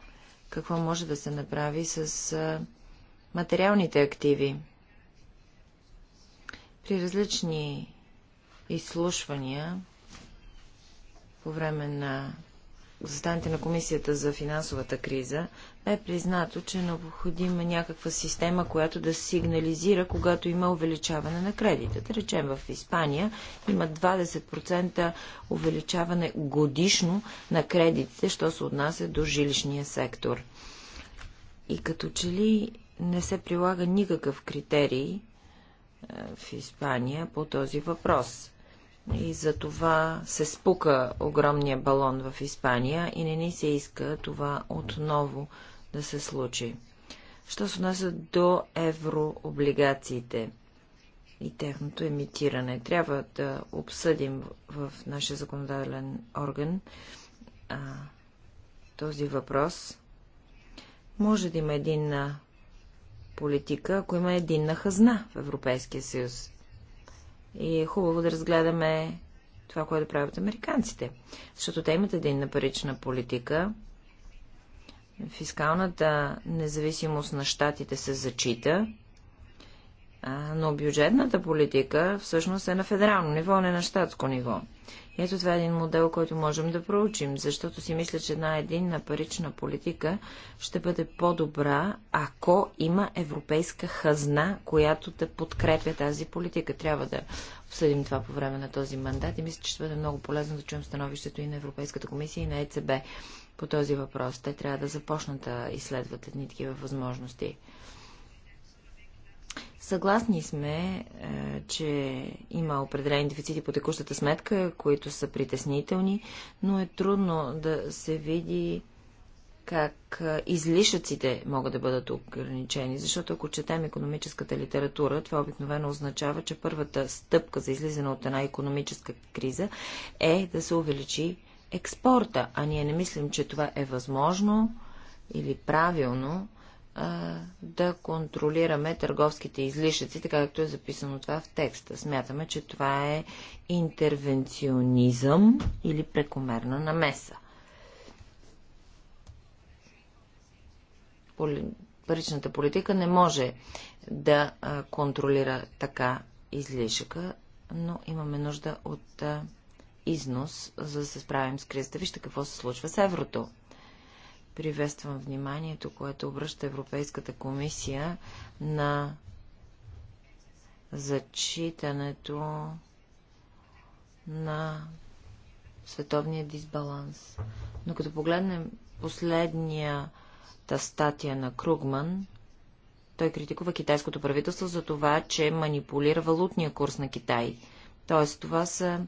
какво може да се направи с материалните активи. При различни изслушвания по време на застаните на Комисията за финансовата криза, бе признато, че е необходима някаква система, която да сигнализира, когато има увеличаване на кредита. Да речем в Испания има 20% увеличаване годишно на кредитите, що се отнася до жилищния сектор. И като че ли не се прилага никакъв критерий е, в Испания по този въпрос. И за това се спука огромния балон в Испания и не ни се иска това отново да се случи. Що се отнася до еврооблигациите и техното емитиране? Трябва да обсъдим в нашия законодателен орган а, този въпрос. Може да има единна политика, ако има единна хазна в Европейския съюз. И е хубаво да разгледаме това, което правят американците. Защото те имат единна парична политика, Фискалната независимост на щатите се зачита, но бюджетната политика всъщност е на федерално ниво, а не на щатско ниво. И ето това е един модел, който можем да проучим, защото си мисля, че една единна парична политика ще бъде по-добра, ако има европейска хазна, която да подкрепя тази политика. Трябва да обсъдим това по време на този мандат и мисля, че ще бъде много полезно да чуем становището и на Европейската комисия и на ЕЦБ по този въпрос. Те трябва да започнат да изследват едни такива възможности. Съгласни сме, е, че има определени дефицити по текущата сметка, които са притеснителни, но е трудно да се види как е, излишъците могат да бъдат ограничени, защото ако четем економическата литература, това обикновено означава, че първата стъпка за излизане от една економическа криза е да се увеличи експорта, а ние не мислим, че това е възможно или правилно а, да контролираме търговските излишъци, така както е записано това в текста. Смятаме, че това е интервенционизъм или прекомерна намеса. Паричната политика не може да контролира така излишъка, но имаме нужда от износ, за да се справим с кризата. Вижте какво се случва с еврото. Приветствам вниманието, което обръща Европейската комисия на зачитането на световния дисбаланс. Но като погледнем последнията статия на Кругман, той критикува китайското правителство за това, че манипулира валутния курс на Китай. Тоест, това са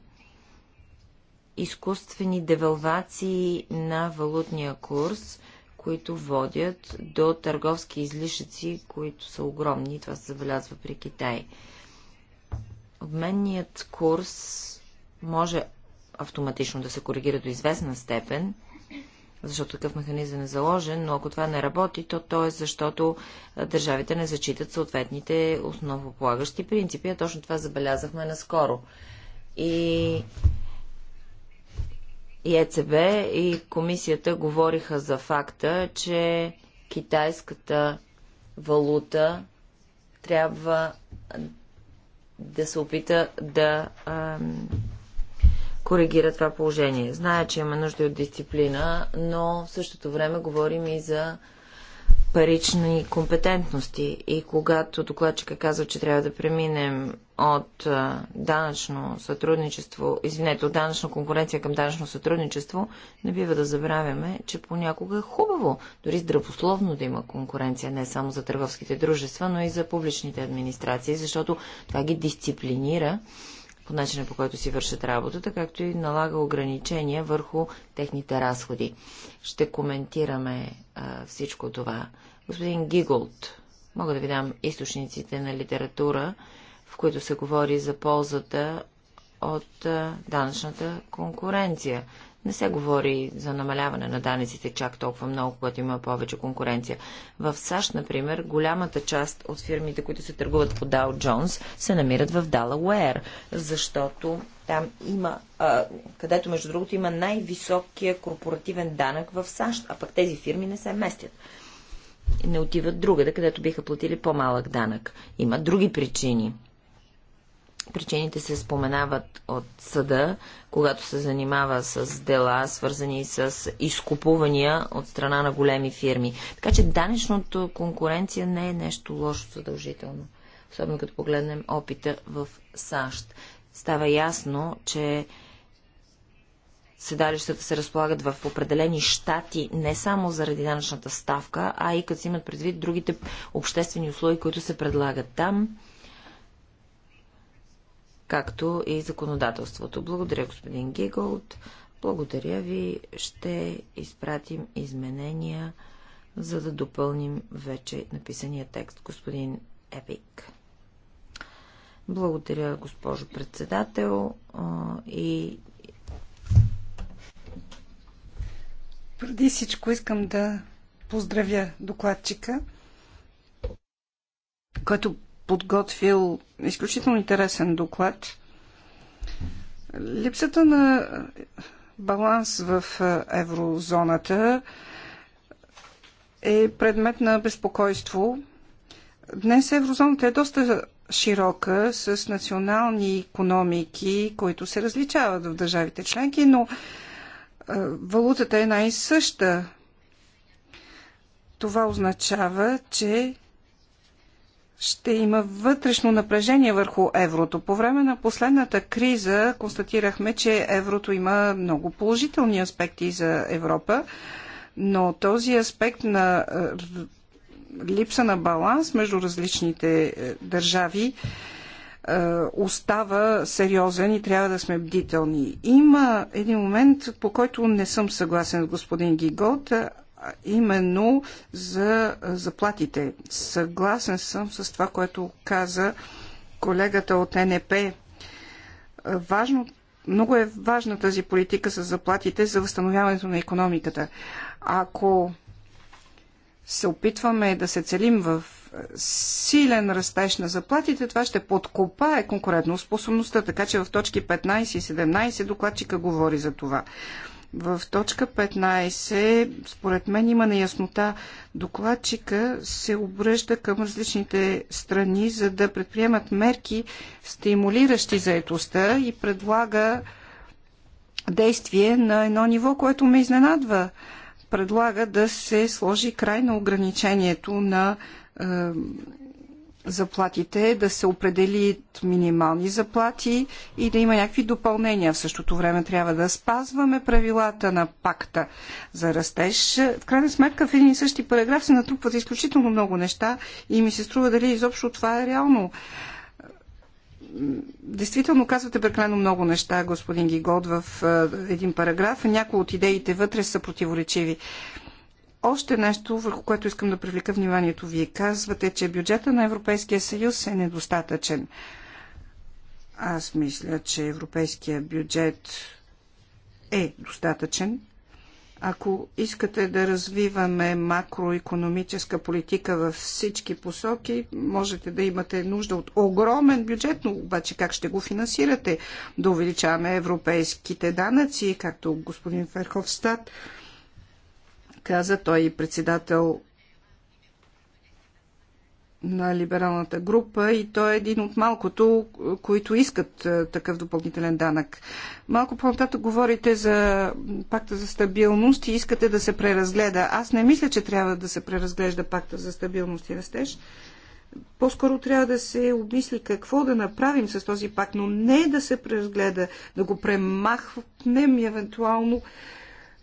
изкуствени девалвации на валутния курс, които водят до търговски излишъци, които са огромни. Това се забелязва при Китай. Обменният курс може автоматично да се коригира до известна степен, защото такъв механизъм е заложен, но ако това не работи, то то е защото държавите не зачитат съответните основополагащи принципи, а точно това забелязахме наскоро. И и ЕЦБ и комисията говориха за факта, че китайската валута трябва да се опита да ам, коригира това положение. Зная, че има нужда от дисциплина, но в същото време говорим и за парични компетентности. И когато докладчика казва, че трябва да преминем от данъчно сътрудничество, извинете, от данъчна конкуренция към данъчно сътрудничество, не бива да забравяме, че понякога е хубаво, дори здравословно да има конкуренция не само за търговските дружества, но и за публичните администрации, защото това ги дисциплинира по начина по който си вършат работата, както и налага ограничения върху техните разходи. Ще коментираме а, всичко това. Господин Гиголд, мога да ви дам източниците на литература, в които се говори за ползата от а, данъчната конкуренция. Не се говори за намаляване на данъците чак толкова много, когато има повече конкуренция. В САЩ, например, голямата част от фирмите, които се търгуват по Dow Jones, се намират в Delaware, защото там има, а, където между другото има най-високия корпоративен данък в САЩ, а пък тези фирми не се местят не отиват другаде, където биха платили по-малък данък. Има други причини. Причините се споменават от съда, когато се занимава с дела, свързани с изкупувания от страна на големи фирми. Така че данечното конкуренция не е нещо лошо задължително. Особено като погледнем опита в САЩ. Става ясно, че седалищата се разполагат в определени щати не само заради данъчната ставка, а и като си имат предвид другите обществени услуги, които се предлагат там както и законодателството. Благодаря, господин Гиголд. Благодаря ви. Ще изпратим изменения, за да допълним вече написания текст, господин Епик. Благодаря, госпожо председател. И преди всичко искам да поздравя докладчика, който подготвил изключително интересен доклад. Липсата на баланс в еврозоната е предмет на безпокойство. Днес еврозоната е доста широка с национални економики, които се различават в държавите членки, но валутата е най съща. Това означава, че ще има вътрешно напрежение върху еврото. По време на последната криза констатирахме, че еврото има много положителни аспекти за Европа, но този аспект на е, липса на баланс между различните е, държави е, остава сериозен и трябва да сме бдителни. Има един момент, по който не съм съгласен с господин Гигот, именно за заплатите. Съгласен съм с това, което каза колегата от НЕП, Важно, много е важна тази политика с заплатите за възстановяването на економиката. Ако се опитваме да се целим в силен растеж на заплатите, това ще подкопае конкурентоспособността, така че в точки 15 и 17 докладчика говори за това. В точка 15, според мен има неяснота. Докладчика се обръща към различните страни, за да предприемат мерки, стимулиращи заетостта и предлага действие на едно ниво, което ме изненадва. Предлага да се сложи край на ограничението на е, заплатите да се определят минимални заплати и да има някакви допълнения. В същото време трябва да спазваме правилата на пакта за растеж. В крайна сметка в един и същи параграф се натрупват изключително много неща и ми се струва дали изобщо това е реално. Действително казвате прекалено много неща, господин Гигод, в е, един параграф. Някои от идеите вътре са противоречиви. Още нещо, върху което искам да привлека вниманието. Вие казвате, че бюджета на Европейския съюз е недостатъчен. Аз мисля, че европейския бюджет е достатъчен. Ако искате да развиваме макроекономическа политика във всички посоки, можете да имате нужда от огромен бюджет, но обаче как ще го финансирате? Да увеличаваме европейските данъци, както господин Ферховстат каза. Той е председател на либералната група и той е един от малкото, които искат е, такъв допълнителен данък. Малко по-нататък говорите за пакта за стабилност и искате да се преразгледа. Аз не мисля, че трябва да се преразглежда пакта за стабилност и растеж. По-скоро трябва да се обмисли какво да направим с този пакт, но не да се преразгледа, да го премахнем евентуално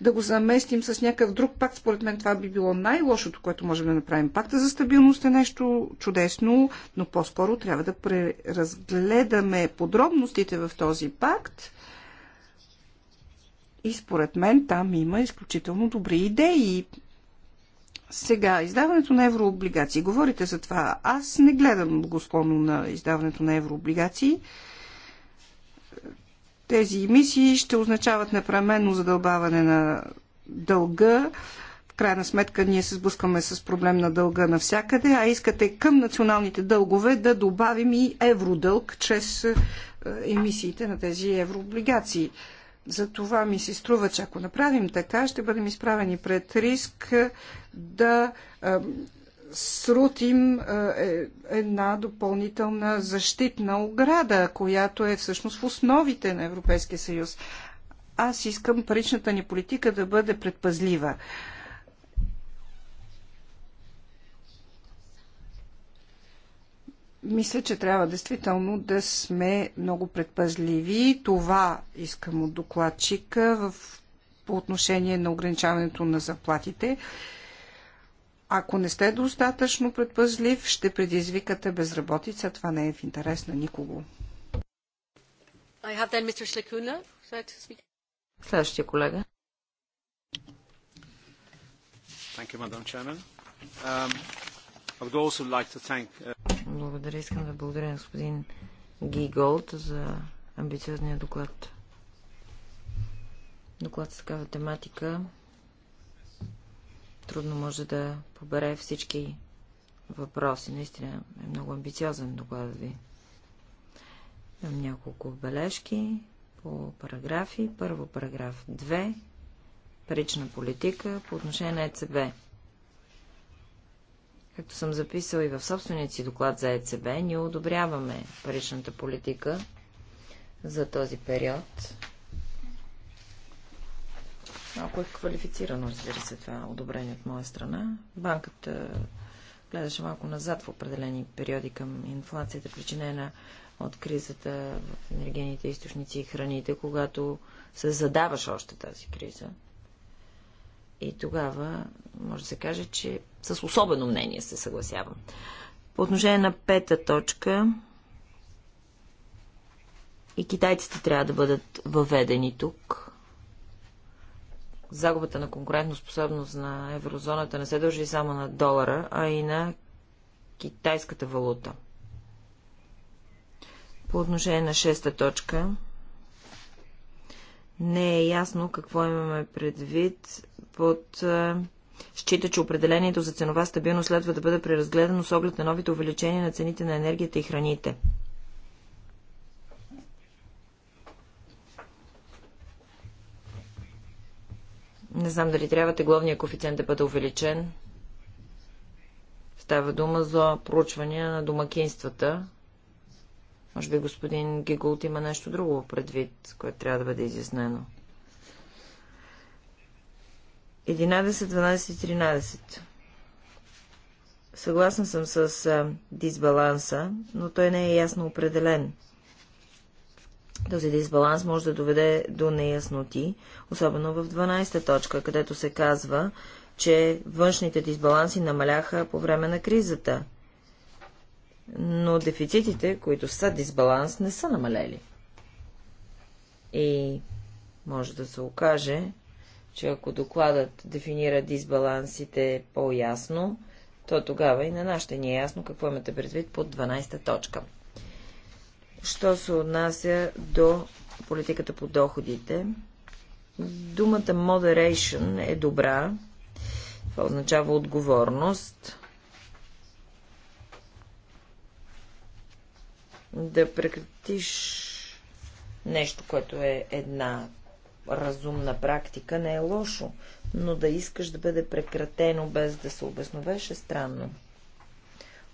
да го заместим с някакъв друг пакт. Според мен това би било най-лошото, което можем да направим. Пакта за стабилност е нещо чудесно, но по-скоро трябва да преразгледаме подробностите в този пакт. И според мен там има изключително добри идеи. Сега, издаването на еврооблигации. Говорите за това. Аз не гледам благословно на издаването на еврооблигации. Тези емисии ще означават непременно задълбаване на дълга. В крайна сметка ние се сблъскваме с проблем на дълга навсякъде, а искате към националните дългове да добавим и евродълг чрез е, емисиите на тези еврооблигации. За това ми се струва, че ако направим така, ще бъдем изправени пред риск е, да е, срутим е, е, една допълнителна защитна ограда, която е всъщност в основите на Европейския съюз. Аз искам паричната ни политика да бъде предпазлива. Мисля, че трябва действително да сме много предпазливи. Това искам от докладчика в, по отношение на ограничаването на заплатите. Ако не сте достатъчно предпазлив, ще предизвикате безработица. Това не е в интерес на никого. Следващия колега. Благодаря. Искам да благодаря на господин Гиголд за амбициозния доклад. Доклад с такава тематика трудно може да побере всички въпроси. Наистина е много амбициозен докладът ви. Имам няколко бележки по параграфи. Първо параграф 2. Парична политика по отношение на ЕЦБ. Както съм записал и в собствения си доклад за ЕЦБ, ние одобряваме паричната политика за този период Малко е квалифицирано, разбира се, това одобрение от моя страна. Банката гледаше малко назад в определени периоди към инфлацията, причинена от кризата в енергийните източници и храните, когато се задаваше още тази криза. И тогава може да се каже, че с особено мнение се съгласявам. По отношение на пета точка, и китайците трябва да бъдат въведени тук загубата на конкурентоспособност на еврозоната не се дължи само на долара, а и на китайската валута. По отношение на шеста точка, не е ясно какво имаме предвид под Счита, че определението за ценова стабилност следва да бъде преразгледано с оглед на новите увеличения на цените на енергията и храните. Не знам дали трябва тегловният коефициент да бъде увеличен. Става дума за проучвания на домакинствата. Може би господин Гигулт има нещо друго предвид, което трябва да бъде изяснено. 11, 12 и 13. Съгласен съм с дисбаланса, но той не е ясно определен – този дисбаланс може да доведе до неясноти, особено в 12-та точка, където се казва, че външните дисбаланси намаляха по време на кризата, но дефицитите, които са дисбаланс, не са намалели. И може да се окаже, че ако докладът дефинира дисбалансите по-ясно, то тогава и на нашите ни е ясно какво имате предвид под 12-та точка. Що се отнася до политиката по доходите, думата moderation е добра. Това означава отговорност. Да прекратиш нещо, което е една разумна практика, не е лошо, но да искаш да бъде прекратено без да се обесновеш, е странно.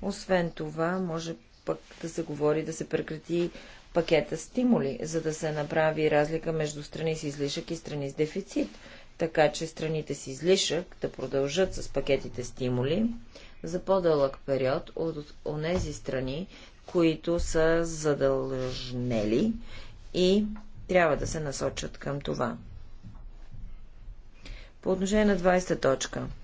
Освен това, може пък да се говори да се прекрати пакета стимули, за да се направи разлика между страни с излишък и страни с дефицит, така че страните с излишък да продължат с пакетите стимули за по-дълъг период от онези страни, които са задължнели и трябва да се насочат към това. По отношение на 20 точка –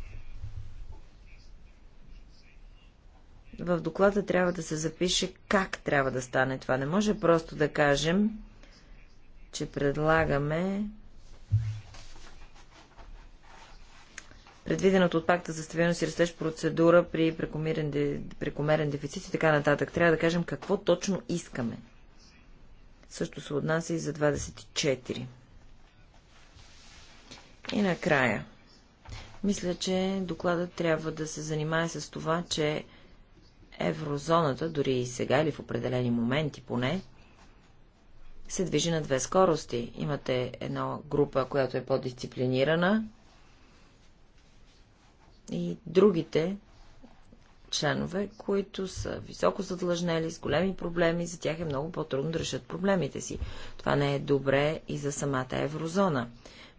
в доклада трябва да се запише как трябва да стане това. Не може просто да кажем, че предлагаме предвиденото от пакта за стабилност и растеж процедура при прекомерен, прекомерен дефицит и така нататък. Трябва да кажем какво точно искаме. Също се отнася и за 24. И накрая. Мисля, че докладът трябва да се занимае с това, че еврозоната, дори и сега или в определени моменти поне, се движи на две скорости. Имате една група, която е по-дисциплинирана и другите членове, които са високо задлъжнели, с големи проблеми, за тях е много по-трудно да решат проблемите си. Това не е добре и за самата еврозона.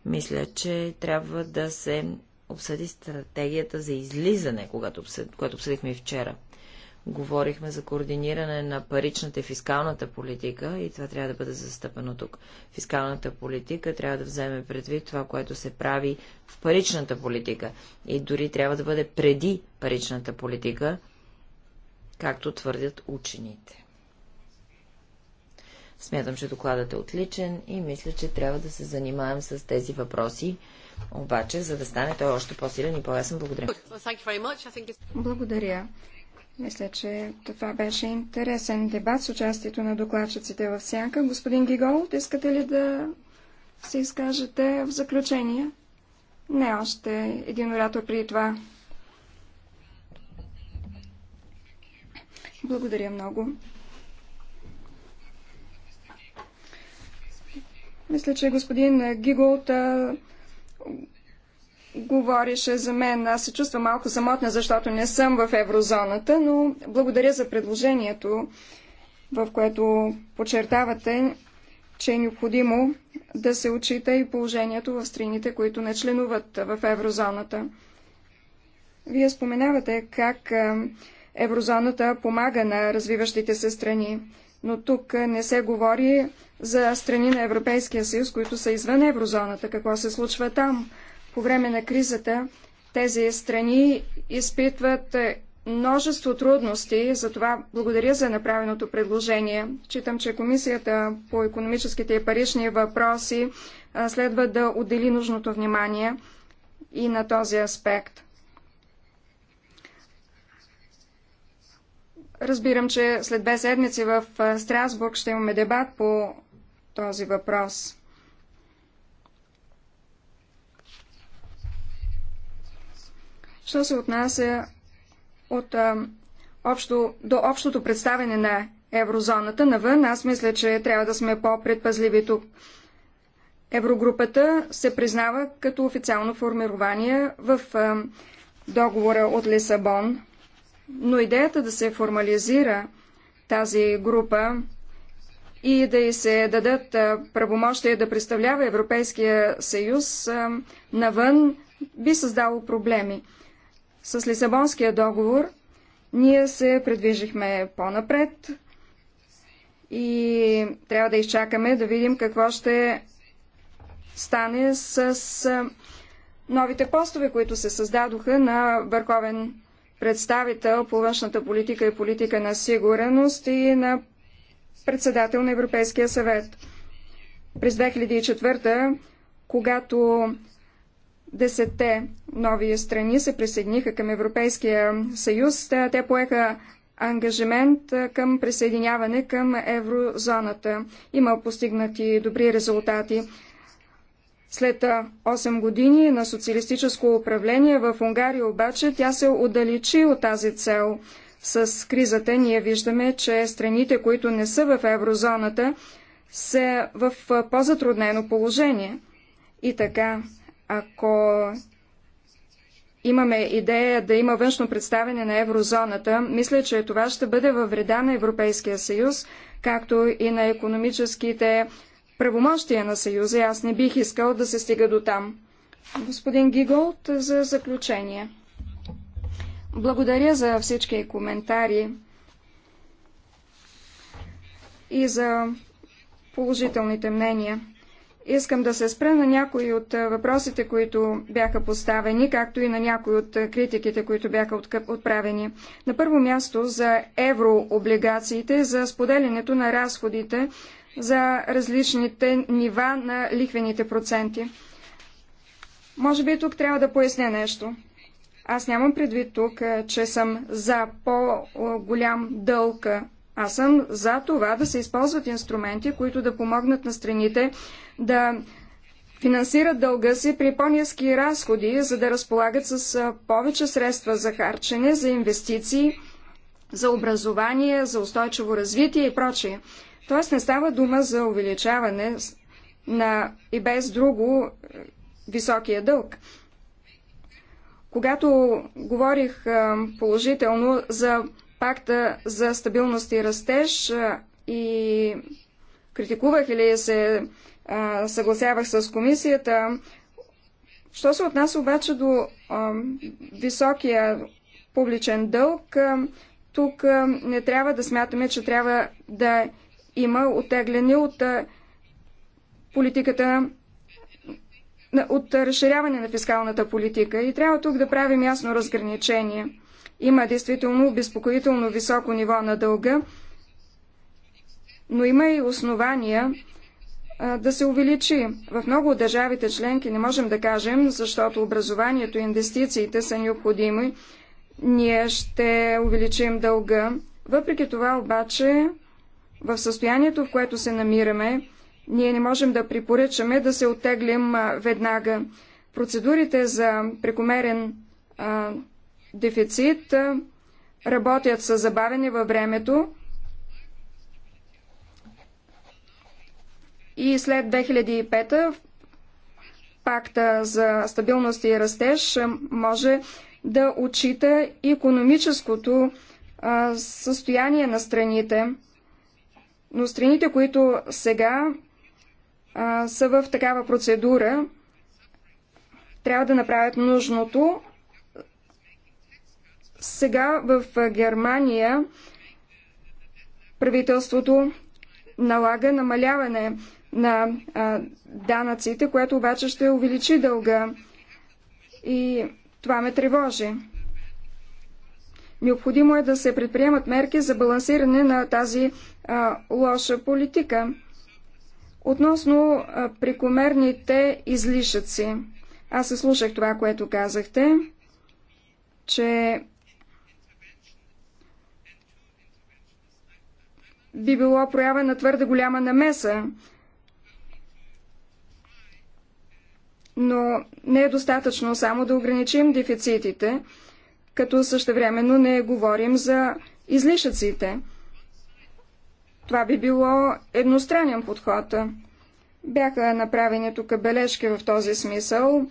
Мисля, че трябва да се обсъди стратегията за излизане, когато обсъдихме и обсъдихме вчера. Говорихме за координиране на паричната и фискалната политика и това трябва да бъде застъпено тук. Фискалната политика трябва да вземе предвид това, което се прави в паричната политика и дори трябва да бъде преди паричната политика, както твърдят учените. Смятам, че докладът е отличен и мисля, че трябва да се занимаем с тези въпроси. Обаче, за да стане той още по-силен и по-ясен, благодаря. Благодаря. Мисля, че това беше интересен дебат с участието на докладчиците в сянка. Господин Гигол, искате ли да се изкажете в заключение? Не, още един оратор при това. Благодаря много. Мисля, че господин Гиголт говореше за мен. Аз се чувствам малко самотна, защото не съм в еврозоната, но благодаря за предложението, в което подчертавате, че е необходимо да се отчита и положението в страните, които не членуват в еврозоната. Вие споменавате как еврозоната помага на развиващите се страни, но тук не се говори за страни на Европейския съюз, които са извън еврозоната. Какво се случва там? По време на кризата тези страни изпитват е, множество трудности, затова благодаря за направеното предложение. Читам, че Комисията по економическите и парични въпроси следва да отдели нужното внимание и на този аспект. Разбирам, че след две седмици в Страсбург ще имаме дебат по този въпрос. Що се отнася от, а, общо, до общото представяне на еврозоната навън, аз мисля, че трябва да сме по-предпазливи тук. Еврогрупата се признава като официално формирование в а, договора от Лисабон, но идеята да се формализира тази група и да й се дадат правомощия да представлява Европейския съюз навън би създало проблеми. С Лисабонския договор ние се предвижихме по-напред и трябва да изчакаме да видим какво ще стане с новите постове, които се създадоха на върховен представител по външната политика и политика на сигурност и на председател на Европейския съвет. През 2004, когато Десетте нови страни се присъединиха към Европейския съюз. Те поеха ангажимент към присъединяване към еврозоната. Има постигнати добри резултати. След 8 години на социалистическо управление в Унгария обаче тя се отдалечи от тази цел. С кризата ние виждаме, че страните, които не са в еврозоната, са в по-затруднено положение. И така, ако имаме идея да има външно представяне на еврозоната, мисля, че това ще бъде във вреда на Европейския съюз, както и на економическите правомощия на съюза. Аз не бих искал да се стига до там. Господин Гиголт, за заключение. Благодаря за всички коментари и за положителните мнения. Искам да се спра на някои от въпросите, които бяха поставени, както и на някои от критиките, които бяха отправени. На първо място за еврооблигациите, за споделянето на разходите за различните нива на лихвените проценти. Може би тук трябва да поясня нещо. Аз нямам предвид тук, че съм за по-голям дълг аз съм за това да се използват инструменти, които да помогнат на страните да финансират дълга си при по-низки разходи, за да разполагат с повече средства за харчене, за инвестиции, за образование, за устойчиво развитие и прочее. Тоест не става дума за увеличаване на и без друго е, високия дълг. Когато говорих положително за пакта за стабилност и растеж и критикувах или се съгласявах с комисията. Що се отнася обаче до високия публичен дълг, тук не трябва да смятаме, че трябва да има отегляни от политиката от разширяване на фискалната политика и трябва тук да правим ясно разграничение. Има действително обезпокоително високо ниво на дълга, но има и основания да се увеличи. В много от държавите членки не можем да кажем, защото образованието и инвестициите са необходими. Ние ще увеличим дълга. Въпреки това обаче, в състоянието, в което се намираме, ние не можем да препоръчаме да се оттеглим веднага. Процедурите за прекомерен а, дефицит, работят с забавене във времето и след 2005 пакта за стабилност и растеж може да отчита економическото състояние на страните. Но страните, които сега а, са в такава процедура, трябва да направят нужното, сега в Германия правителството налага намаляване на данъците, което обаче ще увеличи дълга. И това ме тревожи. Необходимо е да се предприемат мерки за балансиране на тази а, лоша политика. Относно а, прекомерните излишъци. Аз се слушах това, което казахте, че би било проява на твърде голяма намеса. Но не е достатъчно само да ограничим дефицитите, като същевременно не говорим за излишъците. Това би било едностранен подход. Бяха направени тук бележки в този смисъл,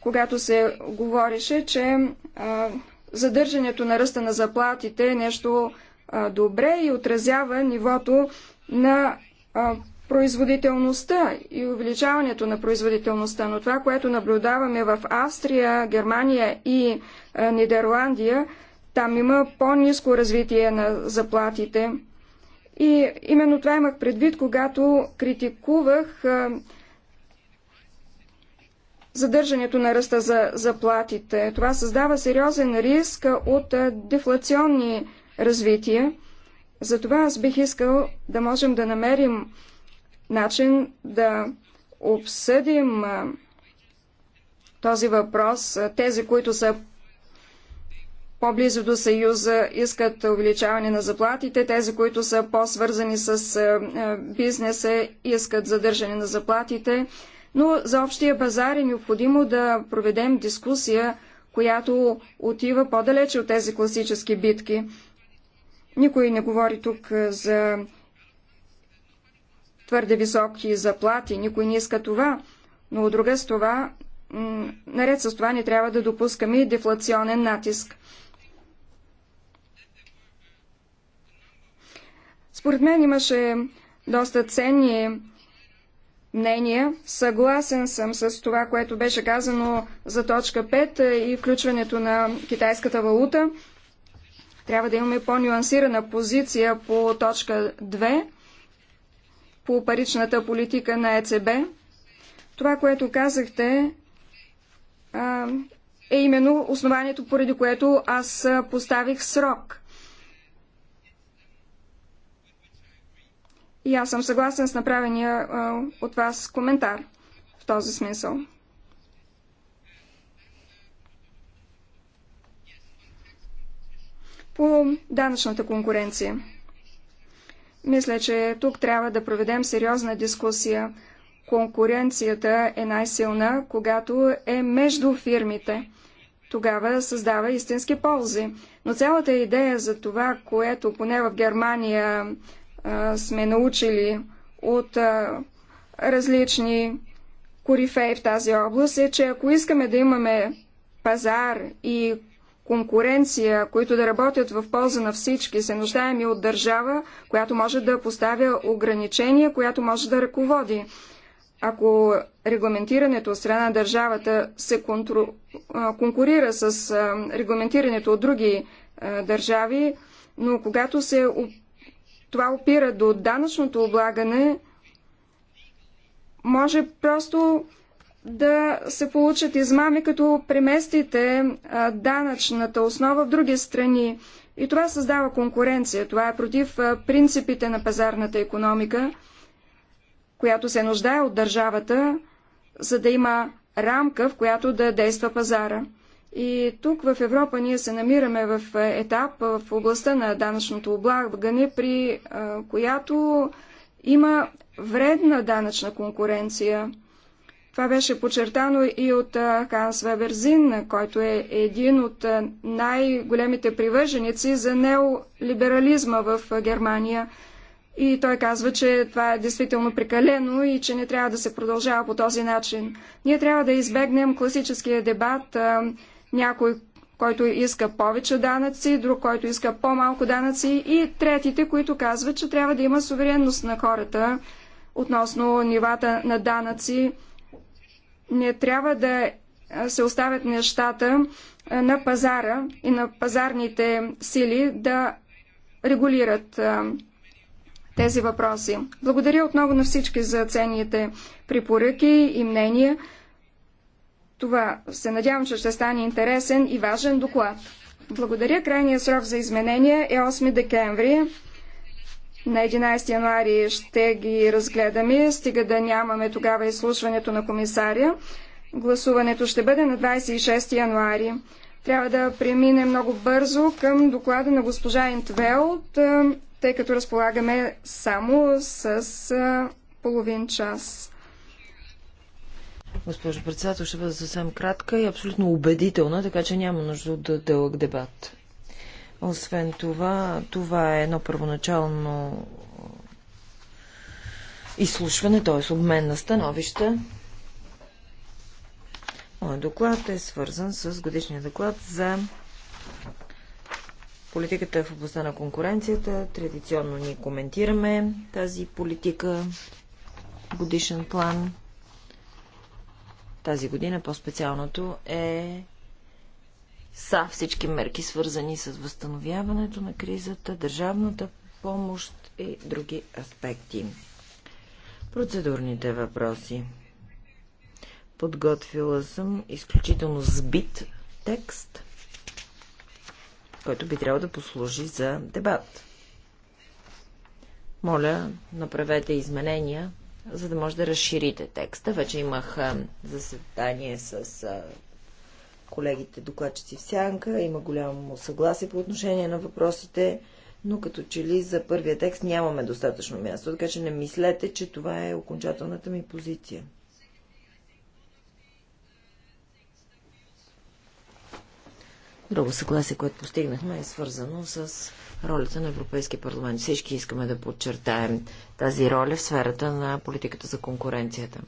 когато се говореше, че а, задържането на ръста на заплатите е нещо добре и отразява нивото на производителността и увеличаването на производителността. Но това, което наблюдаваме в Австрия, Германия и Нидерландия, там има по-низко развитие на заплатите. И именно това имах предвид, когато критикувах задържането на ръста за заплатите. Това създава сериозен риск от дефлационни развитие. Затова аз бих искал да можем да намерим начин да обсъдим този въпрос. Тези, които са по-близо до Съюза, искат увеличаване на заплатите. Тези, които са по-свързани с бизнеса, искат задържане на заплатите. Но за общия базар е необходимо да проведем дискусия, която отива по-далече от тези класически битки. Никой не говори тук е, за твърде високи заплати, никой не иска това, но от друга с това, наред с това не трябва да допускаме и дефлационен натиск. Според мен имаше доста ценни мнения. Съгласен съм с това, което беше казано за точка 5 е, и включването на китайската валута. Трябва да имаме по-нюансирана позиция по точка 2, по паричната политика на ЕЦБ. Това, което казахте, е именно основанието, поради което аз поставих срок. И аз съм съгласен с направения от вас коментар в този смисъл. По данъчната конкуренция. Мисля, че тук трябва да проведем сериозна дискусия. Конкуренцията е най-силна, когато е между фирмите. Тогава създава истински ползи. Но цялата идея за това, което поне в Германия а, сме научили от а, различни корифеи в тази област, е, че ако искаме да имаме пазар и конкуренция, които да работят в полза на всички. Се нуждаем и от държава, която може да поставя ограничения, която може да ръководи. Ако регламентирането от страна на държавата се контру... конкурира с регламентирането от други държави, но когато се... това опира до данъчното облагане, може просто да се получат измами, като преместите данъчната основа в други страни. И това създава конкуренция. Това е против принципите на пазарната економика, която се нуждае от държавата, за да има рамка, в която да действа пазара. И тук в Европа ние се намираме в етап в областта на данъчното облагане, при която има вредна данъчна конкуренция. Това беше подчертано и от Ханс Веберзин, който е един от най-големите привърженици за неолиберализма в Германия. И той казва, че това е действително прекалено и че не трябва да се продължава по този начин. Ние трябва да избегнем класическия дебат. Някой, който иска повече данъци, друг, който иска по-малко данъци и третите, които казват, че трябва да има суверенност на хората относно нивата на данъци не трябва да се оставят нещата на пазара и на пазарните сили да регулират тези въпроси. Благодаря отново на всички за ценните препоръки и мнения. Това се надявам, че ще стане интересен и важен доклад. Благодаря. Крайният срок за изменение е 8 декември на 11 януари ще ги разгледаме, стига да нямаме тогава изслушването на комисаря. Гласуването ще бъде на 26 януари. Трябва да преминем много бързо към доклада на госпожа Интвелт, тъй като разполагаме само с половин час. Госпожо председател, ще бъда съвсем кратка и абсолютно убедителна, така че няма нужда от дълъг дебат. Освен това, това е едно първоначално изслушване, т.е. обмен на становища. Моят доклад е свързан с годишния доклад за политиката в областта на конкуренцията. Традиционно ние коментираме тази политика годишен план. Тази година по-специалното е са всички мерки, свързани с възстановяването на кризата, държавната помощ и други аспекти. Процедурните въпроси. Подготвила съм изключително сбит текст, който би трябвало да послужи за дебат. Моля, направете изменения, за да може да разширите текста. Вече имах заседание с колегите докладчици в сянка. Има голямо съгласие по отношение на въпросите, но като че ли за първия текст нямаме достатъчно място, така че не мислете, че това е окончателната ми позиция. Друго съгласие, което постигнахме, е свързано с ролята на Европейския парламент. Всички искаме да подчертаем тази роля в сферата на политиката за конкуренцията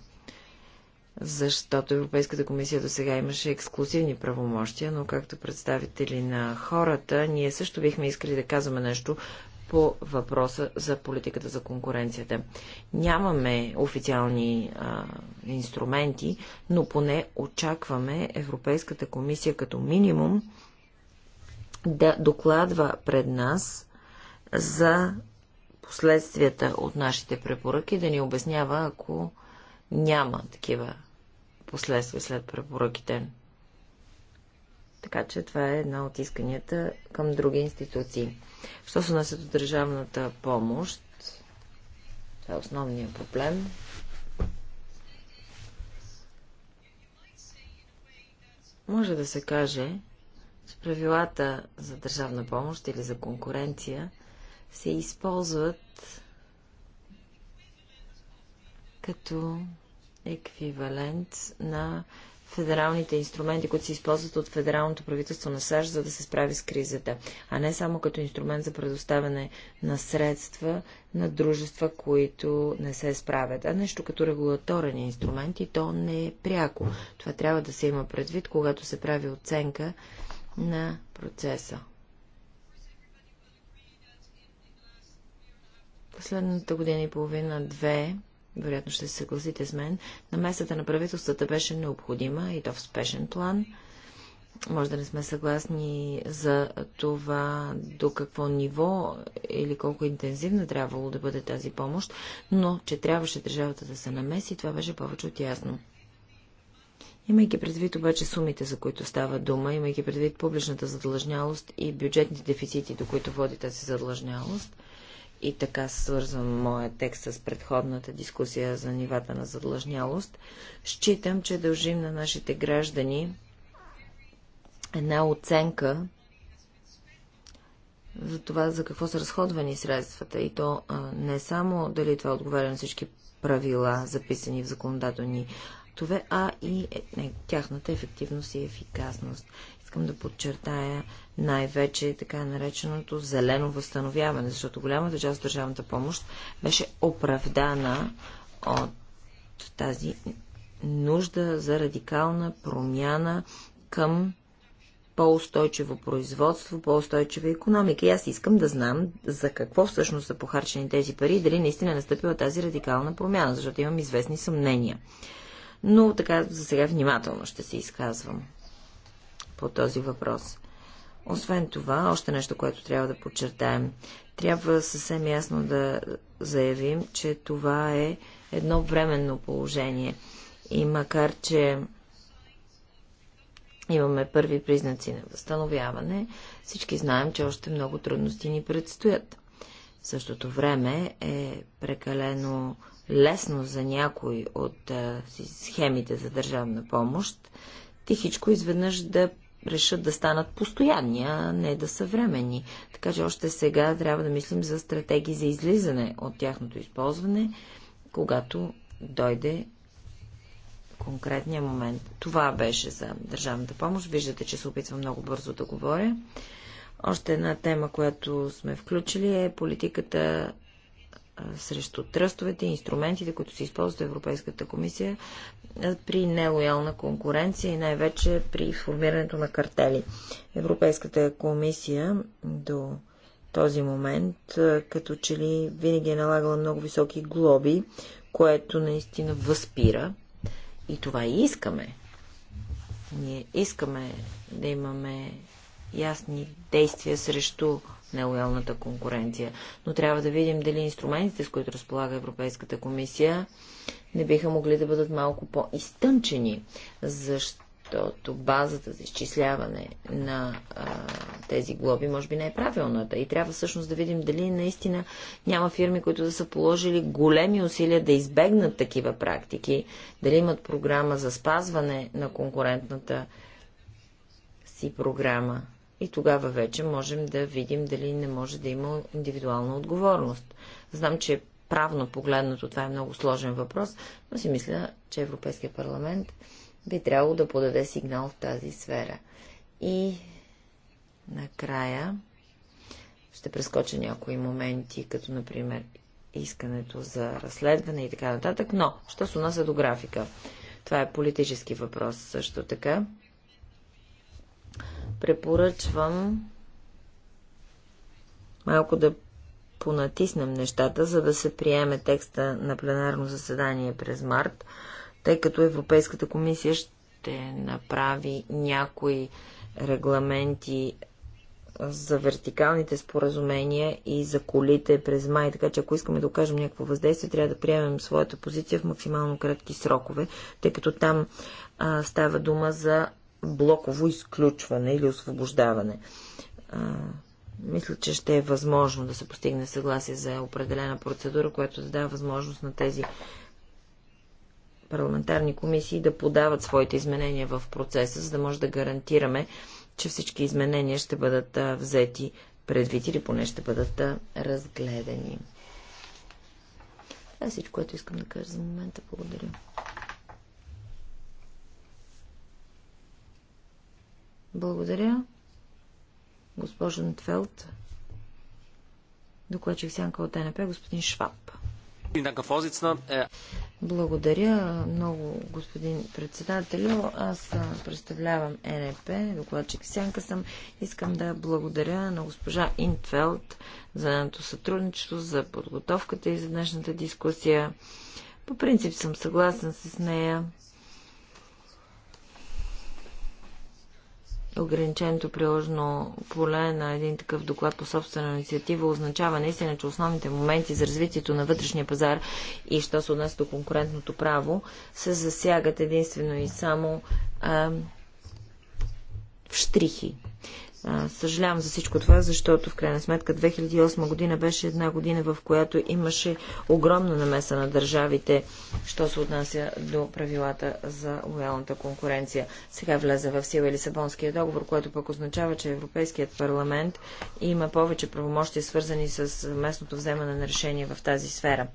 защото Европейската комисия до сега имаше ексклюзивни правомощия, но както представители на хората, ние също бихме искали да казваме нещо по въпроса за политиката за конкуренцията. Нямаме официални а, инструменти, но поне очакваме Европейската комисия като минимум да докладва пред нас за последствията от нашите препоръки, да ни обяснява, ако няма такива последствие след препоръките. Така че това е една от исканията към други институции. Що се отнася до държавната помощ, това е основният проблем. Може да се каже, че правилата за държавна помощ или за конкуренция се използват като еквивалент на федералните инструменти, които се използват от федералното правителство на САЩ, за да се справи с кризата, а не само като инструмент за предоставяне на средства на дружества, които не се справят, а нещо като регулаторен инструмент и то не е пряко. Това трябва да се има предвид, когато се прави оценка на процеса. Последната година и половина, две, вероятно ще се съгласите с мен, намесата на правителствата беше необходима и то в спешен план. Може да не сме съгласни за това до какво ниво или колко интензивна е трябвало да бъде тази помощ, но че трябваше държавата да се намеси, това беше повече от ясно. Имайки предвид обаче сумите, за които става дума, имайки предвид публичната задлъжнялост и бюджетните дефицити, до които води тази задлъжнялост, и така свързвам моя текст с предходната дискусия за нивата на задлъжнялост, считам, че дължим на нашите граждани една оценка за това, за какво са разходвани средствата. И то а, не само дали това отговаря на всички правила, записани в законодателни това, а и е, не, тяхната ефективност и ефикасност. Искам да подчертая, най-вече така нареченото зелено възстановяване, защото голямата част от държавната помощ беше оправдана от тази нужда за радикална промяна към по-устойчиво производство, по-устойчива економика. И аз искам да знам за какво всъщност са похарчени тези пари и дали наистина е настъпила тази радикална промяна, защото имам известни съмнения. Но така за сега внимателно ще се изказвам по този въпрос. Освен това, още нещо, което трябва да подчертаем. Трябва съвсем ясно да заявим, че това е едно временно положение. И макар, че имаме първи признаци на възстановяване, всички знаем, че още много трудности ни предстоят. В същото време е прекалено лесно за някой от схемите за държавна помощ тихичко изведнъж да решат да станат постоянни, а не да са временни. Така че още сега трябва да мислим за стратегии за излизане от тяхното използване, когато дойде конкретния момент. Това беше за държавната помощ. Виждате, че се опитвам много бързо да говоря. Още една тема, която сме включили е политиката срещу тръстовете, и инструментите, които се използват в Европейската комисия при нелоялна конкуренция и най-вече при формирането на картели. Европейската комисия до този момент, като че ли винаги е налагала много високи глоби, което наистина възпира. И това и искаме. Ние искаме да имаме ясни действия срещу нелоялната конкуренция. Но трябва да видим дали инструментите, с които разполага Европейската комисия, не биха могли да бъдат малко по-изтънчени, защото базата за изчисляване на а, тези глоби може би не е правилната. И трябва всъщност да видим дали наистина няма фирми, които да са положили големи усилия да избегнат такива практики, дали имат програма за спазване на конкурентната си програма и тогава вече можем да видим дали не може да има индивидуална отговорност. Знам, че правно погледнато това е много сложен въпрос, но си мисля, че Европейския парламент би трябвало да подаде сигнал в тази сфера. И накрая ще прескоча някои моменти, като например искането за разследване и така нататък, но що се отнася до графика? Това е политически въпрос също така. Препоръчвам малко да понатиснем нещата, за да се приеме текста на пленарно заседание през март, тъй като Европейската комисия ще направи някои регламенти за вертикалните споразумения и за колите през май. Така че ако искаме да окажем някакво въздействие, трябва да приемем своята позиция в максимално кратки срокове, тъй като там а, става дума за блоково изключване или освобождаване. А, мисля, че ще е възможно да се постигне съгласие за определена процедура, която да дава възможност на тези парламентарни комисии да подават своите изменения в процеса, за да може да гарантираме, че всички изменения ще бъдат а, взети предвид или поне ще бъдат а, разгледани. Това е всичко, което искам да кажа за момента. Благодаря. Благодаря. Госпожо Нтфелд. Докладчик сянка от ДНП, господин Шваб. Благодаря много, господин председателю. Аз представлявам НП, докладчик Сянка съм. Искам да благодаря на госпожа Интфелд за едното сътрудничество, за подготовката и за днешната дискусия. По принцип съм съгласен с нея ограниченото приложено поле на един такъв доклад по собствена инициатива означава наистина, че основните моменти за развитието на вътрешния пазар и що се отнася до конкурентното право се засягат единствено и само а, в штрихи. Съжалявам за всичко това, защото в крайна сметка 2008 година беше една година, в която имаше огромна намеса на държавите, що се отнася до правилата за лоялната конкуренция. Сега влезе в сила Лисабонския договор, което пък означава, че Европейският парламент има повече правомощи, свързани с местното вземане на решение в тази сфера.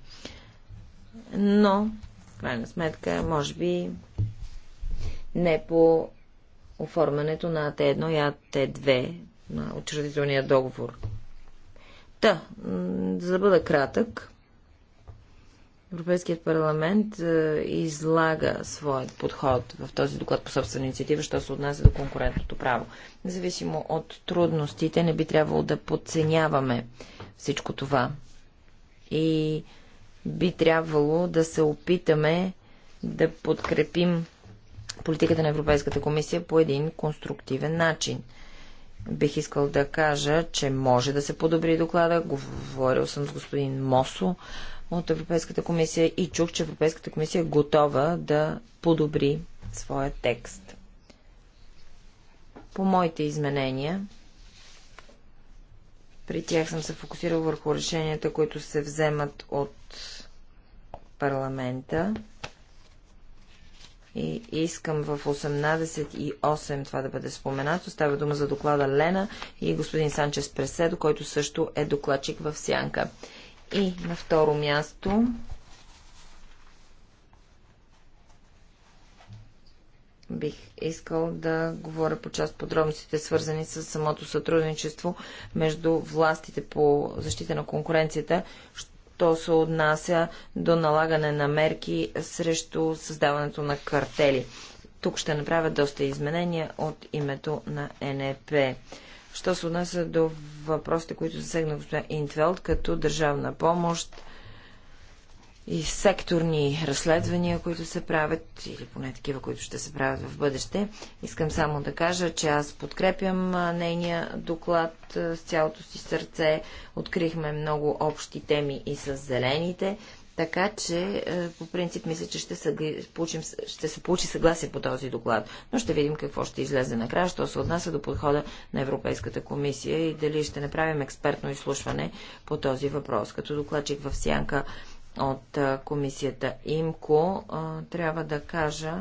Но, в крайна сметка, може би не по оформянето на АТ1 и АТ2 на учредителния договор. Та, за да бъда кратък, Европейският парламент е, излага своят подход в този доклад по собствена инициатива, що се отнася до конкурентното право. Независимо от трудностите, не би трябвало да подценяваме всичко това. И би трябвало да се опитаме да подкрепим политиката на Европейската комисия по един конструктивен начин. Бих искал да кажа, че може да се подобри доклада. Говорил съм с господин Мосо от Европейската комисия и чух, че Европейската комисия е готова да подобри своя текст. По моите изменения, при тях съм се фокусирал върху решенията, които се вземат от парламента и искам в 18.08 това да бъде споменато. Става дума за доклада Лена и господин Санчес Преседо, който също е докладчик в Сянка. И на второ място бих искал да говоря по част подробностите, свързани с самото сътрудничество между властите по защита на конкуренцията, то се отнася до налагане на мерки срещу създаването на картели. Тук ще направя доста изменения от името на НЕП. Що се отнася до въпросите, които засегна господин Интвелд, като държавна помощ, и секторни разследвания, които се правят, или поне такива, които ще се правят в бъдеще. Искам само да кажа, че аз подкрепям нейния доклад с цялото си сърце. Открихме много общи теми и с зелените, така че по принцип мисля, че ще, съгли... получим... ще се получи съгласие по този доклад. Но ще видим какво ще излезе накрая, що се отнася до подхода на Европейската комисия и дали ще направим експертно изслушване по този въпрос. Като докладчик в Сянка от комисията ИМКО, трябва да кажа,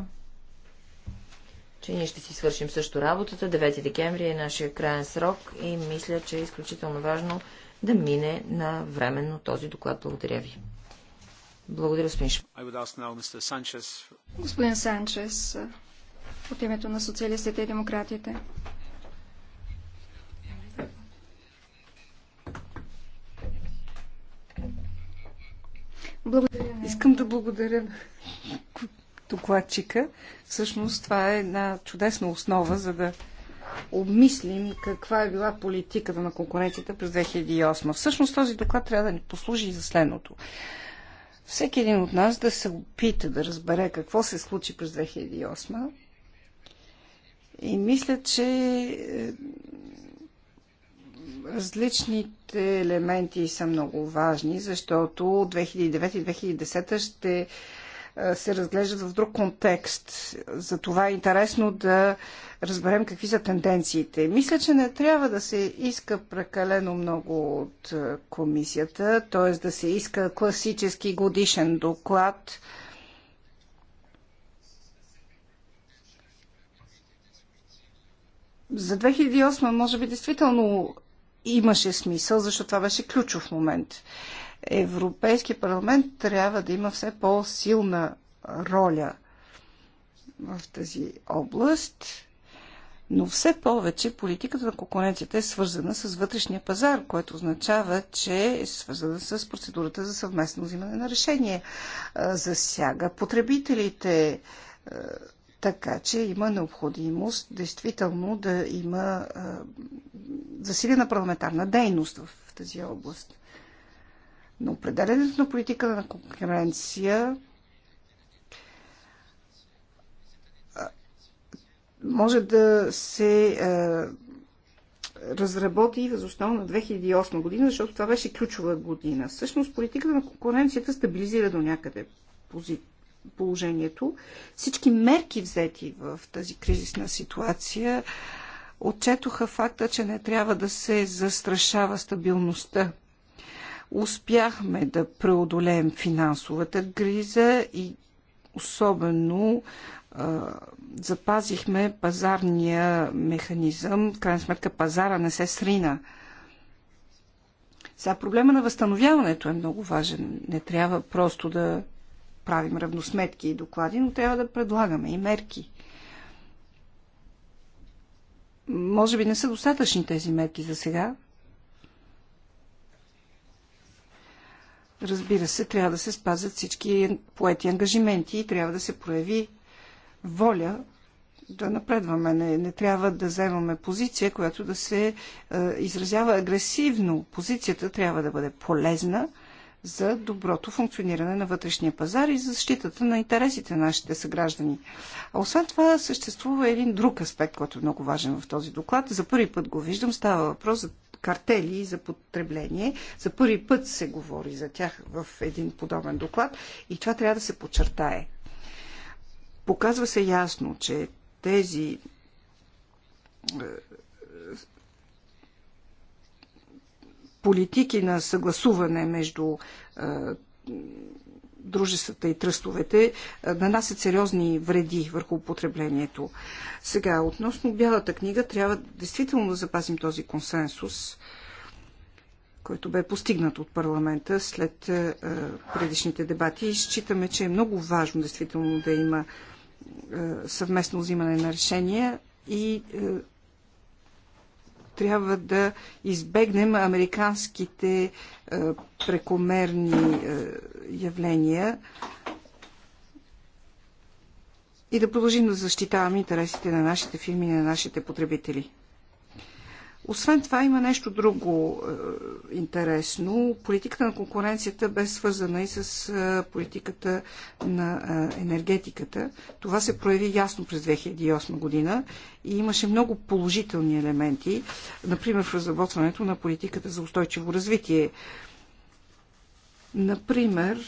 че ние ще си свършим също работата. 9 декември е нашия крайен срок и мисля, че е изключително важно да мине на временно този доклад. Благодаря ви. Благодаря, Смиш. Господин Санчес, от името на социалистите и демократите. Благодаря. Искам да благодаря докладчика. Всъщност това е една чудесна основа, за да обмислим каква е била политиката на конкуренцията през 2008. Всъщност този доклад трябва да ни послужи и за следното. Всеки един от нас да се опита да разбере какво се случи през 2008 и мисля, че е, различните елементи са много важни, защото 2009 и 2010 ще се разглеждат в друг контекст. Затова е интересно да разберем какви са тенденциите. Мисля, че не трябва да се иска прекалено много от комисията, т.е. да се иска класически годишен доклад. За 2008 може би действително имаше смисъл, защото това беше ключов момент. Европейския парламент трябва да има все по-силна роля в тази област, но все повече политиката на конкуренцията е свързана с вътрешния пазар, което означава, че е свързана с процедурата за съвместно взимане на решение. Засяга потребителите, така че има необходимост действително да има засилена парламентарна дейност в тази област. Но определенето на политика на конкуренция може да се разработи въз основа на 2008 година, защото това беше ключова година. Всъщност политиката на конкуренцията стабилизира до някъде позиция положението. Всички мерки взети в тази кризисна ситуация отчетоха факта, че не трябва да се застрашава стабилността. Успяхме да преодолеем финансовата криза и особено запазихме пазарния механизъм. В крайна сметка пазара не се срина. Сега проблема на възстановяването е много важен. Не трябва просто да правим равносметки и доклади, но трябва да предлагаме и мерки. Може би не са достатъчни тези мерки за сега. Разбира се, трябва да се спазят всички поети ангажименти и трябва да се прояви воля да напредваме. Не, не трябва да вземаме позиция, която да се е, изразява агресивно. Позицията трябва да бъде полезна за доброто функциониране на вътрешния пазар и за защитата на интересите на нашите съграждани. А освен това съществува един друг аспект, който е много важен в този доклад. За първи път го виждам. Става въпрос за картели за потребление. За първи път се говори за тях в един подобен доклад и това трябва да се подчертае. Показва се ясно, че тези политики на съгласуване между дружествата и тръстовете нанасят сериозни вреди върху употреблението. Сега, относно Бялата книга, трябва действително да запазим този консенсус, който бе постигнат от парламента след предишните дебати и считаме, че е много важно действително да има съвместно взимане на решения и трябва да избегнем американските е, прекомерни е, явления и да продължим да защитаваме интересите на нашите фирми и на нашите потребители. Освен това има нещо друго е, интересно. Политиката на конкуренцията бе свързана и с е, политиката на е, енергетиката. Това се прояви ясно през 2008 година и имаше много положителни елементи, например в разработването на политиката за устойчиво развитие. Например,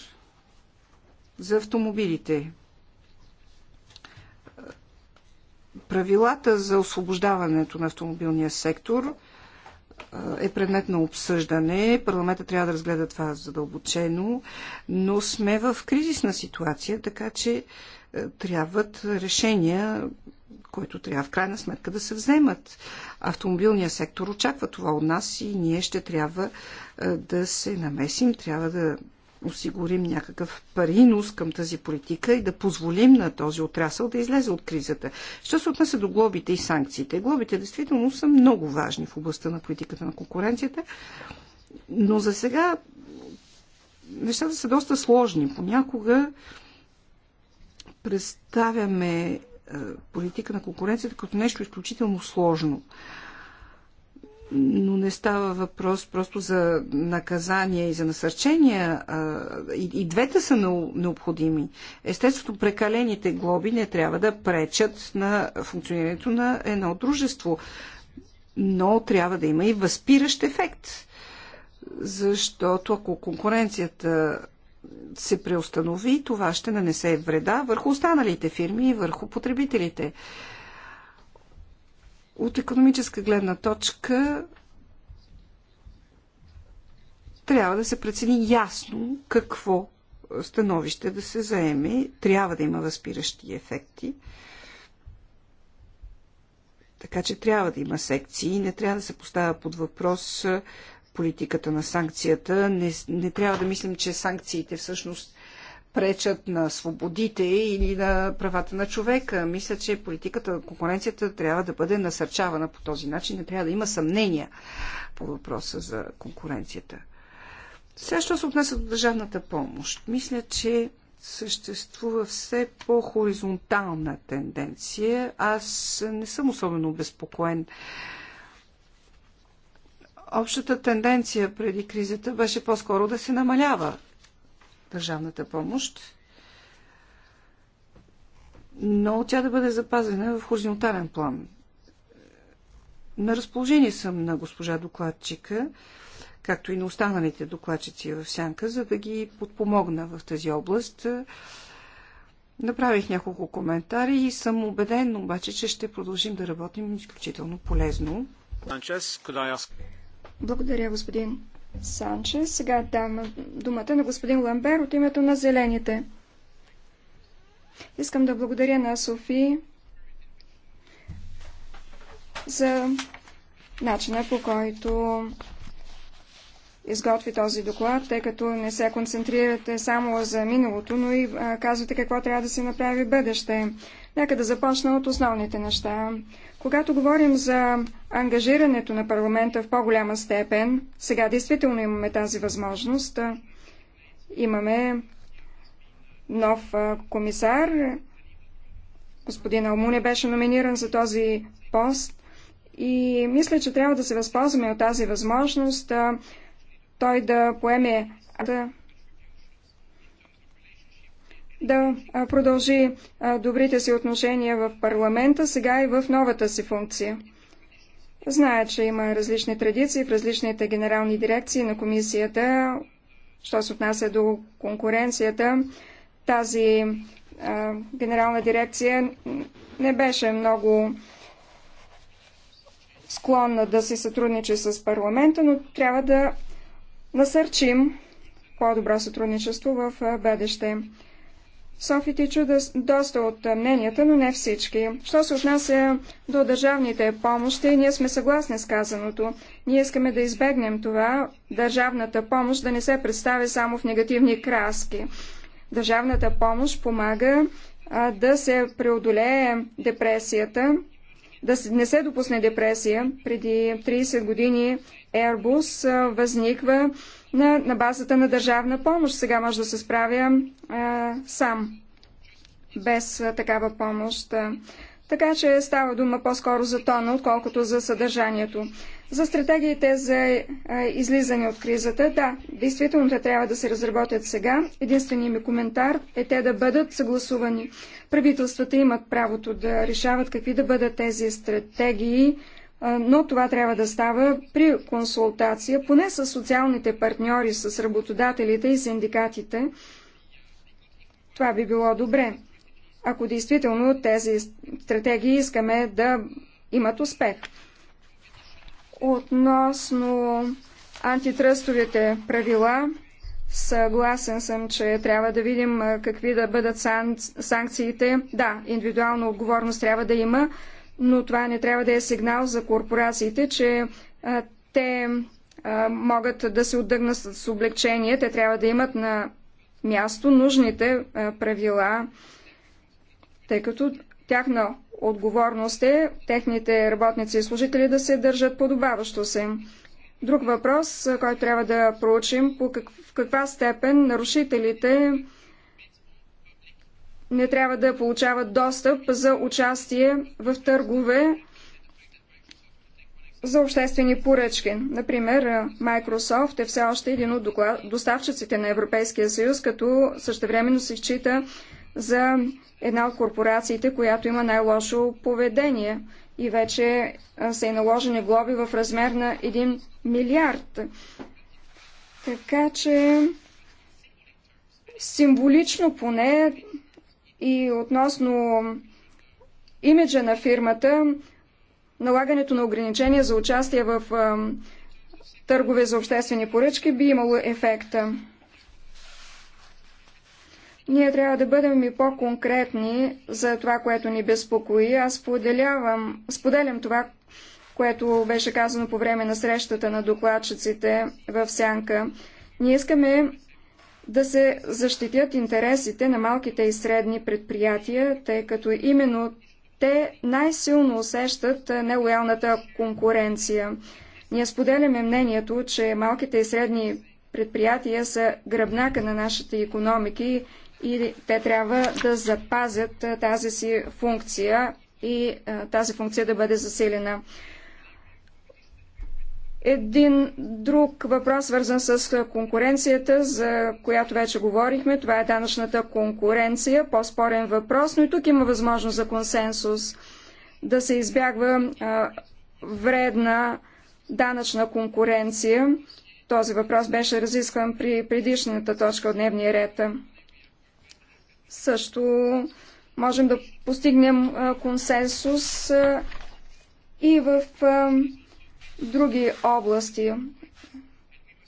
за автомобилите. Правилата за освобождаването на автомобилния сектор е предмет на обсъждане. Парламента трябва да разгледа това задълбочено, но сме в кризисна ситуация, така че трябват решения, които трябва в крайна сметка да се вземат. Автомобилният сектор очаква това от нас и ние ще трябва да се намесим, трябва да осигурим някакъв паринус към тази политика и да позволим на този отрасъл да излезе от кризата. Що се отнася до глобите и санкциите? Глобите действително са много важни в областта на политиката на конкуренцията, но за сега нещата са доста сложни. Понякога представяме е, политика на конкуренцията като нещо изключително сложно но не става въпрос просто за наказание и за насърчение. И, и двете са необходими. Естествено, прекалените глоби не трябва да пречат на функционирането на едно дружество, но трябва да има и възпиращ ефект. Защото ако конкуренцията се преустанови, това ще нанесе вреда върху останалите фирми и върху потребителите. От економическа гледна точка трябва да се прецени ясно какво становище да се заеме. Трябва да има възпиращи ефекти. Така че трябва да има секции. Не трябва да се поставя под въпрос политиката на санкцията. Не, не трябва да мислим, че санкциите всъщност пречат на свободите или на правата на човека. Мисля, че политиката на конкуренцията трябва да бъде насърчавана по този начин. Не трябва да има съмнения по въпроса за конкуренцията. Сега, що се отнася до държавната помощ? Мисля, че съществува все по-хоризонтална тенденция. Аз не съм особено обезпокоен. Общата тенденция преди кризата беше по-скоро да се намалява държавната помощ, но тя да бъде запазена в хоризонтален план. На разположение съм на госпожа докладчика, както и на останалите докладчици в Сянка, за да ги подпомогна в тази област. Направих няколко коментари и съм убеден обаче, че ще продължим да работим изключително полезно. Благодаря, господин сега дам думата на господин Ламбер от името на Зелените. Искам да благодаря на Софи за начина по който изготви този доклад, тъй като не се концентрирате само за миналото, но и казвате какво трябва да се направи в бъдеще. Нека да започна от основните неща. Когато говорим за ангажирането на парламента в по-голяма степен, сега действително имаме тази възможност. Имаме нов комисар. Господин Алмуне беше номиниран за този пост и мисля, че трябва да се възползваме от тази възможност той да поеме да продължи добрите си отношения в парламента, сега и в новата си функция. Зная, че има различни традиции в различните генерални дирекции на комисията, що се отнася до конкуренцията. Тази а, генерална дирекция не беше много склонна да се сътрудничи с парламента, но трябва да насърчим по-добро сътрудничество в бъдеще. Софи чуда доста от мненията, но не всички. Що се отнася до държавните помощи, ние сме съгласни с казаното. Ние искаме да избегнем това, държавната помощ да не се представя само в негативни краски. Държавната помощ помага а, да се преодолее депресията, да не се допусне депресия. Преди 30 години Airbus възниква на, на базата на държавна помощ. Сега може да се справя а, сам, без а, такава помощ. А, така че става дума по-скоро за тона, отколкото за съдържанието. За стратегиите за а, излизане от кризата, да, действително те трябва да се разработят сега. Единственият ми коментар е те да бъдат съгласувани. Правителствата имат правото да решават какви да бъдат тези стратегии, но това трябва да става при консултация, поне с социалните партньори, с работодателите и синдикатите. Това би било добре, ако действително тези стратегии искаме да имат успех. Относно антитръстовите правила, Съгласен съм, че трябва да видим какви да бъдат санкциите. Да, индивидуална отговорност трябва да има, но това не трябва да е сигнал за корпорациите, че а, те а, могат да се отдъгнат с облегчение. Те трябва да имат на място нужните а, правила, тъй като тяхна отговорност е техните работници и служители да се държат подобаващо се. Друг въпрос, който трябва да проучим, по как, в каква степен нарушителите не трябва да получават достъп за участие в търгове за обществени поръчки. Например, Microsoft е все още един от доставчиците на Европейския съюз, като същевременно се счита за една от корпорациите, която има най-лошо поведение и вече са и наложени глоби в размер на 1 милиард. Така че символично поне и относно имиджа на фирмата, налагането на ограничения за участие в търгове за обществени поръчки би имало ефекта. Ние трябва да бъдем и по-конкретни за това, което ни безпокои. Аз споделявам, споделям това, което беше казано по време на срещата на докладчиците в Сянка. Ние искаме да се защитят интересите на малките и средни предприятия, тъй като именно те най-силно усещат нелоялната конкуренция. Ние споделяме мнението, че малките и средни предприятия са гръбнака на нашите економики и те трябва да запазят тази си функция и тази функция да бъде засилена. Един друг въпрос, свързан с конкуренцията, за която вече говорихме, това е данъчната конкуренция, по-спорен въпрос, но и тук има възможност за консенсус да се избягва а, вредна данъчна конкуренция. Този въпрос беше разискван при предишната точка от дневния ред. Също можем да постигнем а, консенсус а, и в. А, други области.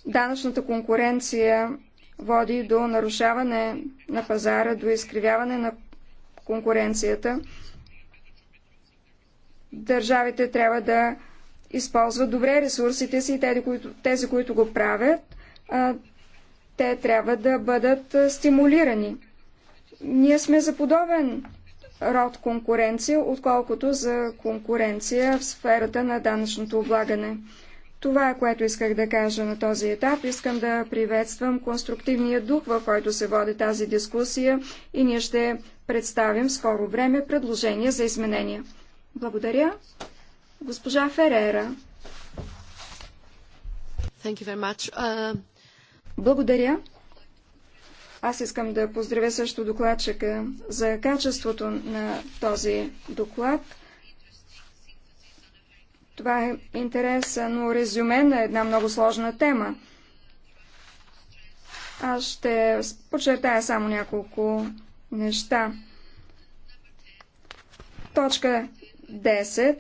Данъчната конкуренция води до нарушаване на пазара, до изкривяване на конкуренцията. Държавите трябва да използват добре ресурсите си и тези, които, тези, които го правят, те трябва да бъдат стимулирани. Ние сме за подобен род конкуренция, отколкото за конкуренция в сферата на данъчното облагане. Това е което исках да кажа на този етап. Искам да приветствам конструктивния дух, в който се води тази дискусия и ние ще представим в скоро време предложения за изменения. Благодаря. Госпожа Ферера. Thank you very much. Uh... Благодаря. Аз искам да поздравя също докладчика за качеството на този доклад. Това е интересно резюме на една много сложна тема. Аз ще подчертая само няколко неща. Точка 10.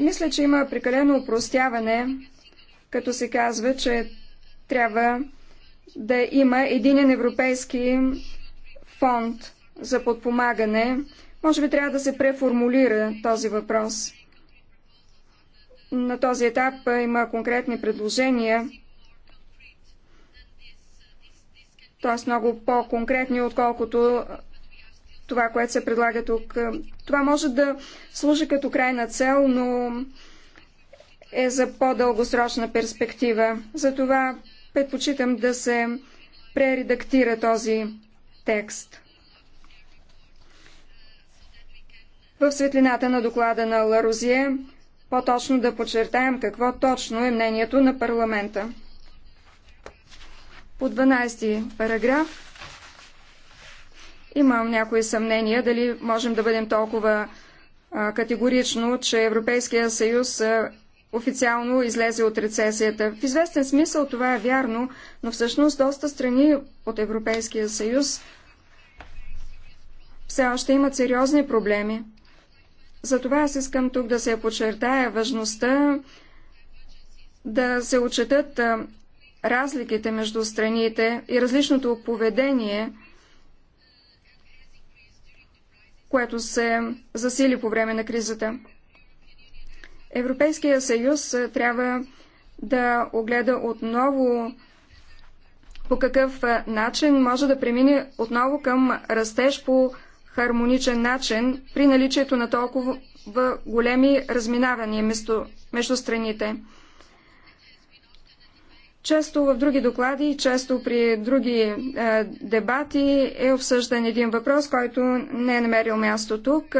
Мисля, че има прекалено упростяване, като се казва, че трябва да има един европейски фонд за подпомагане. Може би трябва да се преформулира този въпрос. На този етап има конкретни предложения, т.е. много по-конкретни, отколкото това, което се предлага тук. Това може да служи като крайна цел, но е за по-дългосрочна перспектива. Затова предпочитам да се прередактира този текст. В светлината на доклада на Ларузие по-точно да подчертаем какво точно е мнението на парламента. По 12 параграф имам някои съмнения дали можем да бъдем толкова категорично, че Европейския съюз официално излезе от рецесията. В известен смисъл това е вярно, но всъщност доста страни от Европейския съюз все още имат сериозни проблеми. Затова аз искам тук да се подчертая важността да се отчетат разликите между страните и различното поведение, което се засили по време на кризата. Европейския съюз трябва да огледа отново по какъв начин може да премине отново към растеж по хармоничен начин при наличието на толкова големи разминавания между, между страните. Често в други доклади, често при други е, дебати е обсъждан един въпрос, който не е намерил място тук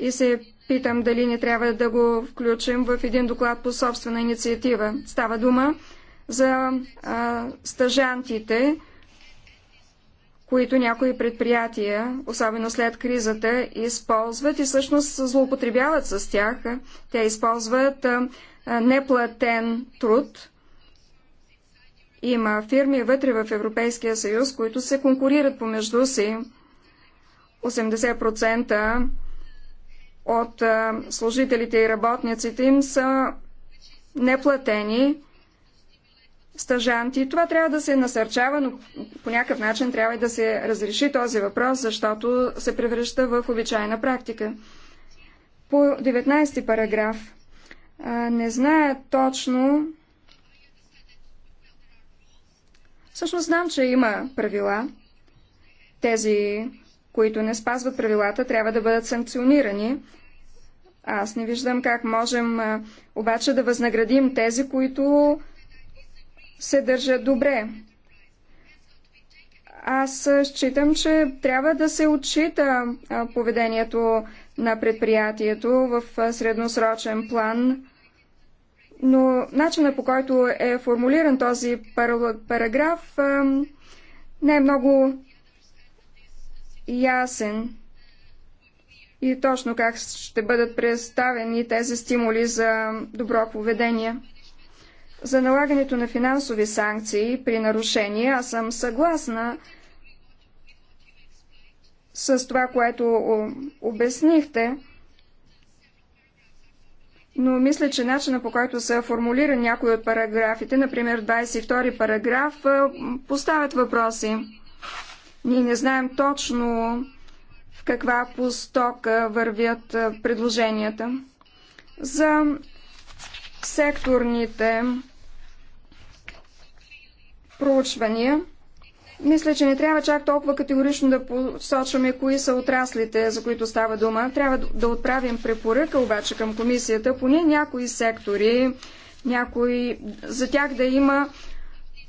и се Питам дали не трябва да го включим в един доклад по собствена инициатива. Става дума за а, стъжантите, които някои предприятия, особено след кризата, използват и всъщност злоупотребяват с тях. Те използват а, а, неплатен труд. Има фирми вътре в Европейския съюз, които се конкурират помежду си. 80% от служителите и работниците им са неплатени стъжанти. Това трябва да се насърчава, но по някакъв начин трябва и да се разреши този въпрос, защото се превръща в обичайна практика. По 19 ти параграф. Не зная точно. Всъщност знам, че има правила. Тези които не спазват правилата, трябва да бъдат санкционирани. Аз не виждам как можем а, обаче да възнаградим тези, които се държат добре. Аз считам, че трябва да се отчита поведението на предприятието в средносрочен план, но начина по който е формулиран този параграф не е много ясен и точно как ще бъдат представени тези стимули за добро поведение. За налагането на финансови санкции при нарушение аз съм съгласна с това, което обяснихте, но мисля, че начина по който са формулирани някои от параграфите, например 22 параграф, е, поставят въпроси. Ние не знаем точно в каква постока вървят предложенията. За секторните проучвания, мисля, че не трябва чак толкова категорично да посочваме кои са отраслите, за които става дума. Трябва да отправим препоръка обаче към комисията, поне някои сектори, някои, за тях да има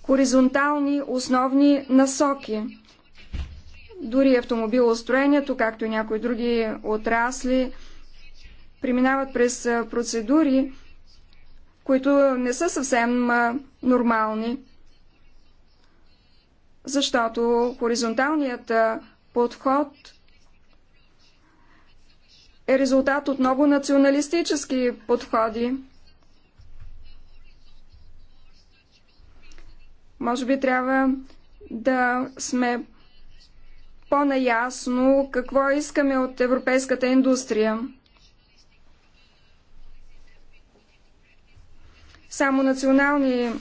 хоризонтални основни насоки. Дори автомобилостроението, както и някои други отрасли, преминават през процедури, които не са съвсем нормални, защото хоризонталният подход е резултат от много националистически подходи. Може би трябва да сме по-наясно какво искаме от европейската индустрия. Само национални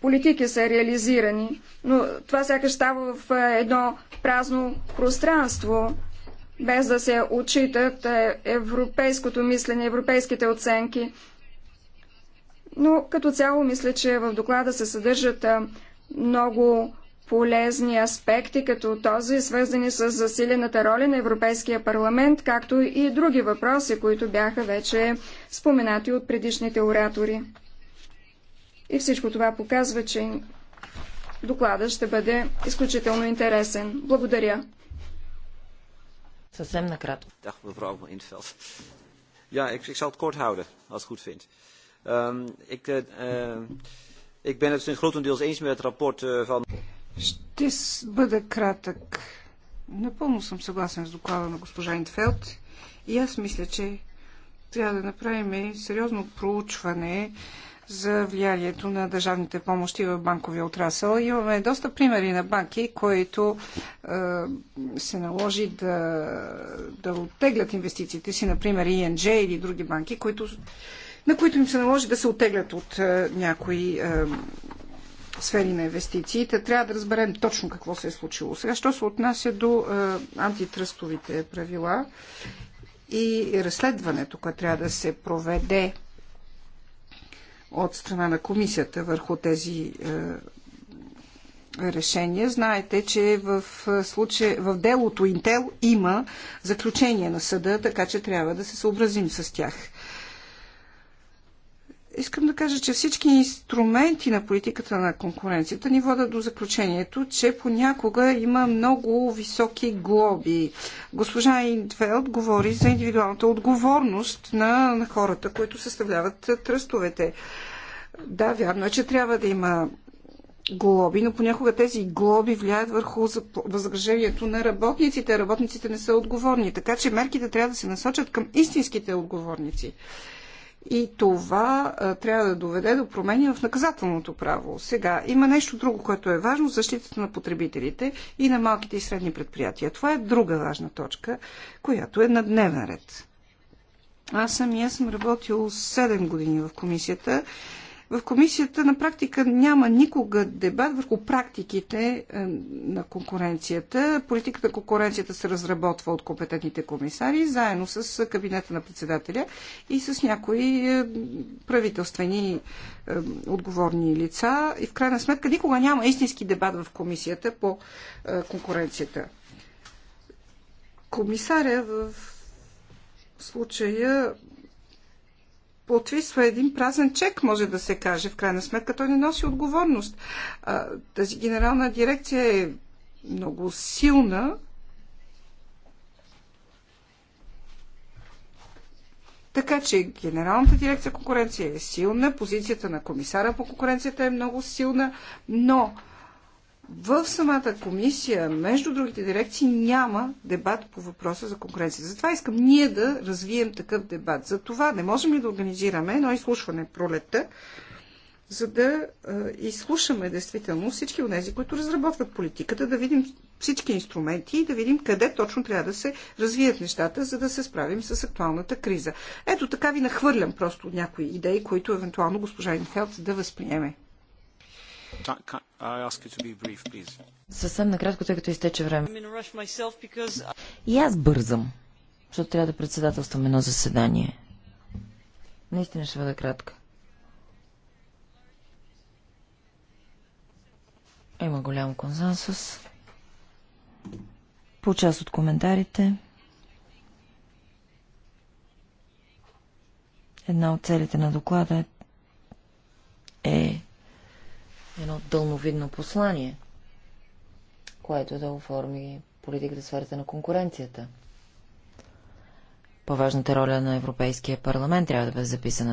политики са реализирани, но това сякаш става в едно празно пространство, без да се отчитат европейското мислене, европейските оценки. Но като цяло мисля, че в доклада се съдържат много полезни аспекти, като този, свързани с засилената роля на Европейския парламент, както и други въпроси, които бяха вече споменати от предишните оратори. И всичко това показва, че докладът ще бъде изключително интересен. Благодаря. Съвсем накратко. Dag mevrouw Intveld. Ja, ik, ik zal het kort houden, als het goed vindt. Um, ik, uh, ik ben het grotendeels eens met het rapport uh, van... Ще бъда кратък. Напълно съм съгласен с доклада на госпожа Интфелд и аз мисля, че трябва да направим сериозно проучване за влиянието на държавните помощи в банковия отрасъл. Имаме доста примери на банки, които е, се наложи да, да оттеглят инвестициите си, например ING или други банки, които, на които им се наложи да се оттеглят от е, някои е, сфери на инвестициите. Трябва да разберем точно какво се е случило. Сега, що се отнася до е, антитръстовите правила и разследването, което трябва да се проведе от страна на комисията върху тези е, решения. Знаете, че в, е, случай, в делото Интел има заключение на съда, така че трябва да се съобразим с тях. Искам да кажа, че всички инструменти на политиката на конкуренцията ни водят до заключението, че понякога има много високи глоби. Госпожа Индвелт говори за индивидуалната отговорност на, на хората, които съставляват тръстовете. Да, вярно е, че трябва да има глоби, но понякога тези глоби влияят върху възражението на работниците. Работниците не са отговорни, така че мерките трябва да се насочат към истинските отговорници. И това а, трябва да доведе до промени в наказателното право. Сега има нещо друго, което е важно защитата на потребителите и на малките и средни предприятия. Това е друга важна точка, която е на дневен ред. Аз самия съм работил 7 години в комисията в комисията на практика няма никога дебат върху практиките е, на конкуренцията. Политиката на конкуренцията се разработва от компетентните комисари, заедно с кабинета на председателя и с някои е, правителствени е, отговорни лица. И в крайна сметка никога няма истински дебат в комисията по конкуренцията. Комисаря в случая подписва един празен чек, може да се каже. В крайна сметка той не носи отговорност. Тази генерална дирекция е много силна. Така че генералната дирекция конкуренция е силна, позицията на комисара по конкуренцията е много силна, но в самата комисия, между другите дирекции, няма дебат по въпроса за конкуренция. Затова искам ние да развием такъв дебат. За това не можем ли да организираме едно изслушване пролета, за да изслушаме действително всички от тези, които разработват политиката, да видим всички инструменти и да видим къде точно трябва да се развият нещата, за да се справим с актуалната криза. Ето така ви нахвърлям просто някои идеи, които евентуално госпожа Инфелд да възприеме. Съвсем накратко, тъй като изтече време. И аз бързам, защото трябва да председателствам едно заседание. Наистина ще бъда кратка. Има голям консенсус. По част от коментарите. Една от целите на доклада е едно дълновидно послание, което да оформи политиката в сферата на конкуренцията. По-важната роля на Европейския парламент трябва да бъде записана